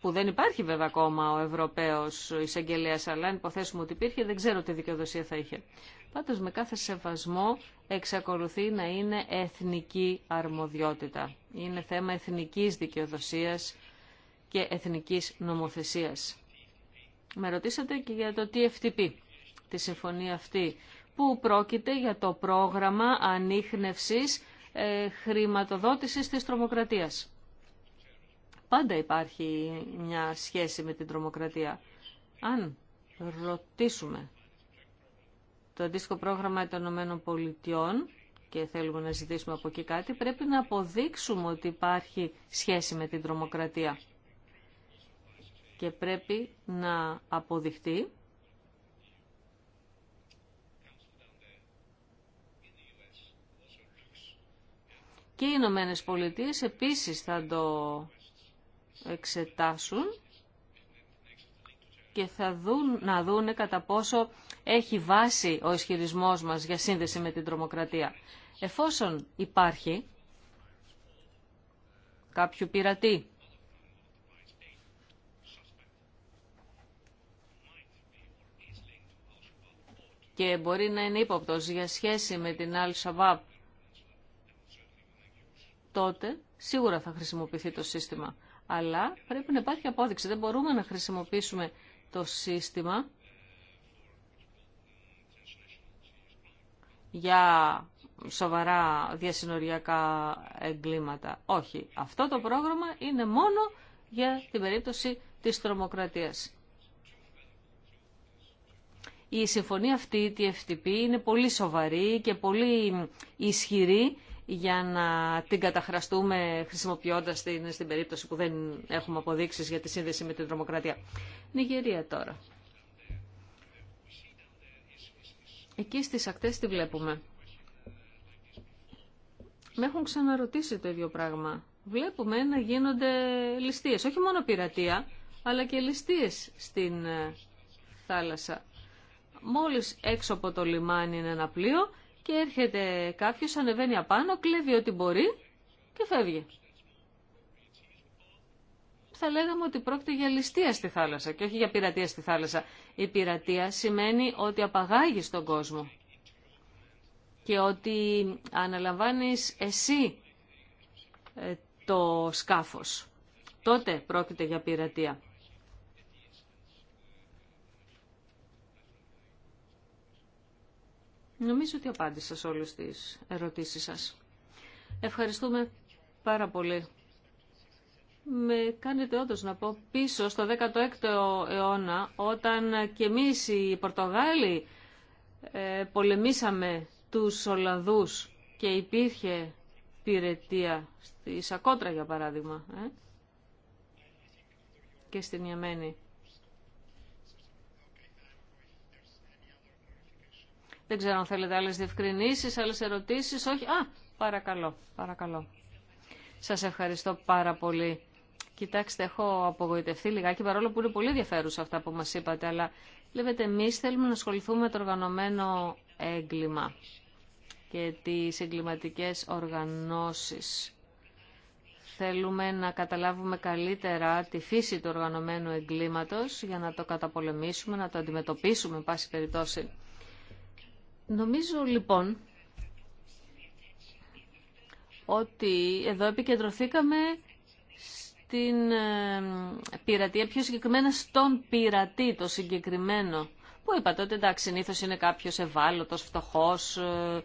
που δεν υπάρχει βέβαια ακόμα ο Ευρωπαίος εισαγγελέα, αλλά αν υποθέσουμε ότι υπήρχε δεν ξέρω τι δικαιοδοσία θα είχε. Πάντως με κάθε σεβασμό εξακολουθεί να είναι εθνική αρμοδιότητα. Είναι θέμα εθνικής δικαιοδοσίας και εθνικής νομοθεσίας. Με ρωτήσατε και για το TFTP, τη συμφωνία αυτή, που πρόκειται για το πρόγραμμα ανείχνευσης ε, χρηματοδότησης της τρομοκρατίας πάντα υπάρχει μια σχέση με την τρομοκρατία. Αν ρωτήσουμε το αντίστοιχο πρόγραμμα των Ηνωμένων Πολιτειών και θέλουμε να ζητήσουμε από εκεί κάτι, πρέπει να αποδείξουμε ότι υπάρχει σχέση με την τρομοκρατία. Και πρέπει να αποδειχτεί και οι Ηνωμένε Πολιτείε επίσης θα το εξετάσουν και θα δουν, να δούνε κατά πόσο έχει βάση ο ισχυρισμός μας για σύνδεση με την τρομοκρατία. Εφόσον υπάρχει κάποιο πειρατή και μπορεί να είναι ύποπτος για σχέση με την Al-Shabaab, τότε σίγουρα θα χρησιμοποιηθεί το σύστημα αλλά πρέπει να υπάρχει απόδειξη. Δεν μπορούμε να χρησιμοποιήσουμε το σύστημα για σοβαρά διασυνοριακά εγκλήματα. Όχι. Αυτό το πρόγραμμα είναι μόνο για την περίπτωση της τρομοκρατίας. Η συμφωνία αυτή, η TFTP, είναι πολύ σοβαρή και πολύ ισχυρή για να την καταχραστούμε χρησιμοποιώντας την στην περίπτωση που δεν έχουμε αποδείξεις για τη σύνδεση με την τρομοκρατία. Νιγερία τώρα. Εκεί στις ακτές τη βλέπουμε. Με έχουν ξαναρωτήσει το ίδιο πράγμα. Βλέπουμε να γίνονται ληστείες, όχι μόνο πειρατεία, αλλά και ληστείες στην ε, θάλασσα. Μόλις έξω από το λιμάνι είναι ένα πλοίο και έρχεται κάποιος, ανεβαίνει απάνω, κλέβει ό,τι μπορεί και φεύγει. Θα λέγαμε ότι πρόκειται για ληστεία στη θάλασσα και όχι για πειρατεία στη θάλασσα. Η πειρατεία σημαίνει ότι απαγάγεις τον κόσμο και ότι αναλαμβάνεις εσύ ε, το σκάφος. Τότε πρόκειται για πειρατεία. Νομίζω ότι απάντησα σε όλες τις ερωτήσεις σας. Ευχαριστούμε πάρα πολύ. Με κάνετε όντω να πω πίσω στο 16ο αιώνα, όταν και εμείς οι Πορτογάλοι ε, πολεμήσαμε τους Ολλανδούς και υπήρχε πυρετία στη Σακότρα για παράδειγμα ε, και στην Ιαμένη. Δεν ξέρω αν θέλετε άλλες διευκρινήσεις, άλλες ερωτήσεις. Όχι. Α, παρακαλώ, παρακαλώ. Σας ευχαριστώ πάρα πολύ. Κοιτάξτε, έχω απογοητευτεί λιγάκι, παρόλο που είναι πολύ ενδιαφέρουσα αυτά που μας είπατε, αλλά βλέπετε, εμεί θέλουμε να ασχοληθούμε με το οργανωμένο έγκλημα και τις εγκληματικές οργανώσεις. Θέλουμε να καταλάβουμε καλύτερα τη φύση του οργανωμένου εγκλήματος για να το καταπολεμήσουμε, να το αντιμετωπίσουμε, πάση περιπτώσει. Νομίζω λοιπόν ότι εδώ επικεντρωθήκαμε στην πειρατεία, πιο συγκεκριμένα στον πειρατή το συγκεκριμένο. Που είπατε τότε. εντάξει, συνήθω είναι κάποιος ευάλωτος, φτωχός, ε,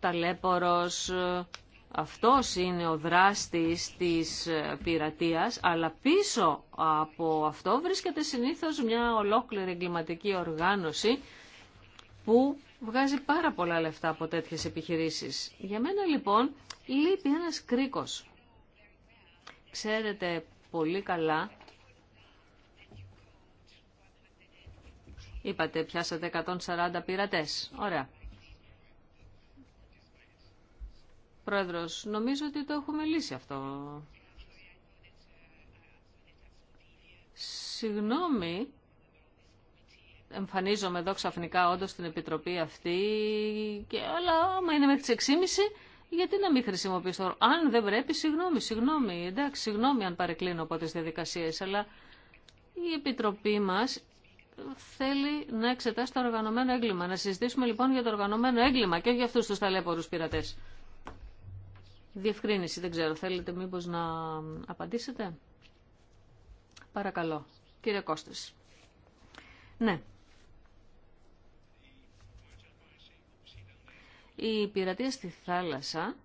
ταλέπορος. Ε, αυτός είναι ο δράστης της ε, πειρατείας, αλλά πίσω από αυτό βρίσκεται συνήθως μια ολόκληρη εγκληματική οργάνωση που βγάζει πάρα πολλά λεφτά από τέτοιες επιχειρήσεις. Για μένα λοιπόν λείπει ένας κρίκος. Ξέρετε πολύ καλά, είπατε πιάσατε 140 πειρατές. Ωραία. Πρόεδρος, νομίζω ότι το έχουμε λύσει αυτό. Συγγνώμη, εμφανίζομαι εδώ ξαφνικά όντως στην επιτροπή αυτή, και, αλλά άμα είναι μέχρι τις 6.30 γιατί να μην χρησιμοποιήσω Αν δεν πρέπει, συγγνώμη, συγγνώμη, εντάξει, συγγνώμη αν παρεκκλίνω από τι διαδικασίε. αλλά η Επιτροπή μα θέλει να εξετάσει το οργανωμένο έγκλημα. Να συζητήσουμε λοιπόν για το οργανωμένο έγκλημα και όχι για αυτού του ταλέπορου πειρατέ. Διευκρίνηση, δεν ξέρω, θέλετε μήπως να απαντήσετε. Παρακαλώ. Κύριε Κώστης. Ναι. η πειρατεία στη θάλασσα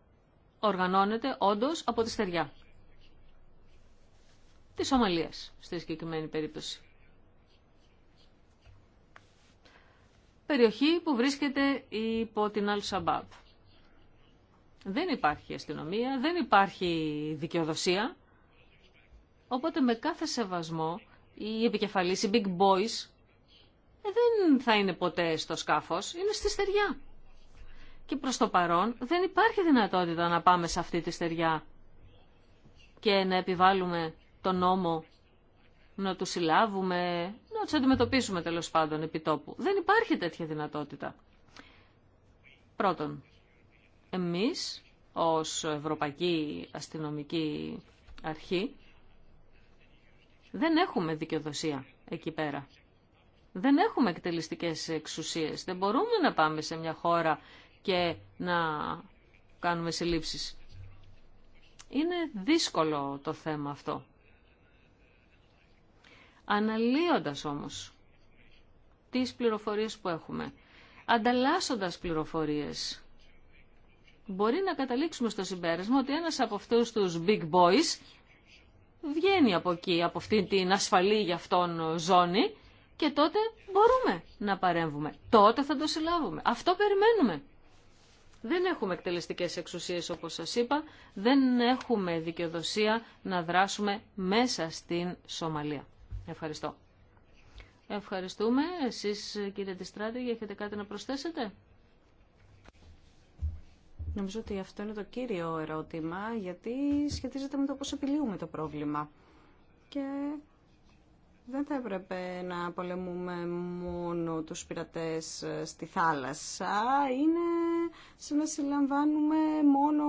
οργανώνεται όντως από τη στεριά. Της Σομαλίας, στη συγκεκριμένη περίπτωση. Περιοχή που βρίσκεται υπό την Αλ-Σαμπάμπ. Δεν υπάρχει αστυνομία, δεν υπάρχει δικαιοδοσία. Οπότε με κάθε σεβασμό η επικεφαλής, οι big boys, ε, δεν θα είναι ποτέ στο σκάφος, είναι στη στεριά και προς το παρόν δεν υπάρχει δυνατότητα να πάμε σε αυτή τη στεριά και να επιβάλλουμε τον νόμο, να του συλλάβουμε, να του αντιμετωπίσουμε τέλος πάντων επί τόπου. Δεν υπάρχει τέτοια δυνατότητα. Πρώτον, εμείς ως Ευρωπαϊκή Αστυνομική Αρχή δεν έχουμε δικαιοδοσία εκεί πέρα. Δεν έχουμε εκτελεστικές εξουσίες. Δεν μπορούμε να πάμε σε μια χώρα και να κάνουμε συλλήψεις. Είναι δύσκολο το θέμα αυτό. Αναλύοντας όμως τις πληροφορίες που έχουμε, ανταλλάσσοντας πληροφορίες, μπορεί να καταλήξουμε στο συμπέρασμα ότι ένας από αυτούς τους big boys βγαίνει από εκεί, από αυτή την ασφαλή για αυτόν ζώνη και τότε μπορούμε να παρέμβουμε. Τότε θα το συλλάβουμε. Αυτό περιμένουμε. Δεν έχουμε εκτελεστικές εξουσίες όπως σας είπα, δεν έχουμε δικαιοδοσία να δράσουμε μέσα στην Σομαλία. Ευχαριστώ. Ευχαριστούμε. Εσείς κύριε Τιστράτη έχετε κάτι να προσθέσετε. Νομίζω ότι αυτό είναι το κύριο ερώτημα, γιατί σχετίζεται με το πώς επιλύουμε το πρόβλημα. Και δεν θα έπρεπε να πολεμούμε μόνο τους πειρατές ε, στη θάλασσα. Είναι να συλλαμβάνουμε μόνο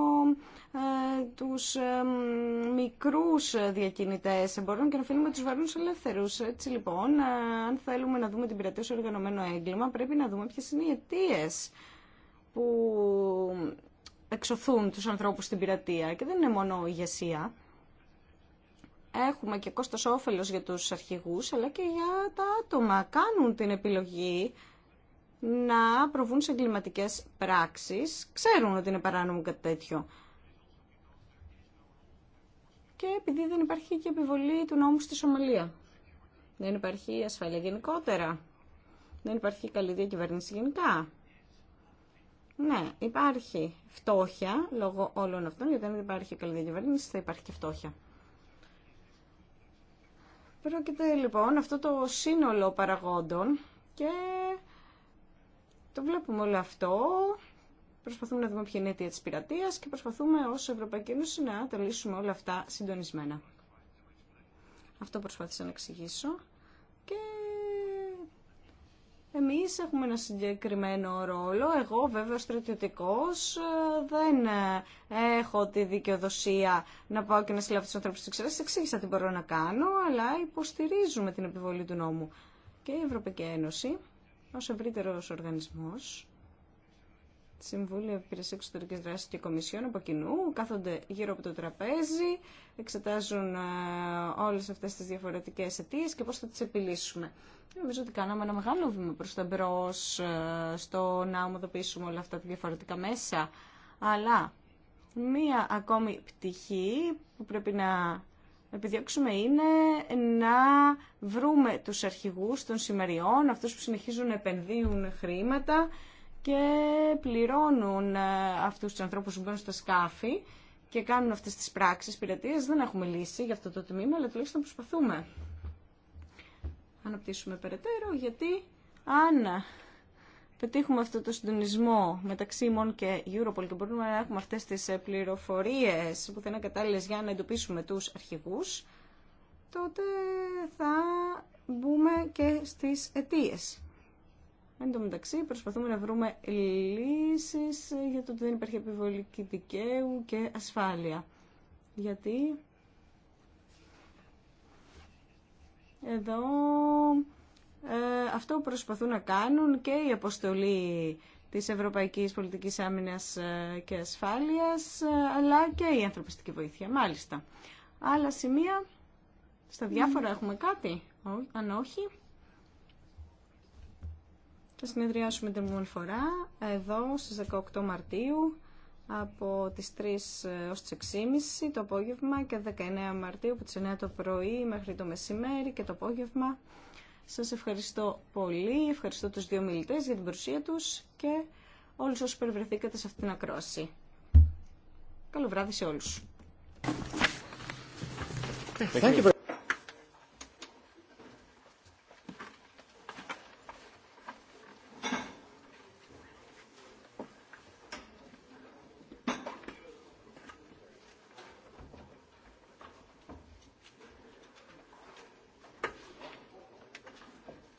ε, τους ε, μικρούς διακινητές εμπορών και να αφήνουμε τους βαρύνους ελεύθερους. Έτσι λοιπόν, ε, αν θέλουμε να δούμε την πειρατεία σε οργανωμένο έγκλημα, πρέπει να δούμε ποιες είναι οι αιτίε που εξωθούν τους ανθρώπους στην πειρατεία. Και δεν είναι μόνο η ηγεσία. Έχουμε και κόστος όφελος για τους αρχηγούς, αλλά και για τα άτομα. Κάνουν την επιλογή να προβούν σε εγκληματικέ πράξεις. Ξέρουν ότι είναι παράνομο κάτι τέτοιο. Και επειδή δεν υπάρχει και επιβολή του νόμου στη Σομαλία. Δεν υπάρχει ασφάλεια γενικότερα. Δεν υπάρχει καλή διακυβέρνηση γενικά. Ναι, υπάρχει φτώχεια λόγω όλων αυτών, γιατί αν δεν υπάρχει καλή διακυβέρνηση θα υπάρχει και φτώχεια. Πρόκειται λοιπόν αυτό το σύνολο παραγόντων και το βλέπουμε όλο αυτό. Προσπαθούμε να δούμε ποια είναι η αιτία τη πειρατεία και προσπαθούμε ω Ευρωπαϊκή Ένωση να τα λύσουμε όλα αυτά συντονισμένα. Αυτό προσπάθησα να εξηγήσω. Και εμείς έχουμε ένα συγκεκριμένο ρόλο. Εγώ βέβαια στρατιωτικός ε, δεν έχω τη δικαιοδοσία να πάω και να συλλάβω τους ανθρώπους της εξαιρέσεις. Εξήγησα τι μπορώ να κάνω, αλλά υποστηρίζουμε την επιβολή του νόμου. Και η Ευρωπαϊκή Ένωση ως ευρύτερος οργανισμός, Συμβούλιο Υπηρεσία Εξωτερική Δράση και Κομισιόν από κοινού κάθονται γύρω από το τραπέζι, εξετάζουν ε, όλε αυτέ τι διαφορετικέ αιτίε και πώ θα τι επιλύσουμε. Νομίζω ότι κάναμε ένα μεγάλο βήμα προ τα μπρο ε, στο να ομοδοποιήσουμε όλα αυτά τα διαφορετικά μέσα. Αλλά μία ακόμη πτυχή που πρέπει να επιδιώξουμε είναι να βρούμε τους αρχηγούς των σημεριών, αυτούς που συνεχίζουν να επενδύουν χρήματα και πληρώνουν ε, αυτούς τους ανθρώπους που μπαίνουν στα σκάφη και κάνουν αυτές τις πράξεις πειρατείας. Δεν έχουμε λύση για αυτό το τμήμα, αλλά τουλάχιστον προσπαθούμε. Αναπτύσσουμε περαιτέρω, γιατί αν πετύχουμε αυτό το συντονισμό μεταξύ ΜΟΝ και Europol και μπορούμε να έχουμε αυτές τις ε, πληροφορίες που θα είναι κατάλληλες για να εντοπίσουμε τους αρχηγούς, τότε θα μπούμε και στις αιτίε. Εν τω μεταξύ προσπαθούμε να βρούμε λύσεις για το ότι δεν υπάρχει επιβολική δικαίου και ασφάλεια. Γιατί εδώ ε, αυτό που προσπαθούν να κάνουν και η αποστολή της Ευρωπαϊκής Πολιτικής Άμυνας ε, και Ασφάλειας, ε, αλλά και η ανθρωπιστική βοήθεια. Μάλιστα. Άλλα σημεία, στα διάφορα έχουμε κάτι, αν όχι. Θα συνεδριάσουμε την μόνη φορά, εδώ στις 18 Μαρτίου, από τις 3 ως τις 6.30 το απόγευμα και 19 Μαρτίου από τις 9 το πρωί μέχρι το μεσημέρι και το απόγευμα σας ευχαριστώ πολύ, ευχαριστώ τους δύο μιλητές για την παρουσία τους και όλους όσους περιβρεθήκατε σε αυτήν την ακρόαση. Καλό βράδυ σε όλους. Thank you